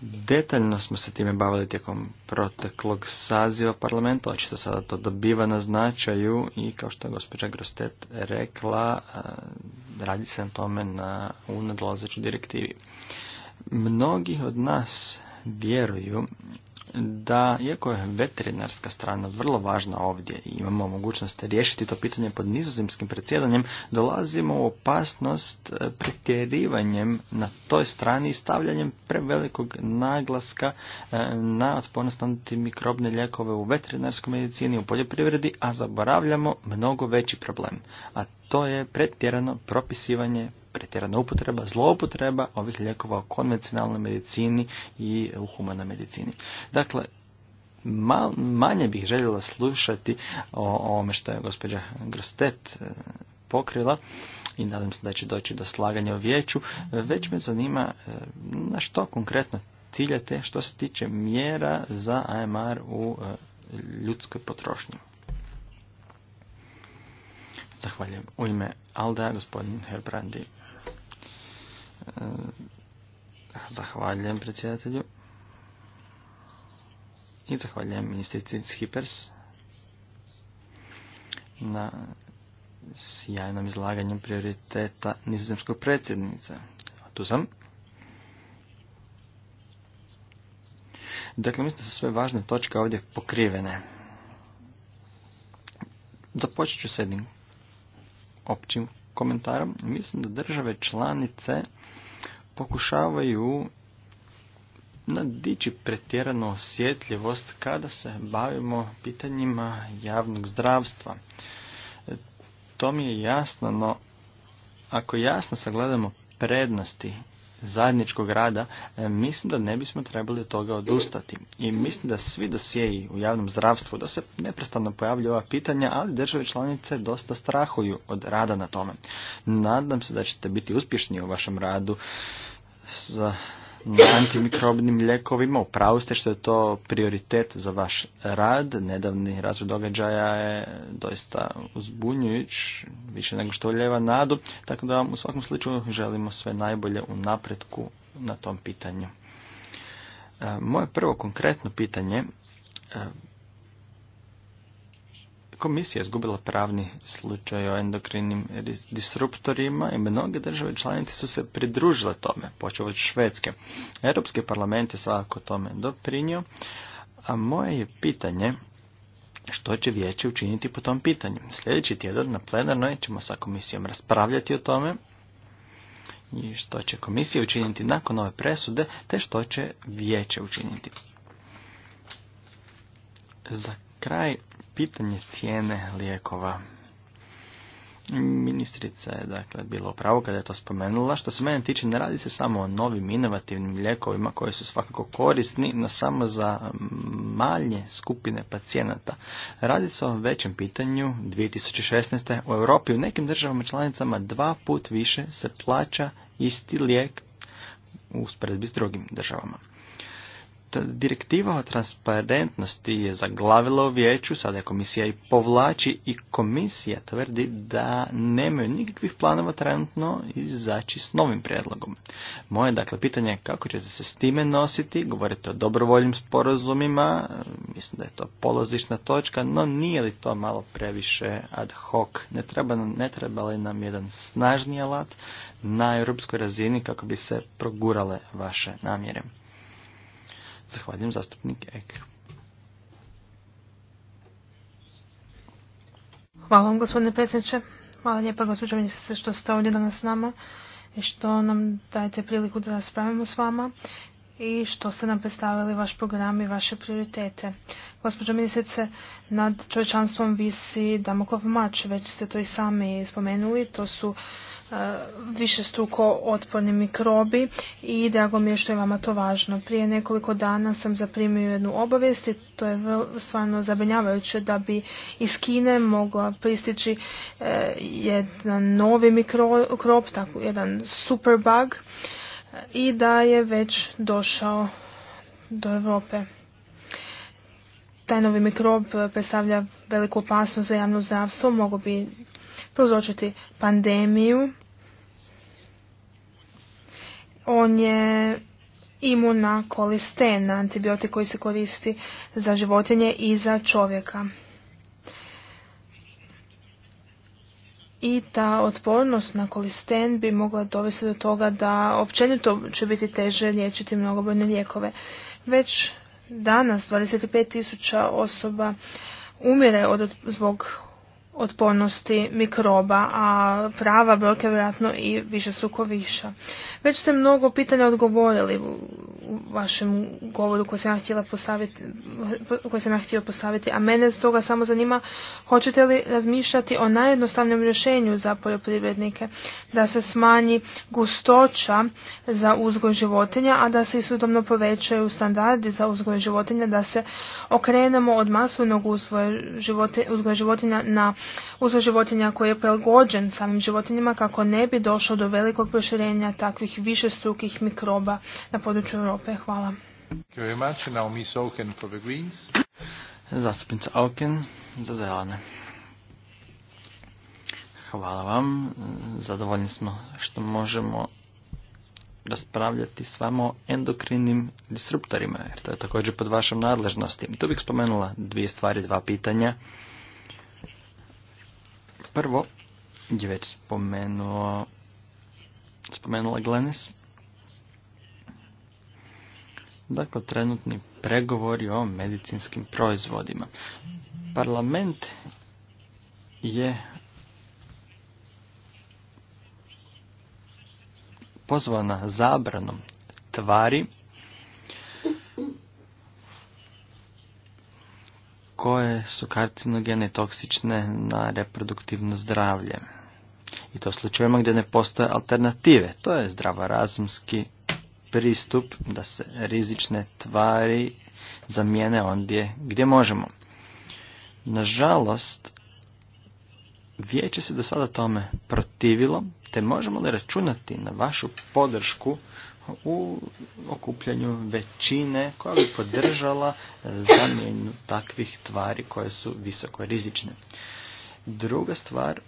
Detaljno smo se time bavili tijekom proteklog saziva parlamenta, očito sada to dobiva na značaju i kao što je gospođa Grostet rekla, radi se na tome na, u direktivi. Mnogi od nas vjeruju da, iako je veterinarska strana vrlo važna ovdje i imamo mogućnost riješiti to pitanje pod nizozemskim predsjedanjem, dolazimo u opasnost e, pretjerivanjem na toj strani i stavljanjem prevelikog naglaska e, na otpornost antimikrobne lijekove u veterinarskoj medicini, u poljoprivredi, a zaboravljamo mnogo veći problem, a to je pretjerano propisivanje pretjerana upotreba, zloupotreba ovih lijekova u konvencionalnoj medicini i u humanoj medicini. Dakle, manje bih željela slušati o, o ovome što je gospođa Grostet e, pokrila i nadam se da će doći do slaganja u vijeću, e, već me zanima e, na što konkretno ciljate što se tiče mjera za AMR u ljudskoj potrošnji. Zahvaljujem. U ime Alda, gospodin Herbrandi. Zahvaljujem predsjedatelju. I zahvaljujem ministrici Schippers na sjajnom izlaganju prioriteta nizozemskog predsjednice. Tu sam. Dakle, mislim da su sve važne točke ovdje pokrivene. Započet ću s jednim općim komentarom. Mislim da države članice pokušavaju nadići pretjeranu osjetljivost kada se bavimo pitanjima javnog zdravstva. E, to mi je jasno, no ako jasno sagledamo prednosti zajedničkog rada, e, mislim da ne bismo trebali od toga odustati. I mislim da svi dosjeji u javnom zdravstvu, da se neprestano pojavljuju ova pitanja, ali države članice dosta strahuju od rada na tome. Nadam se da ćete biti uspješni u vašem radu sa antimikrobnim ljekovima. Upravo ste što je to prioritet za vaš rad. Nedavni razvoj događaja je doista uzbunjujuć, više nego što ljeva nadu. Tako da vam u svakom slučaju želimo sve najbolje u napretku na tom pitanju. E, moje prvo konkretno pitanje e, Komisija je izgubila pravni slučaj o endokrinim disruptorima i mnoge države članice su se pridružile tome, počeo od Švedske. Europski parlament je svakako tome doprinio, a moje je pitanje što će vijeće učiniti po tom pitanju. Sljedeći tjedan na plenarnoj ćemo sa komisijom raspravljati o tome i što će komisija učiniti nakon ove presude, te što će vijeće učiniti. Za kraj pitanje cijene lijekova. Ministrica je dakle bila pravo kada je to spomenula. Što se mene tiče, ne radi se samo o novim inovativnim lijekovima koji su svakako korisni, no samo za manje skupine pacijenata. Radi se o većem pitanju 2016. u Europi u nekim državama članicama dva put više se plaća isti lijek u usporedbi s drugim državama direktiva o transparentnosti je zaglavila u vijeću, sada je komisija i povlači i komisija tvrdi da nemaju nikakvih planova trenutno izaći s novim prijedlogom. Moje dakle pitanje je kako ćete se s time nositi, govorite o dobrovoljnim sporazumima, mislim da je to polazišna točka, no nije li to malo previše ad hoc, ne treba, ne treba li nam jedan snažni alat na europskoj razini kako bi se progurale vaše namjere. Zahvaljujem zastupnik Ek. Hvala vam gospodine predsjedniče. Hvala lijepa gospođo ministrice što ste ovdje danas s nama i što nam dajete priliku da raspravimo s vama i što ste nam predstavili vaš program i vaše prioritete. Gospođo ministrice, nad čovječanstvom visi Damoklov mač, već ste to i sami spomenuli, to su više struko otporni mikrobi i drago mi je što je vama to važno. Prije nekoliko dana sam zaprimio jednu obavijest i to je stvarno zabrinjavajuće da bi iz Kine mogla pristići e, jedan novi mikrob, tako, jedan superbug e, i da je već došao do Europe. Taj novi mikrob predstavlja veliku opasnost za javno zdravstvo, mogu bi prozočiti pandemiju. On je imun na kolisten, antibiotik koji se koristi za životinje i za čovjeka. i ta otpornost na kolisten bi mogla dovesti do toga da općenito će biti teže liječiti mnogobojne lijekove. Već danas 25.000 osoba umire od, zbog otpornosti mikroba, a prava brojka vjerojatno i više suko viša. Već ste mnogo pitanja odgovorili u vašem govoru koje sam ja htjela postaviti, koje sam ja htio postaviti, a mene stoga samo zanima hoćete li razmišljati o najjednostavnijem rješenju za poljoprivrednike, da se smanji gustoća za uzgoj životinja, a da se istodobno povećaju standardi za uzgoj životinja, da se okrenemo od masovnog uzgoja životinja na uzgoj životinja koji je prilagođen samim životinjama kako ne bi došlo do velikog proširenja takvih višestrukih mikroba na području Europe. Hvala. Zastupnica Auken za zelene. Hvala vam. Zadovoljni smo što možemo raspravljati s vama o endokrinim disruptorima, jer to je također pod vašom nadležnostima. Tu bih spomenula dvije stvari, dva pitanja. Prvo je već spomenuo, spomenula Glenis. Dakle, trenutni pregovori o medicinskim proizvodima. Parlament je pozvana na zabranom tvari koje su karcinogene toksične na reproduktivno zdravlje. I to u slučajevima gdje ne postoje alternative. To je zdravorazumski pristup da se rizične tvari zamijene ondje gdje možemo. Nažalost, vijeće se do sada tome protivilo, te možemo li računati na vašu podršku u okupljanju većine koja bi podržala zamjenu takvih tvari koje su visoko rizične. Druga stvar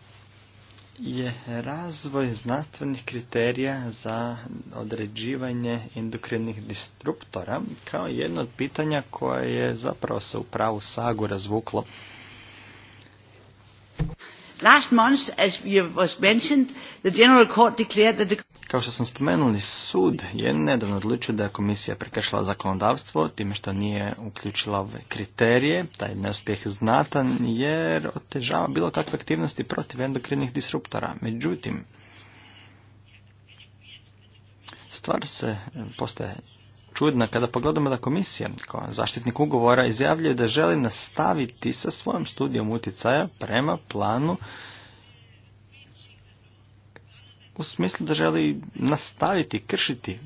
je razvoj znanstvenih kriterija za određivanje endokrinih disruptora kao jedno od pitanja koje je zapravo se u pravu sagu razvuklo. Last month, as was mentioned, the General Court declared that kao što sam spomenuli, sud je nedavno odlučio da je komisija prekršila zakonodavstvo time što nije uključila ove kriterije. Taj neuspjeh znatan jer otežava bilo kakve aktivnosti protiv endokrinih disruptora. Međutim, stvar se eh, postaje čudna kada pogledamo da komisija kao zaštitnik ugovora izjavljuje da želi nastaviti sa svojom studijom utjecaja prema planu u smislu da želi nastaviti kršiti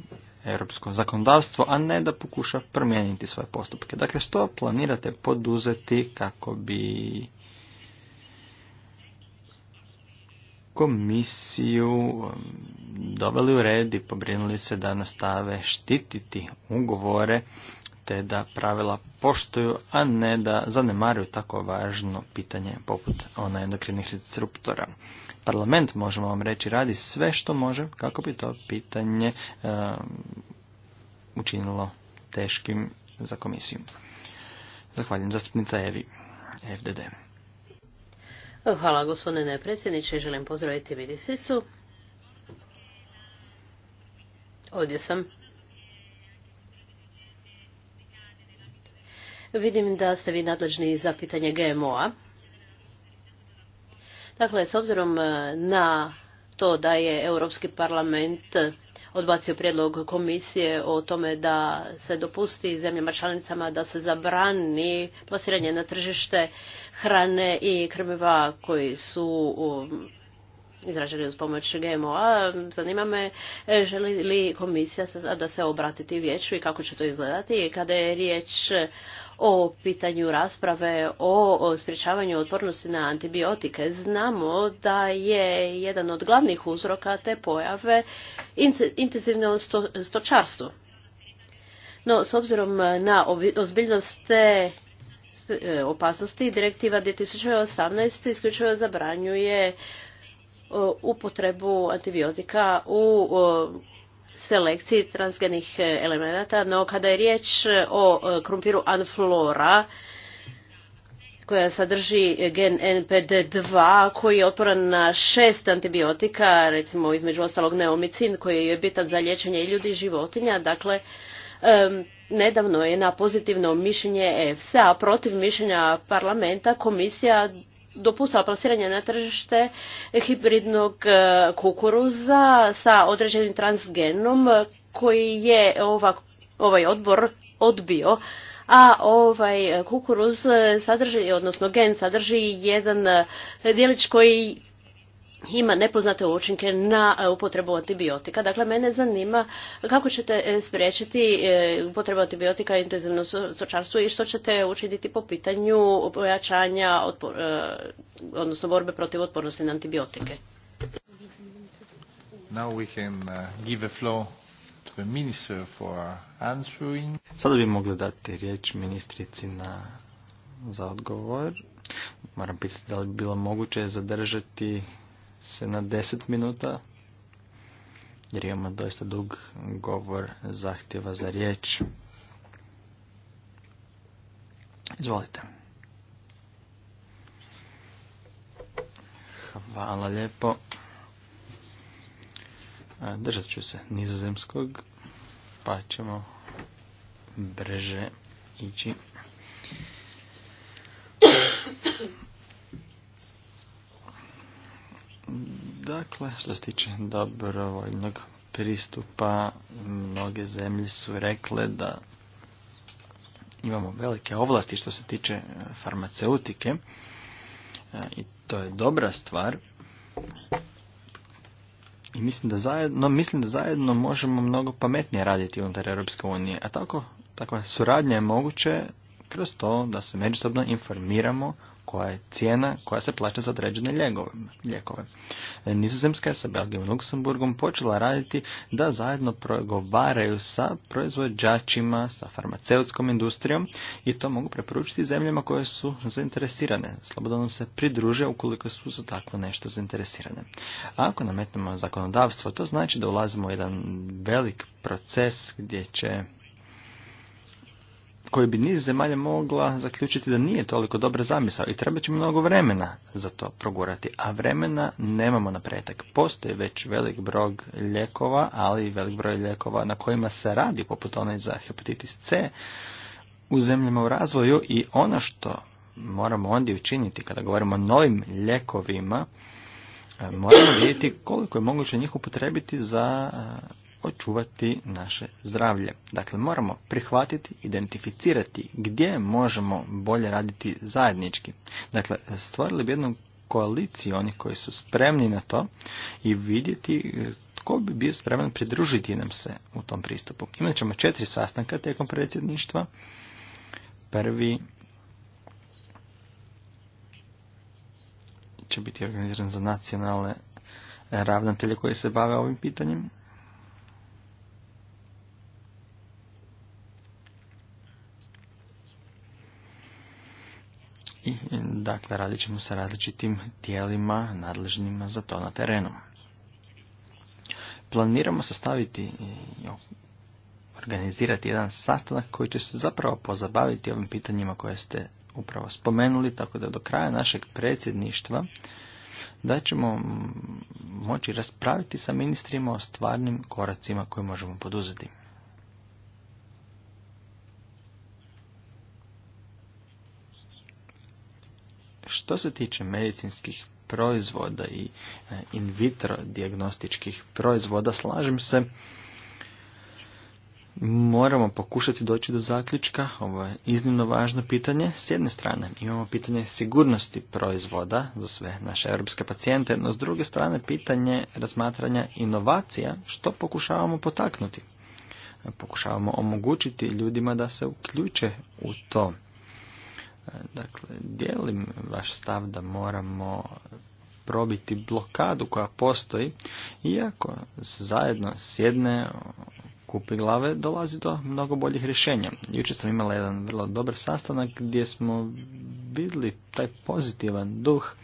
europsko zakonodavstvo, a ne da pokuša promijeniti svoje postupke. Dakle, što planirate poduzeti kako bi komisiju um, doveli u red i pobrinuli se da nastave štititi ugovore te da pravila poštuju, a ne da zanemaruju tako važno pitanje poput ona endokrinih disruptora parlament, možemo vam reći, radi sve što može kako bi to pitanje e, učinilo teškim za komisiju. Zahvaljujem zastupnica Evi, FDD. Hvala gospodine predsjedniče, želim pozdraviti ministricu. Ovdje sam. Vidim da ste vi nadležni za pitanje GMO-a. Dakle, s obzirom e, na to da je Europski parlament odbacio prijedlog komisije o tome da se dopusti zemljama članicama da se zabrani plasiranje na tržište hrane i krmiva koji su izraženi uz pomoć GMO-a. Zanima me, e, želi li komisija da se obratiti vijeću i kako će to izgledati? Kada je riječ o pitanju rasprave o sprječavanju otpornosti na antibiotike. Znamo da je jedan od glavnih uzroka te pojave intenzivno No, s obzirom na ozbiljnost te e, opasnosti, direktiva 2018. isključivo zabranjuje e, upotrebu antibiotika u selekciji transgenih e, elemenata, no kada je riječ e, o e, krumpiru Anflora, koja sadrži gen NPD2 koji je otporan na šest antibiotika, recimo između ostalog neomicin koji je bitan za liječenje ljudi i životinja. Dakle, nedavno je na pozitivno mišljenje EFSA, a protiv mišljenja parlamenta komisija dopustila plasiranje na tržište hibridnog e, kukuruza sa određenim transgenom koji je ovaj odbor odbio a ovaj kukuruz sadrži, odnosno gen sadrži jedan djelić koji ima nepoznate učinke na e, upotrebu antibiotika. Dakle, mene zanima kako ćete e, spriječiti e, upotrebu antibiotika intenzivno sočarstvo i što ćete učiniti po pitanju pojačanja odnosno borbe protiv otpornosti na antibiotike. Sada bi mogli dati riječ ministrici na, za odgovor. Moram pitati da li bi bilo moguće zadržati se na deset minuta, jer imamo doista dug govor zahtjeva za riječ. Izvolite. Hvala lijepo. Držat ću se nizozemskog, pa ćemo brže ići. Dakle, što se tiče dobrovoljnog pristupa, mnoge zemlje su rekle da imamo velike ovlasti što se tiče e, farmaceutike e, i to je dobra stvar. I mislim da zajedno, mislim da zajedno možemo mnogo pametnije raditi unutar Europske unije, a tako takva suradnja je moguće kroz to da se međusobno informiramo koja je cijena koja se plaća za određene lijekove. E, Nizozemska je sa Belgijom i Luksemburgom počela raditi da zajedno progovaraju sa proizvođačima, sa farmaceutskom industrijom i to mogu preporučiti zemljama koje su zainteresirane. Slobodno se pridruže ukoliko su za takvo nešto zainteresirane. A ako nametnemo zakonodavstvo, to znači da ulazimo u jedan velik proces gdje će koju bi niz zemalja mogla zaključiti da nije toliko dobra zamisao i treba će mnogo vremena za to progurati, a vremena nemamo na pretek. Postoji već velik broj lijekova, ali i velik broj lijekova na kojima se radi, poput onaj za hepatitis C, u zemljama u razvoju i ono što moramo onda učiniti kada govorimo o novim lijekovima, e, moramo vidjeti koliko je moguće njih upotrebiti za e, očuvati naše zdravlje. Dakle, moramo prihvatiti, identificirati gdje možemo bolje raditi zajednički. Dakle, stvorili bi jednu koaliciju onih koji su spremni na to i vidjeti e, tko bi bio spreman pridružiti nam se u tom pristupu. Imat ćemo četiri sastanka tijekom predsjedništva. Prvi će biti organiziran za nacionalne ravnatelje koji se bave ovim pitanjem. i dakle radit ćemo sa različitim tijelima nadležnima za to na terenu. Planiramo sastaviti organizirati jedan sastanak koji će se zapravo pozabaviti ovim pitanjima koje ste upravo spomenuli, tako da do kraja našeg predsjedništva da ćemo moći raspraviti sa ministrima o stvarnim koracima koje možemo poduzeti. Što se tiče medicinskih proizvoda i e, in vitro diagnostičkih proizvoda, slažem se, moramo pokušati doći do zaključka. Ovo je iznimno važno pitanje. S jedne strane imamo pitanje sigurnosti proizvoda za sve naše europske pacijente, no s druge strane pitanje razmatranja inovacija što pokušavamo potaknuti. Pokušavamo omogućiti ljudima da se uključe u to. Dakle, dijelim vaš stav da moramo probiti blokadu koja postoji, iako zajedno sjedne kupi glave dolazi do mnogo boljih rješenja. Jučer sam imala jedan vrlo dobar sastanak gdje smo vidjeli taj pozitivan duh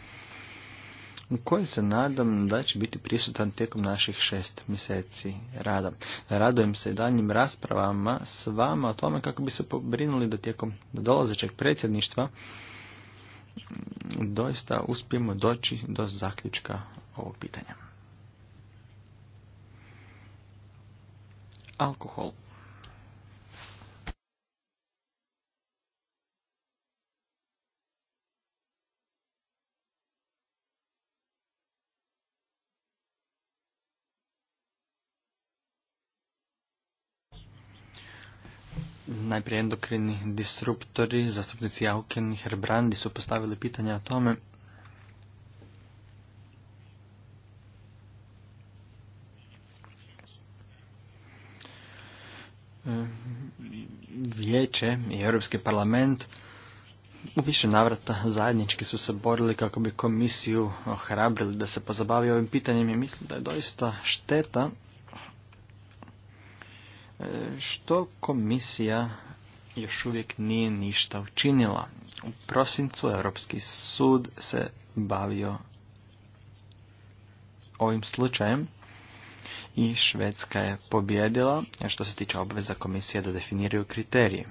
koji se nadam da će biti prisutan tijekom naših šest mjeseci rada. Radujem se daljnjim raspravama s vama o tome kako bi se pobrinuli da tijekom dolazećeg predsjedništva doista uspijemo doći do zaključka ovog pitanja. Alkohol. Najprije endokrini disruptori, zastupnici Auken i Herbrandi su postavili pitanje o tome. Vijeće i Europski parlament u više navrata zajednički su se borili kako bi komisiju ohrabrili da se pozabavi ovim pitanjem i mislim da je doista šteta što komisija još uvijek nije ništa učinila. U prosincu Europski sud se bavio ovim slučajem i Švedska je pobjedila što se tiče obveza komisije da definiraju kriterije.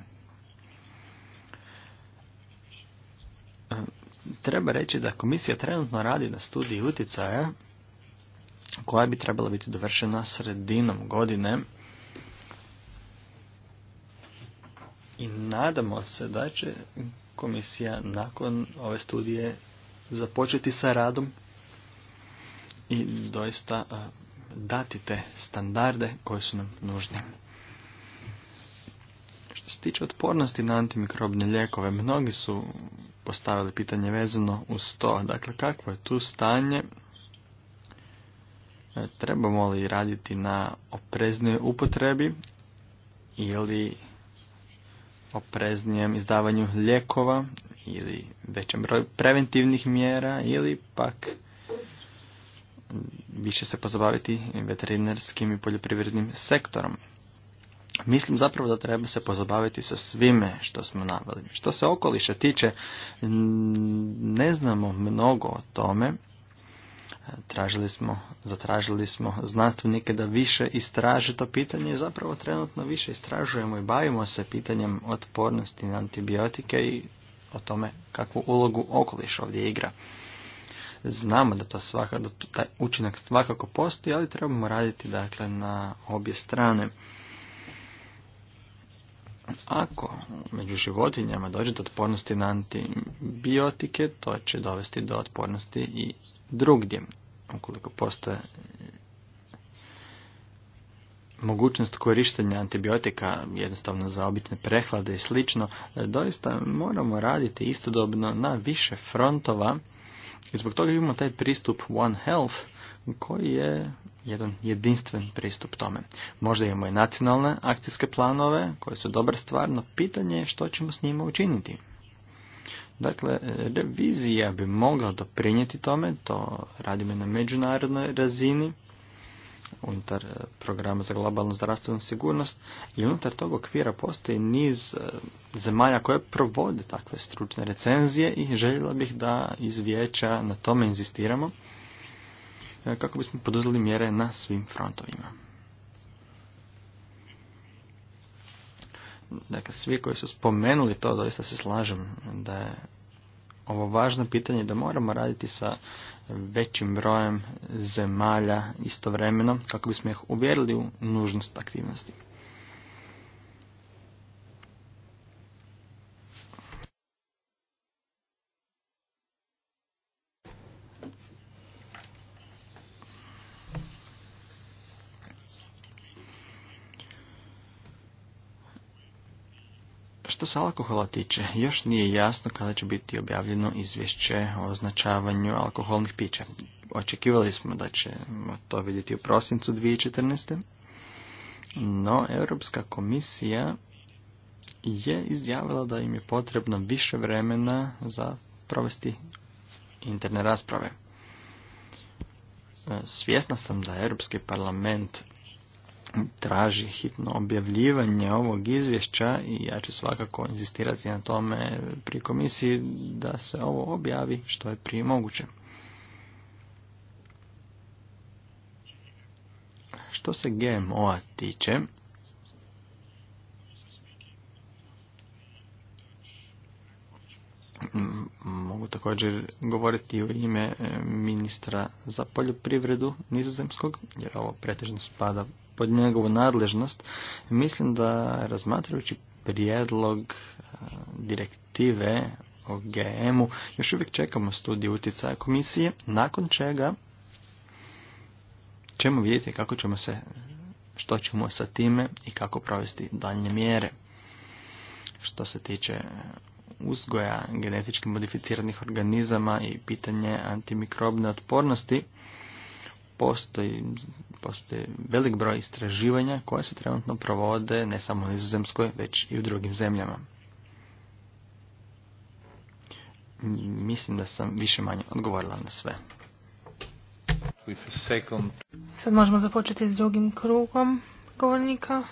Treba reći da komisija trenutno radi na studiji utjecaja koja bi trebala biti dovršena sredinom godine i nadamo se da će komisija nakon ove studije započeti sa radom i doista dati te standarde koje su nam nužne. Što se tiče otpornosti na antimikrobne lijekove, mnogi su postavili pitanje vezano uz to. Dakle, kakvo je tu stanje? E, trebamo li raditi na opreznoj upotrebi ili opreznijem izdavanju lijekova ili većem broju preventivnih mjera ili pak više se pozabaviti veterinarskim i poljoprivrednim sektorom. Mislim zapravo da treba se pozabaviti sa svime što smo naveli. Što se okoliša tiče, ne znamo mnogo o tome, tražili smo, zatražili smo znanstvenike da više istraže to pitanje i zapravo trenutno više istražujemo i bavimo se pitanjem otpornosti na antibiotike i o tome kakvu ulogu okoliš ovdje igra. Znamo da to svaka, da taj učinak svakako postoji, ali trebamo raditi dakle na obje strane. Ako među životinjama dođe do otpornosti na antibiotike, to će dovesti do otpornosti i drugdje ukoliko postoje e, mogućnost korištenja antibiotika jednostavno za obične prehlade i slično, e, doista moramo raditi istodobno na više frontova i zbog toga imamo taj pristup One Health koji je jedan jedinstven pristup tome. Možda imamo i nacionalne akcijske planove koje su dobra stvarno no pitanje je što ćemo s njima učiniti. Dakle, e, revizija bi mogla doprinijeti tome, to radimo na međunarodnoj razini, unutar e, programa za globalnu zdravstvenu sigurnost i unutar tog okvira postoji niz e, zemalja koje provode takve stručne recenzije i željela bih da iz vijeća na tome inzistiramo kako bismo poduzeli mjere na svim frontovima. Dakle, svi koji su spomenuli to, doista se slažem da je ovo važno pitanje da moramo raditi sa većim brojem zemalja istovremeno kako bismo ih uvjerili u nužnost aktivnosti. sa alkohola tiče, još nije jasno kada će biti objavljeno izvješće o označavanju alkoholnih pića. Očekivali smo da ćemo to vidjeti u prosincu 2014. No, Europska komisija je izjavila da im je potrebno više vremena za provesti interne rasprave. E, svjesna sam da Europski parlament traži hitno objavljivanje ovog izvješća i ja ću svakako insistirati na tome pri komisiji da se ovo objavi što je prije moguće. Što se GMO-a tiče, mogu također govoriti u ime ministra za poljoprivredu nizozemskog, jer ovo pretežno spada pod njegovu nadležnost, mislim da razmatrajući prijedlog e, direktive o GM-u još uvijek čekamo studiju utjecaja komisije, nakon čega ćemo vidjeti kako ćemo se, što ćemo sa time i kako provesti daljnje mjere. Što se tiče e, uzgoja genetički modificiranih organizama i pitanje antimikrobne otpornosti, postoji, postoji velik broj istraživanja koja se trenutno provode ne samo u Nizozemskoj, već i u drugim zemljama. Mislim da sam više manje odgovorila na sve. Sad možemo započeti s drugim krugom govornika.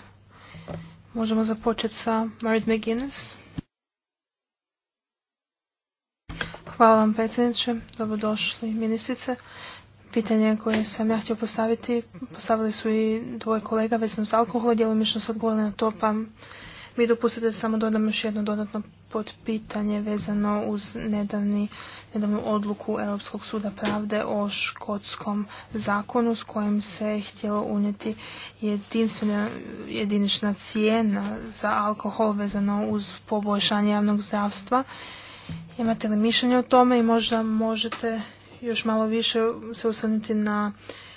Možemo započeti sa Marit McGuinness. Hvala vam predsjedniče, dobrodošli ministrice. Pitanje koje sam ja htio postaviti, postavili su i dvoje kolega vezano s alkohol, djelomično su odgovorili na to, pa mi dopustite da samo dodam još jedno dodatno potpitanje vezano uz nedavni, nedavnu odluku Europskog suda pravde o škotskom zakonu s kojim se htjelo unijeti jedinstvena jedinična cijena za alkohol vezano uz poboljšanje javnog zdravstva. Imate li mišljenje o tome i možda možete još malo više se osvrnuti na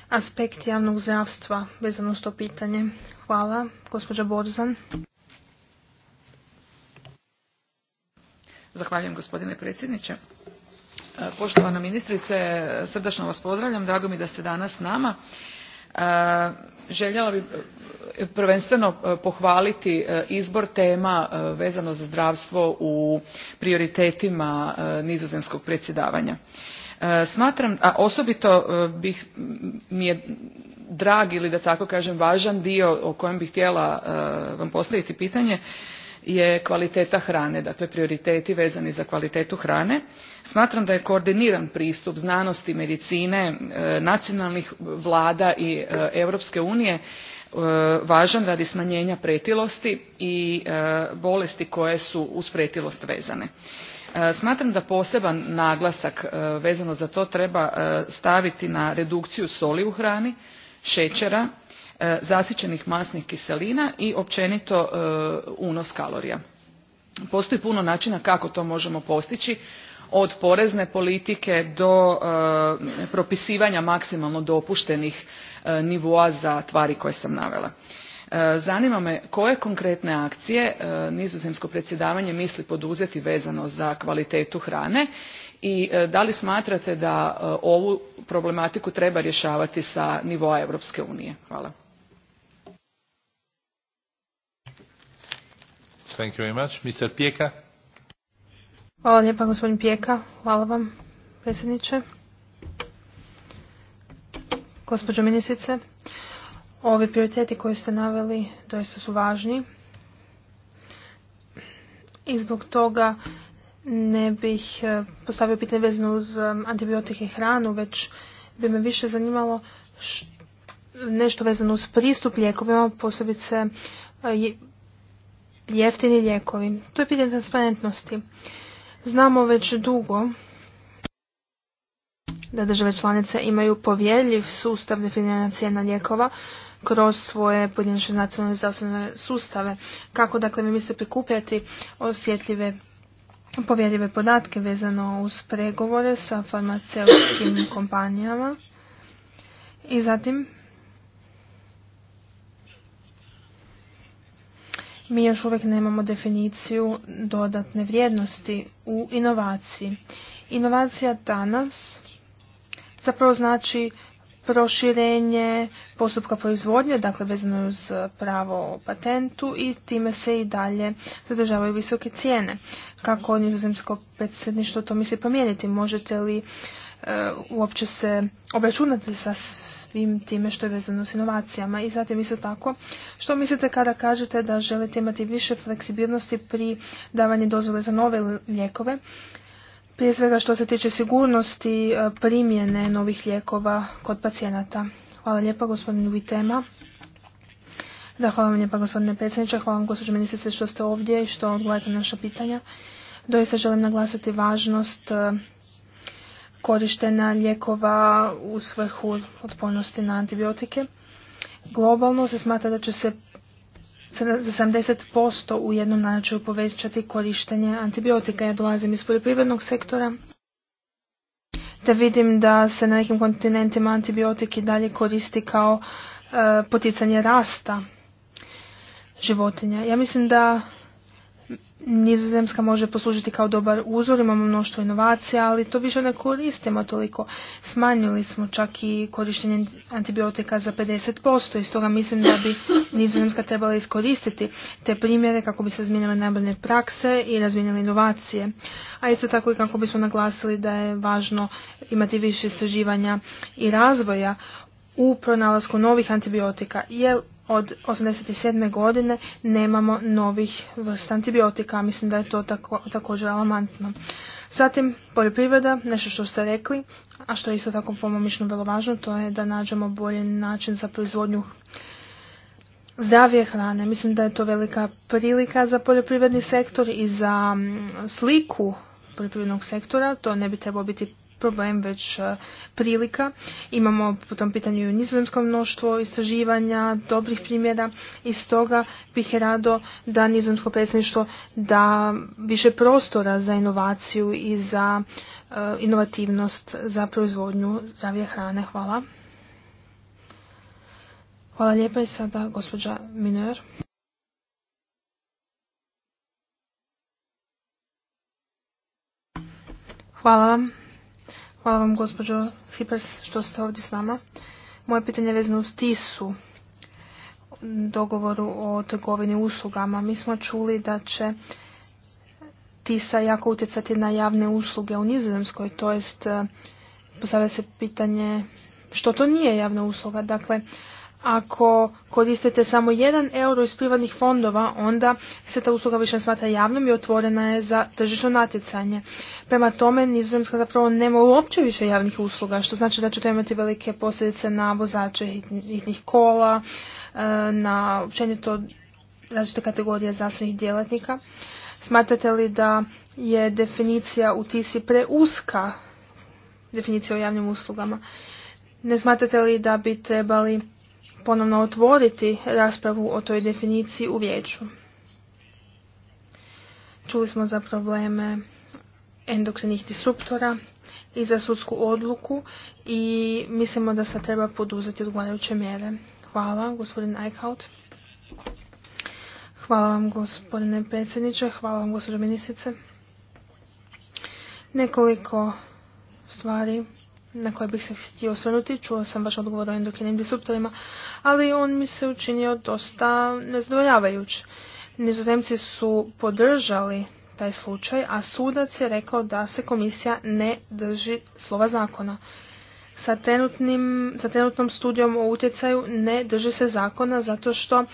aspekt javnog zdravstva vezano s to pitanje. Hvala. Gospođa Borzan. Zahvaljujem gospodine predsjedniče. E, poštovana ministrice, srdačno vas pozdravljam. Drago mi da ste danas s nama. E, željela bih e, prvenstveno pohvaliti izbor tema vezano za zdravstvo u prioritetima nizozemskog predsjedavanja. E, smatram a osobito e, bih mi je drag ili da tako kažem važan dio o kojem bih htjela e, vam postaviti pitanje je kvaliteta hrane dakle prioriteti vezani za kvalitetu hrane smatram da je koordiniran pristup znanosti medicine nacionalnih vlada i europske unije E, važan radi smanjenja pretilosti i e, bolesti koje su uz pretilost vezane. E, smatram da poseban naglasak vezano za to treba staviti na redukciju soli u hrani, šećera, zasićenih masnih kiselina i općenito unos kalorija. Postoji puno načina kako to možemo postići, od porezne politike do eh, propisivanja maksimalno dopuštenih eh, nivoa za tvari koje sam navela. Eh, zanima me koje konkretne akcije nizozemsko predsjedavanje misli poduzeti vezano za kvalitetu hrane i da li smatrate da ovu problematiku treba rješavati sa nivoa Europske unije? Hvala. Hvala lijepa gospodin Pijeka. Hvala vam predsjedniče. Gospođo ministrice, ovi prioriteti koje ste naveli doista su važni i zbog toga ne bih eh, postavio pitanje vezano uz eh, antibiotike i hranu, već bi me više zanimalo nešto vezano uz pristup lijekovima, posebice eh, jeftini lijekovi. To je pitanje transparentnosti. Znamo već dugo da države članice imaju povjeljiv sustav definiranja cijena lijekova kroz svoje pojedinačne nacionalne zdravstvene sustave. Kako dakle mi misle prikupljati osjetljive povjerljive podatke vezano uz pregovore sa farmaceutskim kompanijama i zatim mi još uvijek nemamo definiciju dodatne vrijednosti u inovaciji. Inovacija danas zapravo znači proširenje postupka proizvodnje, dakle vezano uz pravo patentu i time se i dalje zadržavaju visoke cijene. Kako nizozemsko predsjedništvo to misli promijeniti? Možete li E, uopće se obračunati sa svim time što je vezano s inovacijama. I zatim isto tako, što mislite kada kažete da želite imati više fleksibilnosti pri davanju dozvole za nove lijekove? Prije svega što se tiče sigurnosti e, primjene novih lijekova kod pacijenata. Hvala lijepa gospodinu Vitema. Da, hvala vam lijepa gospodine predsjedniče, hvala vam gospođo ministrice što ste ovdje i što odgovarate na naša pitanja. Doista želim naglasiti važnost e, korištena lijekova u svrhu otpornosti na antibiotike. Globalno se smatra da će se za 70% u jednom načinu povećati korištenje antibiotika. Ja dolazim iz poljoprivrednog sektora te vidim da se na nekim kontinentima antibiotiki dalje koristi kao e, poticanje rasta životinja. Ja mislim da Nizozemska može poslužiti kao dobar uzor, imamo mnoštvo inovacija, ali to više ne koristimo toliko. Smanjili smo čak i korištenje antibiotika za 50% i stoga mislim da bi Nizozemska trebala iskoristiti te primjere kako bi se razminjale najbolje prakse i razminjale inovacije. A isto tako i kako bismo naglasili da je važno imati više istraživanja i razvoja u pronalasku novih antibiotika, jer od 87. godine nemamo novih vrsta antibiotika. Mislim da je to tako, također alarmantno. Zatim, poljoprivreda, nešto što ste rekli, a što je isto tako pomomično vrlo važno, to je da nađemo bolji način za proizvodnju zdravije hrane. Mislim da je to velika prilika za poljoprivredni sektor i za mm, sliku poljoprivrednog sektora. To ne bi trebao biti problem, već e, prilika. Imamo po tom pitanju u nizozemskom mnoštvo istraživanja, dobrih primjera i stoga bih rado da nizozemsko predsjedništvo da više prostora za inovaciju i za e, inovativnost za proizvodnju zdravije hrane. Hvala. Hvala lijepa i sada gospođa Minor. Hvala vam. Hvala vam gospođo Sipers što ste ovdje s nama. Moje pitanje je vezano uz TISU, dogovoru o trgovini uslugama. Mi smo čuli da će TISA jako utjecati na javne usluge u Nizozemskoj, to jest eh, postavlja se pitanje što to nije javna usluga. Dakle, ako koristite samo jedan euro iz privatnih fondova, onda se ta usluga više smatra javnom i otvorena je za tržišno natjecanje. Prema tome, nizozemska zapravo nema uopće više javnih usluga, što znači da će to imati velike posljedice na vozače hitnih kola, e, na općenito različite kategorije zdravstvenih djelatnika. Smatrate li da je definicija u TISI preuska definicija o javnim uslugama? Ne smatrate li da bi trebali ponovno otvoriti raspravu o toj definiciji u vijeću. Čuli smo za probleme endokrinih disruptora i za sudsku odluku i mislimo da se treba poduzeti odgovarajuće mjere. Hvala, gospodin Eichhout. Hvala vam, gospodine predsjedniče. Hvala vam, gospođo ministrice. Nekoliko stvari na koje bih se htio osvrnuti. Čuo sam vaš odgovor o endokrinim disruptorima, ali on mi se učinio dosta nezadovoljavajuć. Nizozemci su podržali taj slučaj, a sudac je rekao da se komisija ne drži slova zakona. Sa, trenutnim, sa trenutnom studijom o utjecaju ne drži se zakona zato što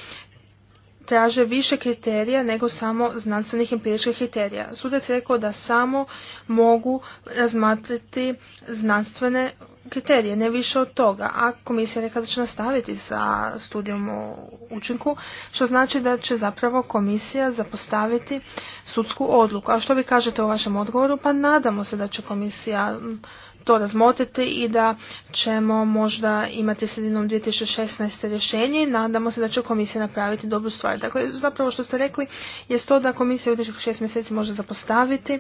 traže više kriterija nego samo znanstvenih empiričkih kriterija. Sudac je rekao da samo mogu razmatrati znanstvene kriterije, ne više od toga. A komisija je rekla da će nastaviti sa studijom o učinku, što znači da će zapravo komisija zapostaviti sudsku odluku. A što vi kažete u vašem odgovoru? Pa nadamo se da će komisija to razmotriti i da ćemo možda imati sredinom 2016. rješenje nadamo se da će komisija napraviti dobru stvar. Dakle, zapravo što ste rekli je to da komisija u 6 mjeseci može zapostaviti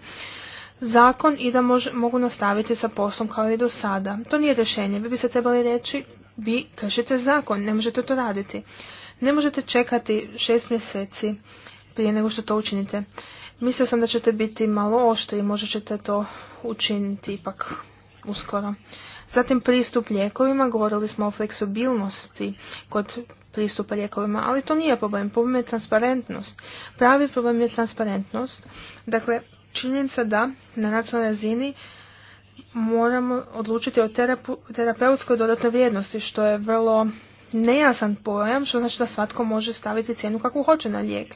zakon i da mogu nastaviti sa poslom kao i do sada. To nije rješenje. Vi biste trebali reći vi kršite zakon, ne možete to raditi. Ne možete čekati šest mjeseci prije nego što to učinite. Mislio sam da ćete biti malo oštri, možda ćete to učiniti ipak uskoro. Zatim pristup lijekovima, govorili smo o fleksibilnosti kod pristupa lijekovima, ali to nije problem, problem je transparentnost. Pravi problem je transparentnost, dakle činjenica da na nacionalnoj razini moramo odlučiti o terapeutskoj dodatnoj vrijednosti, što je vrlo nejasan pojam, što znači da svatko može staviti cijenu kako hoće na lijek.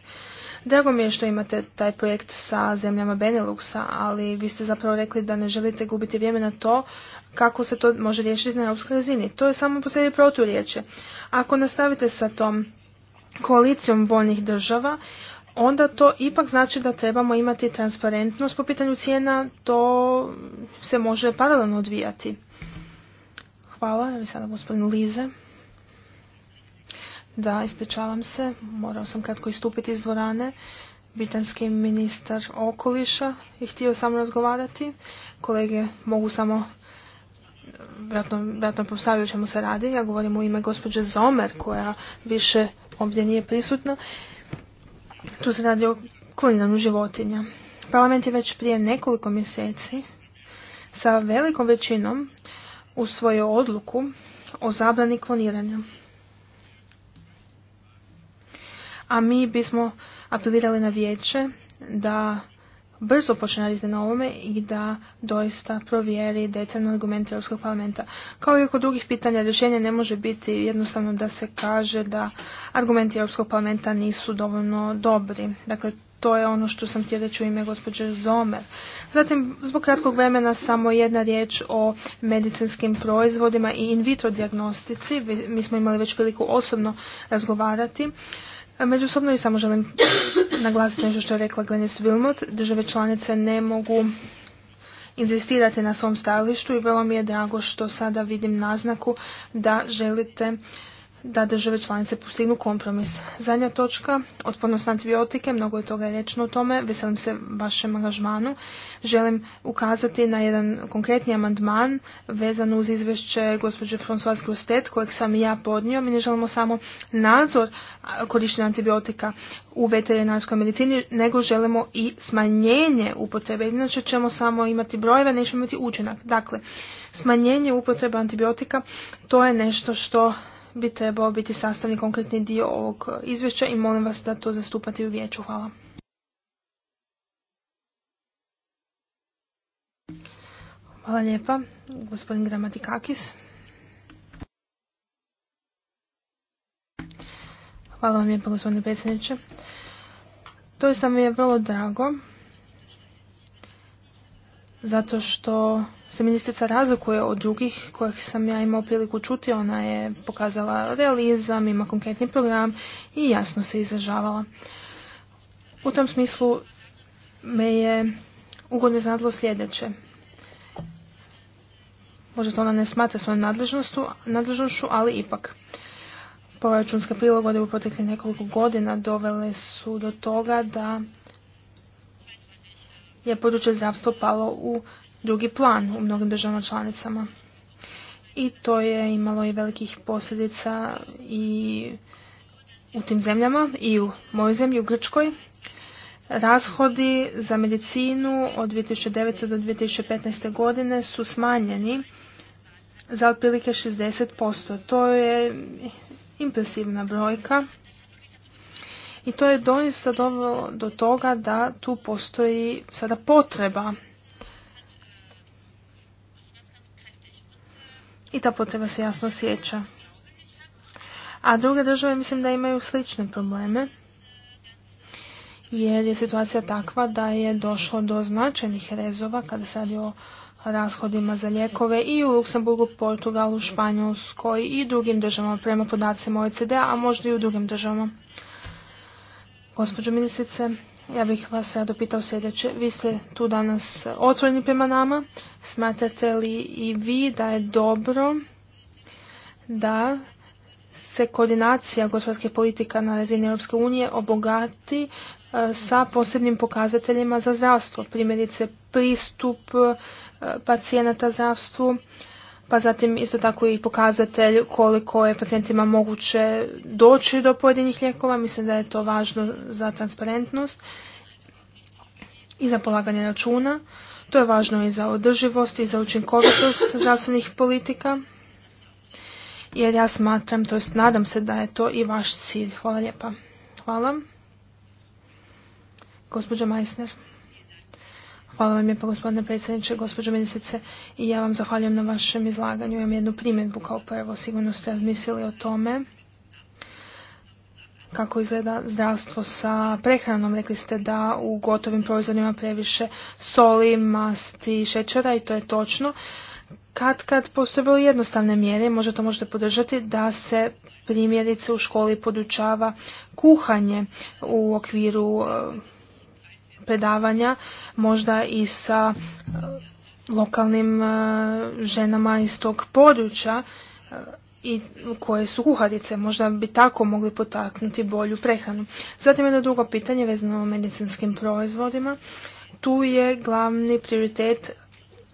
Drago mi je što imate taj projekt sa zemljama Beneluxa, ali vi ste zapravo rekli da ne želite gubiti vrijeme na to kako se to može riješiti na europskoj razini. To je samo po sebi proturječe. Ako nastavite sa tom koalicijom voljnih država, onda to ipak znači da trebamo imati transparentnost po pitanju cijena, to se može paralelno odvijati. Hvala, evo sada gospodin Lize. Da, ispričavam se, morao sam kratko istupiti iz dvorane. Britanski ministar okoliša je htio samo razgovarati. Kolege mogu samo vjerojatno postavio čemu se radi. Ja govorim u ime gospođe Zomer koja više ovdje nije prisutna. Tu se radi o kliniranju životinja. Parlament je već prije nekoliko mjeseci sa velikom većinom usvojio odluku o zabrani kloniranja. a mi bismo apelirali na vijeće da brzo počne raditi na ovome i da doista provjeri detaljno argumenti Europskog parlamenta. Kao i oko drugih pitanja, rješenje ne može biti jednostavno da se kaže da argumenti Europskog parlamenta nisu dovoljno dobri. Dakle, to je ono što sam htjela reći u ime gospođe Zomer. Zatim, zbog kratkog vremena samo jedna riječ o medicinskim proizvodima i in vitro diagnostici. Mi smo imali već priliku osobno razgovarati Međusobno i samo želim naglasiti nešto što je rekla Glenis Wilmot. Države članice ne mogu inzistirati na svom stajalištu i vrlo mi je drago što sada vidim naznaku da želite da države članice postignu kompromis. Zadnja točka, otpornost na antibiotike, mnogo je toga rečeno o tome, veselim se vašem angažmanu. Želim ukazati na jedan konkretni amandman vezan uz izvješće gospođe Françoise Grostet kojeg sam i ja podnio. Mi ne želimo samo nadzor korištenja antibiotika u veterinarskoj medicini, nego želimo i smanjenje upotrebe. Inače ćemo samo imati brojeve, nećemo imati učinak. Dakle, smanjenje upotrebe antibiotika, to je nešto što bi trebao biti sastavni konkretni dio ovog izvješća i molim vas da to zastupate u vijeću. Hvala. Hvala lijepa, gospodin Gramatikakis. Hvala vam lijepa, gospodine predsjedniče. To je sam mi je vrlo drago zato što se ministrica razlikuje od drugih kojih sam ja imao priliku čuti. Ona je pokazala realizam, ima konkretni program i jasno se izražavala. U tom smislu me je ugodno iznadilo sljedeće. Možda to ona ne smatra svojom nadležnošću, ali ipak. Proračunske prilagode u proteklih nekoliko godina dovele su do toga da je područje zdravstvo palo u drugi plan u mnogim državama članicama. I to je imalo i velikih posljedica i u tim zemljama i u mojoj zemlji, u Grčkoj. Rashodi za medicinu od 2009. do 2015. godine su smanjeni za otprilike 60%. To je impresivna brojka i to je doista dovelo do toga da tu postoji sada potreba. I ta potreba se jasno osjeća. A druge države mislim da imaju slične probleme jer je situacija takva da je došlo do značajnih rezova kada se radi o rashodima za lijekove i u Luksemburgu, Portugalu, Španjolskoj i drugim državama prema podacima OECD, a možda i u drugim državama. Gospođo ministrice, ja bih vas rado pitao sljedeće. Vi ste tu danas otvoreni prema nama. Smatrate li i vi da je dobro da se koordinacija gospodarskih politika na razini Europske unije obogati e, sa posebnim pokazateljima za zdravstvo, primjerice pristup e, pacijenata zdravstvu, pa zatim isto tako i pokazatelj koliko je pacijentima moguće doći do pojedinih lijekova. Mislim da je to važno za transparentnost i za polaganje računa. To je važno i za održivost i za učinkovitost zdravstvenih politika. Jer ja smatram, to jest nadam se da je to i vaš cilj. Hvala lijepa. Hvala. Gospođa Majsner. Hvala vam pa gospodine predsjedniče, gospođo ministrice i ja vam zahvaljujem na vašem izlaganju. Imam jednu primjedbu kao prvo, sigurno ste razmislili o tome kako izgleda zdravstvo sa prehranom. Rekli ste da u gotovim proizvodima previše soli, masti, šećera i to je točno. Kad kad postoje vrlo jednostavne mjere, možda to možete podržati, da se primjerice u školi podučava kuhanje u okviru predavanja, možda i sa e, lokalnim e, ženama iz tog područja e, i koje su kuharice, možda bi tako mogli potaknuti bolju prehranu. Zatim jedno drugo pitanje vezano o medicinskim proizvodima. Tu je glavni prioritet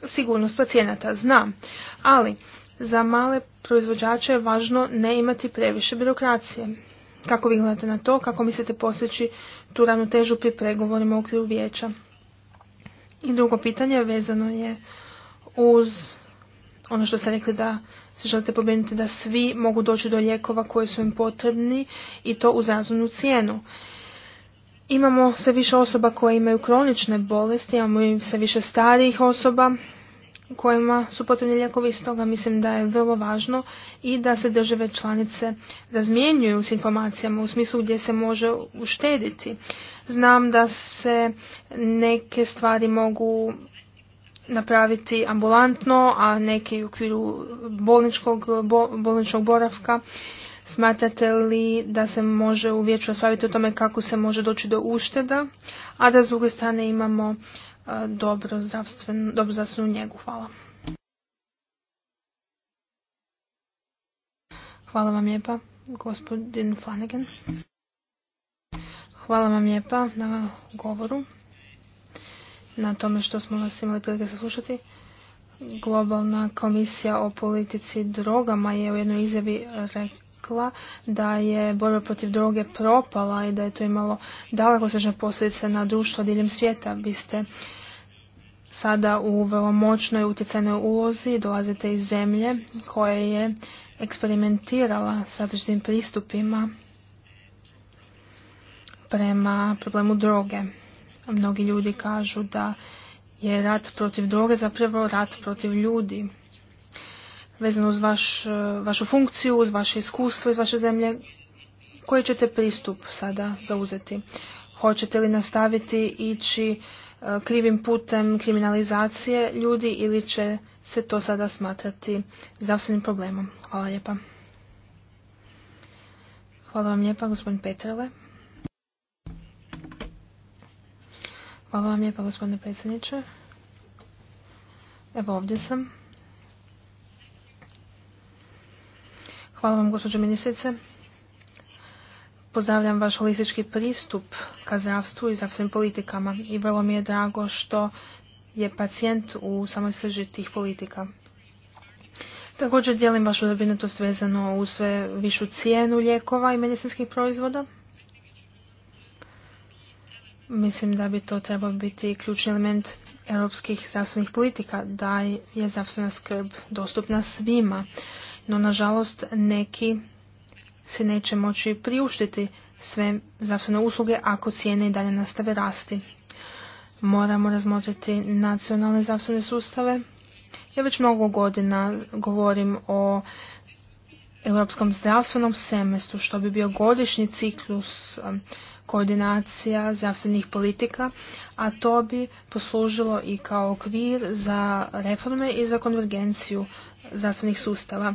sigurnost pacijenata, znam, ali za male proizvođače je važno ne imati previše birokracije. Kako vi gledate na to, kako mislite postići tu ravnotežu pri pregovorima u okviru vijeća. I drugo pitanje vezano je uz ono što ste rekli da se želite pobrinuti da svi mogu doći do lijekova koji su im potrebni i to uz razumnu cijenu. Imamo sve više osoba koje imaju kronične bolesti, imamo i sve više starijih osoba kojima su potrebni lijekovi, stoga mislim da je vrlo važno i da se države članice razmjenjuju s informacijama u smislu gdje se može uštediti. Znam da se neke stvari mogu napraviti ambulantno, a neke u okviru bolničkog, bolničkog boravka. Smatrate li da se može u vijeću raspraviti o tome kako se može doći do ušteda, a da s druge strane imamo dobro zdravstvenu, dobro zdravstvenu njegu. Hvala. Hvala vam lijepa, gospodin Flanagan. Hvala vam lijepa na govoru, na tome što smo vas imali prilike saslušati. Globalna komisija o politici drogama je u jednoj izjavi rekla da je borba protiv droge propala i da je to imalo daleko sežne posljedice na društvo diljem svijeta. Biste sada u vrlo moćnoj utjecajnoj ulozi, dolazite iz zemlje koja je eksperimentirala sa različitim pristupima prema problemu droge. Mnogi ljudi kažu da je rat protiv droge zapravo rat protiv ljudi. Vezano uz vaš, vašu funkciju, uz vaše iskustvo iz vaše zemlje, koji ćete pristup sada zauzeti? Hoćete li nastaviti ići E, krivim putem kriminalizacije ljudi ili će se to sada smatrati zdravstvenim problemom. Hvala lijepa. Hvala vam lijepa, gospodin Petrele. Hvala vam lijepa, gospodine predsjedniče. Evo ovdje sam. Hvala vam, gospođo ministrice. Pozdravljam vaš holistički pristup ka zdravstvu i zdravstvenim politikama i vrlo mi je drago što je pacijent u samoj srži tih politika. Također dijelim vašu zabrinutost vezano u sve višu cijenu lijekova i medicinskih proizvoda. Mislim da bi to trebao biti ključni element europskih zdravstvenih politika, da je zdravstvena skrb dostupna svima. No, nažalost, neki se neće moći priuštiti sve zdravstvene usluge ako cijene i dalje nastave rasti. Moramo razmotriti nacionalne zdravstvene sustave. Ja već mnogo godina govorim o europskom zdravstvenom semestru, što bi bio godišnji ciklus um, koordinacija zdravstvenih politika, a to bi poslužilo i kao okvir za reforme i za konvergenciju zdravstvenih sustava.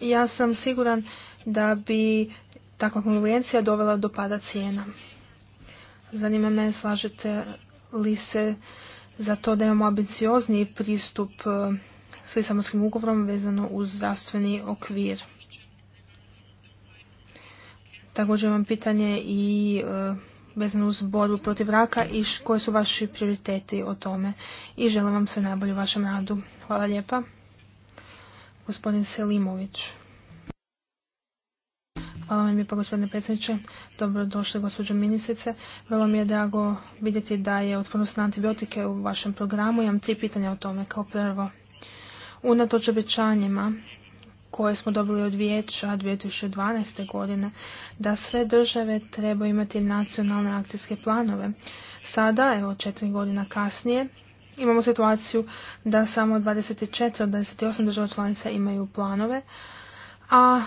Ja sam siguran da bi takva konkurencija dovela do pada cijena. Zanima me, slažete li se za to da imamo ambiciozniji pristup e, s Lisabonskim ugovorom vezano uz zdravstveni okvir? Također imam pitanje i e, vezano uz borbu protiv raka i koje su vaši prioriteti o tome. I želim vam sve najbolje u vašem radu. Hvala lijepa. Gospodin Selimović. Hvala vam lijepa gospodine predsjedniče. Dobrodošli gospođo ministrice. Vrlo mi je drago vidjeti da je otpornost na antibiotike u vašem programu. Imam tri pitanja o tome kao prvo. Unatoč obećanjima koje smo dobili od vijeća 2012. godine da sve države treba imati nacionalne akcijske planove. Sada, evo četiri godina kasnije, imamo situaciju da samo 24 od 28 država članica imaju planove, a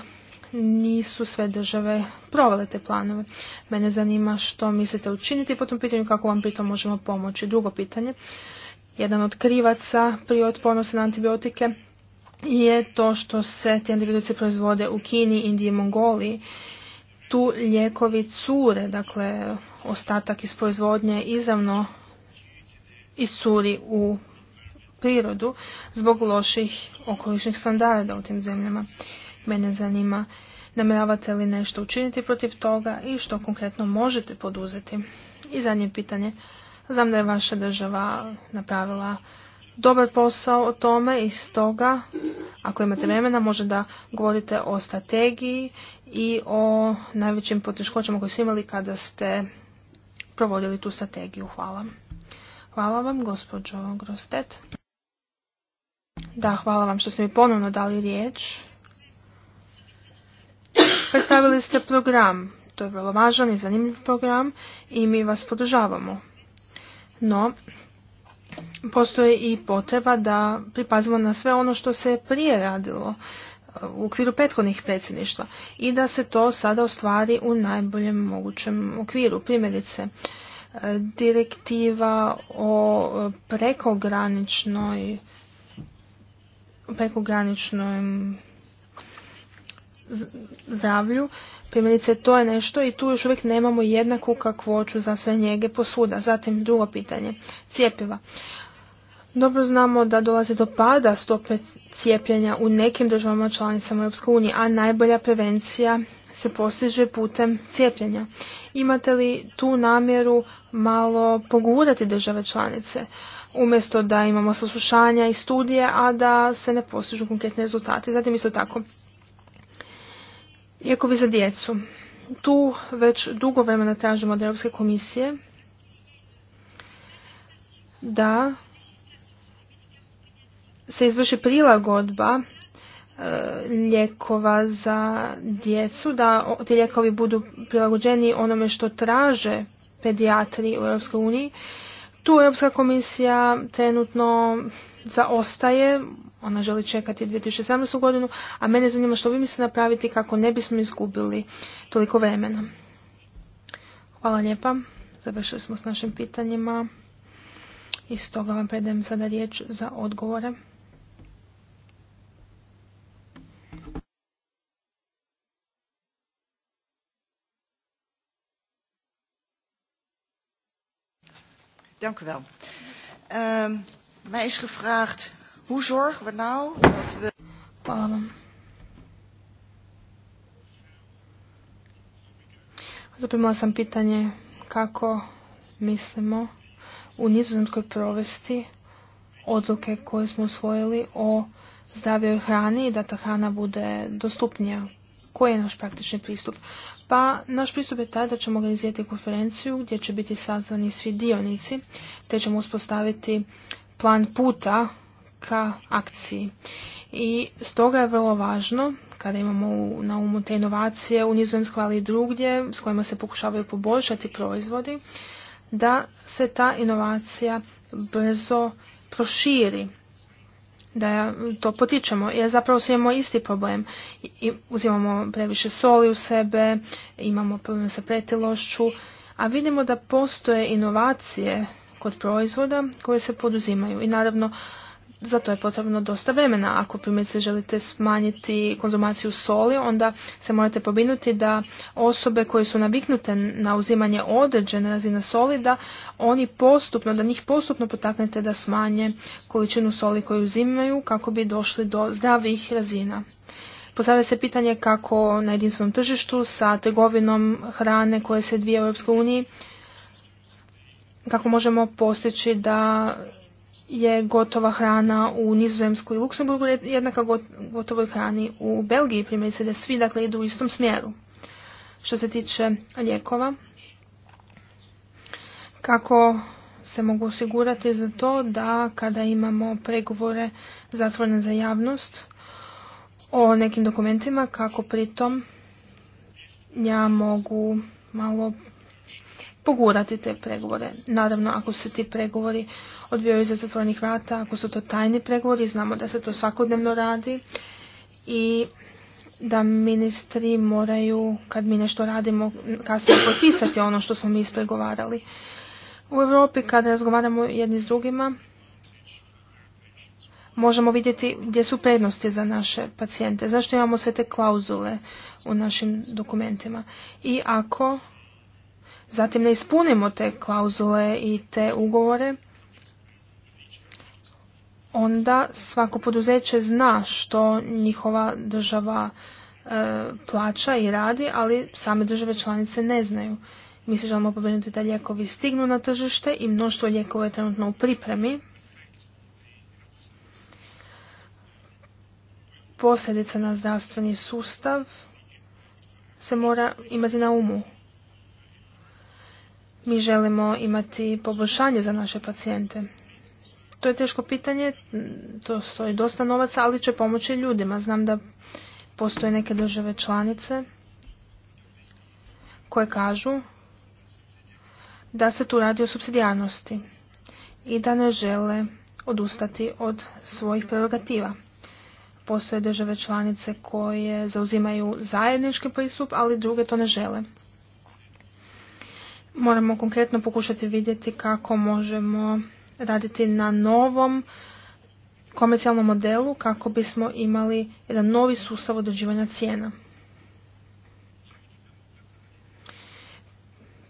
nisu sve države provale te planove. Mene zanima što mislite učiniti po tom pitanju, kako vam pritom možemo pomoći. Drugo pitanje, jedan od krivaca pri otpornosti na antibiotike je to što se ti antibiotici proizvode u Kini, Indiji i Mongoliji. Tu lijekovi cure, dakle ostatak iz proizvodnje izravno iscuri u prirodu zbog loših okolišnih standarda u tim zemljama. Mene zanima namjeravate li nešto učiniti protiv toga i što konkretno možete poduzeti. I zadnje pitanje. Znam da je vaša država napravila dobar posao o tome i stoga, ako imate vremena, može da govorite o strategiji i o najvećim poteškoćama koje ste imali kada ste provodili tu strategiju. Hvala. Hvala vam, gospođo Grostet. Da, hvala vam što ste mi ponovno dali riječ. Predstavili ste program, to je vrlo važan i zanimljiv program i mi vas podržavamo. No, postoje i potreba da pripazimo na sve ono što se prije radilo uh, u okviru prethodnih predsjedništva i da se to sada ostvari u najboljem mogućem okviru. Primjerice, uh, direktiva o uh, prekograničnoj prekograničnom zdravlju. Primjerice, to je nešto i tu još uvijek nemamo jednaku kakvoću za sve njege posuda. Zatim drugo pitanje, cijepiva. Dobro znamo da dolazi do pada stope cijepljenja u nekim državama članicama Europske unije, a najbolja prevencija se postiže putem cijepljenja. Imate li tu namjeru malo pogurati države članice? umjesto da imamo saslušanja i studije, a da se ne postižu konkretni rezultati. Zatim isto tako, Lijekovi za djecu. Tu već dugo vremena tražimo od Europske komisije da se izvrši prilagodba e, lijekova za djecu, da ti lijekovi budu prilagođeni onome što traže pedijatri u EU tu Europska komisija trenutno zaostaje, ona želi čekati 2017. godinu, a mene zanima što vi mislite napraviti kako ne bismo izgubili toliko vremena. Hvala lijepa, završili smo s našim pitanjima i stoga vam predajem sada riječ za odgovore. Dank u wel. Um, mij is gevraagd hoe zorgen we nou dat we. sam pitanje kako mislimo u nizozemskoj provesti odluke koje smo usvojili o zdravlju hrani i da ta hrana bude dostupnija. Koji je naš praktični pristup? Pa naš pristup je taj da ćemo organizirati konferenciju gdje će biti sazvani svi dionici, te ćemo uspostaviti plan puta ka akciji. I stoga je vrlo važno, kada imamo na umu te inovacije u Nizozemskoj ali i drugdje, s kojima se pokušavaju poboljšati proizvodi, da se ta inovacija brzo proširi da to potičemo, jer zapravo svi imamo isti problem. I uzimamo previše soli u sebe, imamo problem sa pretilošću, a vidimo da postoje inovacije kod proizvoda koje se poduzimaju. I naravno, za to je potrebno dosta vremena. Ako primjerice želite smanjiti konzumaciju soli, onda se morate pobinuti da osobe koje su naviknute na uzimanje određene razine soli, da oni postupno, da njih postupno potaknete da smanje količinu soli koju uzimaju kako bi došli do zdravih razina. Postavlja se pitanje kako na jedinstvenom tržištu sa trgovinom hrane koje se dvije u EU, kako možemo postići da je gotova hrana u Nizozemskoj i Luksemburgu jednaka gotovoj hrani u Belgiji, primjerice da svi dakle idu u istom smjeru. Što se tiče lijekova, kako se mogu osigurati za to da kada imamo pregovore zatvorene za javnost o nekim dokumentima, kako pritom ja mogu malo pogurati te pregovore. Naravno, ako se ti pregovori odvijaju iza zatvorenih vrata, ako su to tajni pregovori, znamo da se to svakodnevno radi i da ministri moraju, kad mi nešto radimo, kasnije potpisati ono što smo mi ispregovarali. U Europi kad razgovaramo jedni s drugima, možemo vidjeti gdje su prednosti za naše pacijente. Zašto imamo sve te klauzule u našim dokumentima? I ako zatim ne ispunimo te klauzule i te ugovore, onda svako poduzeće zna što njihova država e, plaća i radi, ali same države članice ne znaju. Mi se želimo pobrinuti da lijekovi stignu na tržište i mnoštvo lijekova je trenutno u pripremi. Posljedica na zdravstveni sustav se mora imati na umu. Mi želimo imati poboljšanje za naše pacijente. To je teško pitanje, to stoji dosta novaca, ali će pomoći ljudima. Znam da postoje neke države članice koje kažu da se tu radi o subsidijarnosti i da ne žele odustati od svojih prerogativa. Postoje države članice koje zauzimaju zajednički pristup, ali druge to ne žele. Moramo konkretno pokušati vidjeti kako možemo raditi na novom komercijalnom modelu kako bismo imali jedan novi sustav određivanja cijena.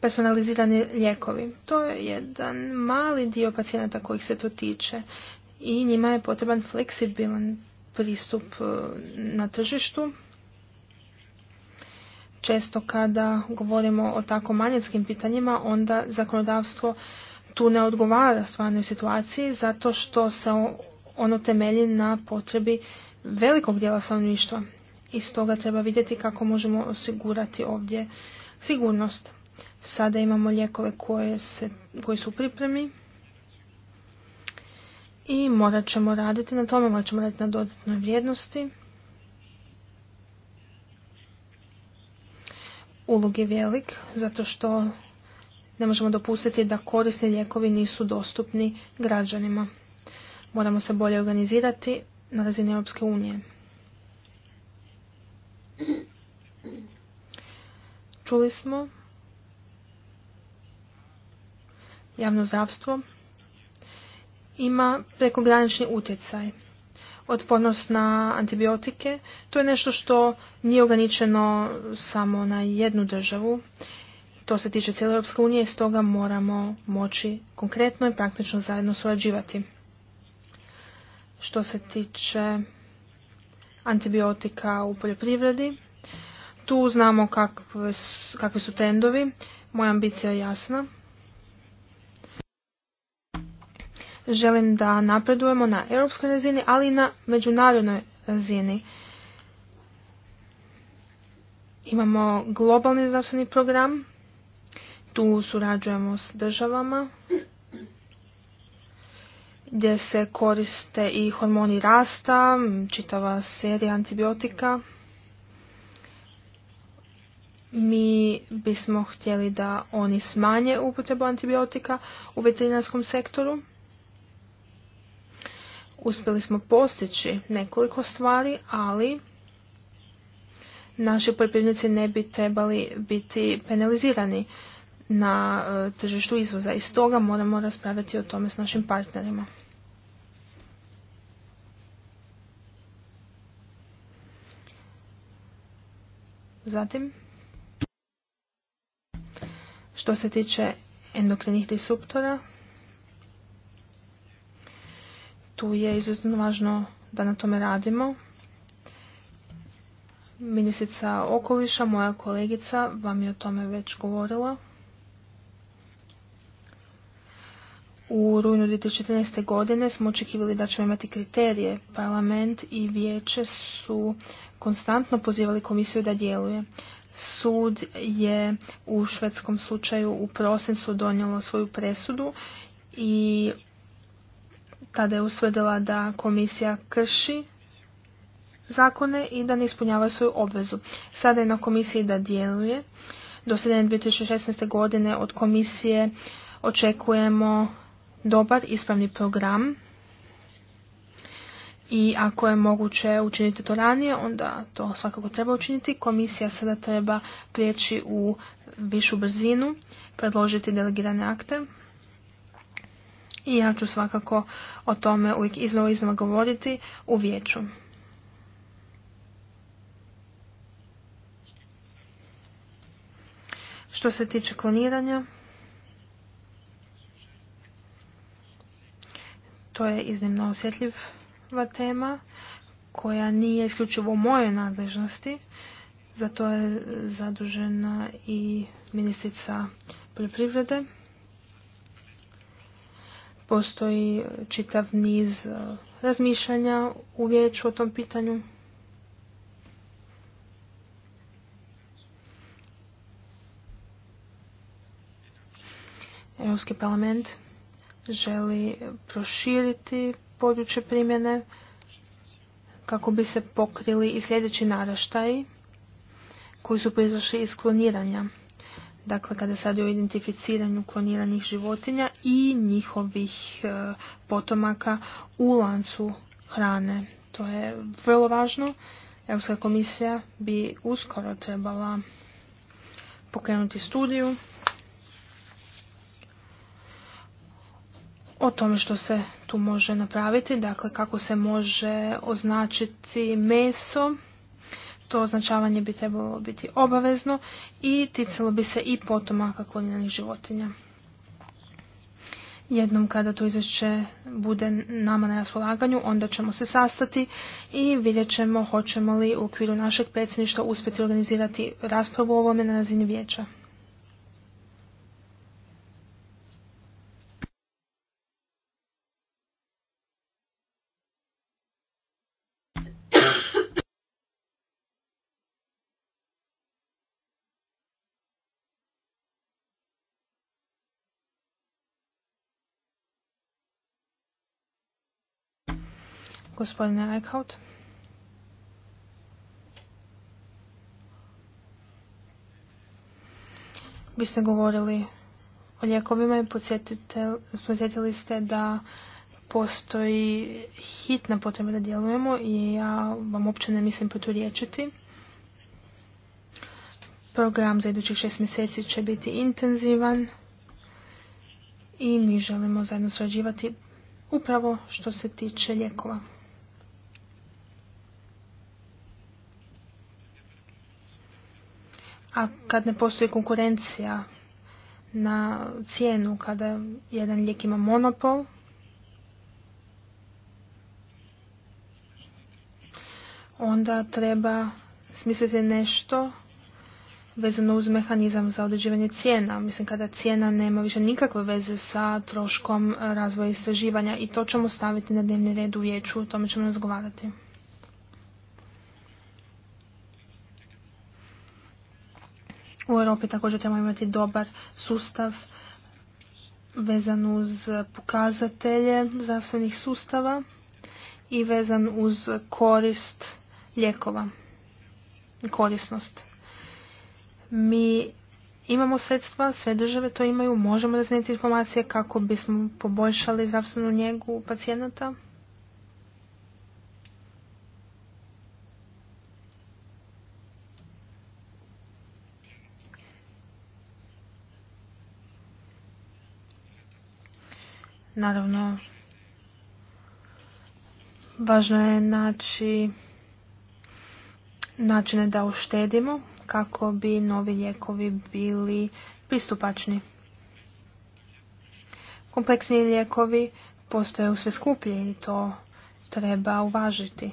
Personalizirani lijekovi. To je jedan mali dio pacijenata kojih se to tiče i njima je potreban fleksibilan pristup e, na tržištu. Često kada govorimo o tako manjinskim pitanjima, onda zakonodavstvo tu ne odgovara stvarnoj situaciji zato što se ono temelji na potrebi velikog dijela stanovništva. I stoga treba vidjeti kako možemo osigurati ovdje sigurnost. Sada imamo lijekove koje, se, koji su u pripremi i morat ćemo raditi na tome, morat ćemo raditi na dodatnoj vrijednosti. Ulog je velik zato što ne možemo dopustiti da korisni lijekovi nisu dostupni građanima. Moramo se bolje organizirati na razini Europske unije. Čuli smo javno zdravstvo ima prekogranični utjecaj. Otpornost na antibiotike, to je nešto što nije ograničeno samo na jednu državu to se tiče cijele Europske unije stoga moramo moći konkretno i praktično zajedno surađivati. Što se tiče antibiotika u poljoprivredi, tu znamo kakvi su trendovi. Moja ambicija je jasna. Želim da napredujemo na europskoj razini, ali i na međunarodnoj razini. Imamo globalni zdravstveni program tu surađujemo s državama gdje se koriste i hormoni rasta, čitava serija antibiotika. Mi bismo htjeli da oni smanje upotrebu antibiotika u veterinarskom sektoru. Uspjeli smo postići nekoliko stvari, ali naši poljoprivrednici ne bi trebali biti penalizirani na e, tržištu izvoza i stoga moramo raspraviti o tome s našim partnerima. Zatim, što se tiče endokrinih disruptora, tu je izuzetno važno da na tome radimo. Ministrica okoliša, moja kolegica, vam je o tome već govorila. U rujnu 2014. godine smo očekivali da ćemo imati kriterije. Parlament i vijeće su konstantno pozivali komisiju da djeluje. Sud je u švedskom slučaju u prosincu donijelo svoju presudu i tada je usvrdila da komisija krši zakone i da ne ispunjava svoju obvezu. Sada je na komisiji da djeluje. Do sredine 2016. godine od komisije očekujemo dobar, ispravni program i ako je moguće učiniti to ranije, onda to svakako treba učiniti. Komisija sada treba prijeći u višu brzinu, predložiti delegirane akte. I ja ću svakako o tome uvijek iznova iznova govoriti u vijeću. Što se tiče kloniranja, je iznimno osjetljiva tema koja nije isključivo u mojoj nadležnosti. Za to je zadužena i ministrica poljoprivrede. Postoji čitav niz e, razmišljanja u vijeću o tom pitanju. Europski parlament želi proširiti područje primjene kako bi se pokrili i sljedeći naraštaji koji su proizašli iz kloniranja. Dakle, kada sad o identificiranju kloniranih životinja i njihovih e, potomaka u lancu hrane. To je vrlo važno. Europska komisija bi uskoro trebala pokrenuti studiju o tome što se tu može napraviti, dakle kako se može označiti meso. To označavanje bi trebalo biti obavezno i ticalo bi se i potomaka klonjenih životinja. Jednom kada to izvješće bude nama na raspolaganju, onda ćemo se sastati i vidjet ćemo hoćemo li u okviru našeg predsjedništva uspjeti organizirati raspravu o ovome na razini vijeća. Gospodine Eichhout. Vi ste govorili o lijekovima i podsjetili ste da postoji hitna potreba da djelujemo i ja vam uopće ne mislim proturječiti. Program za idućih šest mjeseci će biti intenzivan i mi želimo zajedno surađivati upravo što se tiče lijekova. A kad ne postoji konkurencija na cijenu, kada jedan lijek ima monopol, onda treba smisliti nešto vezano uz mehanizam za određivanje cijena. Mislim kada cijena nema više nikakve veze sa troškom razvoja istraživanja i to ćemo staviti na dnevni red u vijeću, o tome ćemo razgovarati. U Europi također trebamo imati dobar sustav vezan uz pokazatelje zdravstvenih sustava i vezan uz korist lijekova i korisnost. Mi imamo sredstva, sve države to imaju, možemo razmijeniti informacije kako bismo poboljšali zdravstvenu njegu pacijenata. Naravno, važno je naći načine da uštedimo kako bi novi lijekovi bili pristupačni. Kompleksni lijekovi postaju sve skuplji i to treba uvažiti.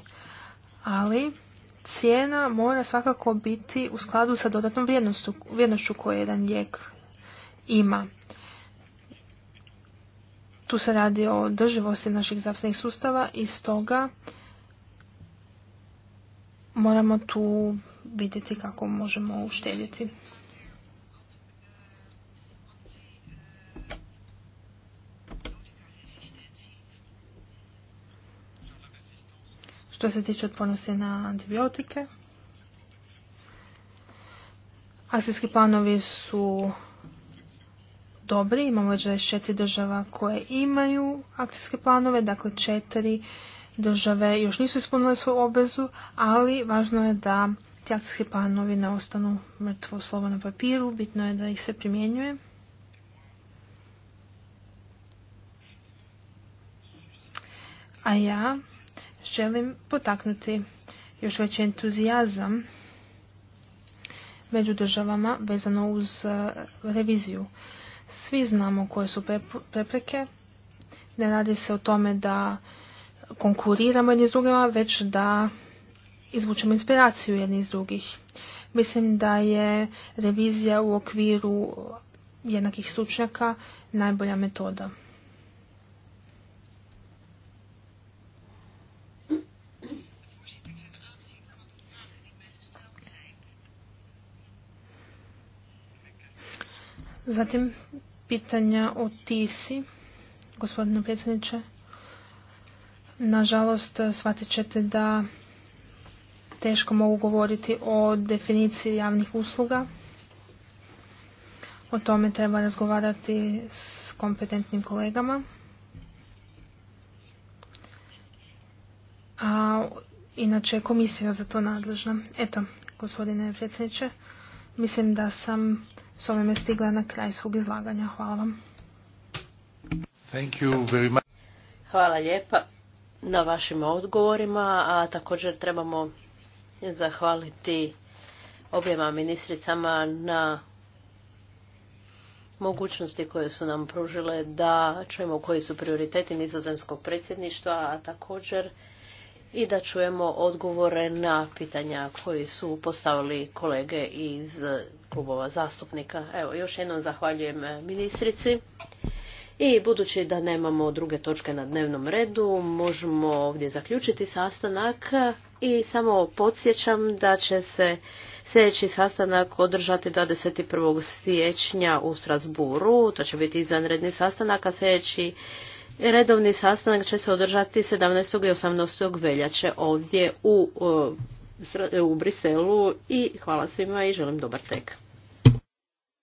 Ali cijena mora svakako biti u skladu sa dodatnom vrijednošću koju jedan lijek ima. Tu se radi o drživosti naših zdravstvenih sustava i stoga moramo tu vidjeti kako možemo uštedjeti. Što se tiče otpornosti na antibiotike, akcijski planovi su dobri. Imamo već 24 država koje imaju akcijske planove, dakle četiri države još nisu ispunile svoju obvezu, ali važno je da ti akcijski planovi ne ostanu mrtvo slovo na papiru, bitno je da ih se primjenjuje. A ja želim potaknuti još veći entuzijazam među državama vezano uz eh, reviziju svi znamo koje su prepreke. Ne radi se o tome da konkuriramo jedni s drugima, već da izvučemo inspiraciju jedni iz drugih. Mislim da je revizija u okviru jednakih stručnjaka najbolja metoda. Zatim, pitanja o TISI, gospodine predsjedniče. Nažalost, shvatit ćete da teško mogu govoriti o definiciji javnih usluga. O tome treba razgovarati s kompetentnim kolegama. A inače komisija za to nadležna. Eto, gospodine predsjedniče, mislim da sam s je stigla na kraj svog izlaganja. Hvala vam. Hvala lijepa na vašim odgovorima, a također trebamo zahvaliti objema ministricama na mogućnosti koje su nam pružile da čujemo koji su prioriteti nizozemskog predsjedništva, a također i da čujemo odgovore na pitanja koji su postavili kolege iz klubova zastupnika. Evo, još jednom zahvaljujem ministrici. I budući da nemamo druge točke na dnevnom redu, možemo ovdje zaključiti sastanak i samo podsjećam da će se sljedeći sastanak održati 21. siječnja u Strasburu. To će biti izvanredni sastanak, a sljedeći Redovni sastanak će se održati 17. i 18. veljače ovdje u, e, e, u Briselu i hvala svima i želim dobar tek.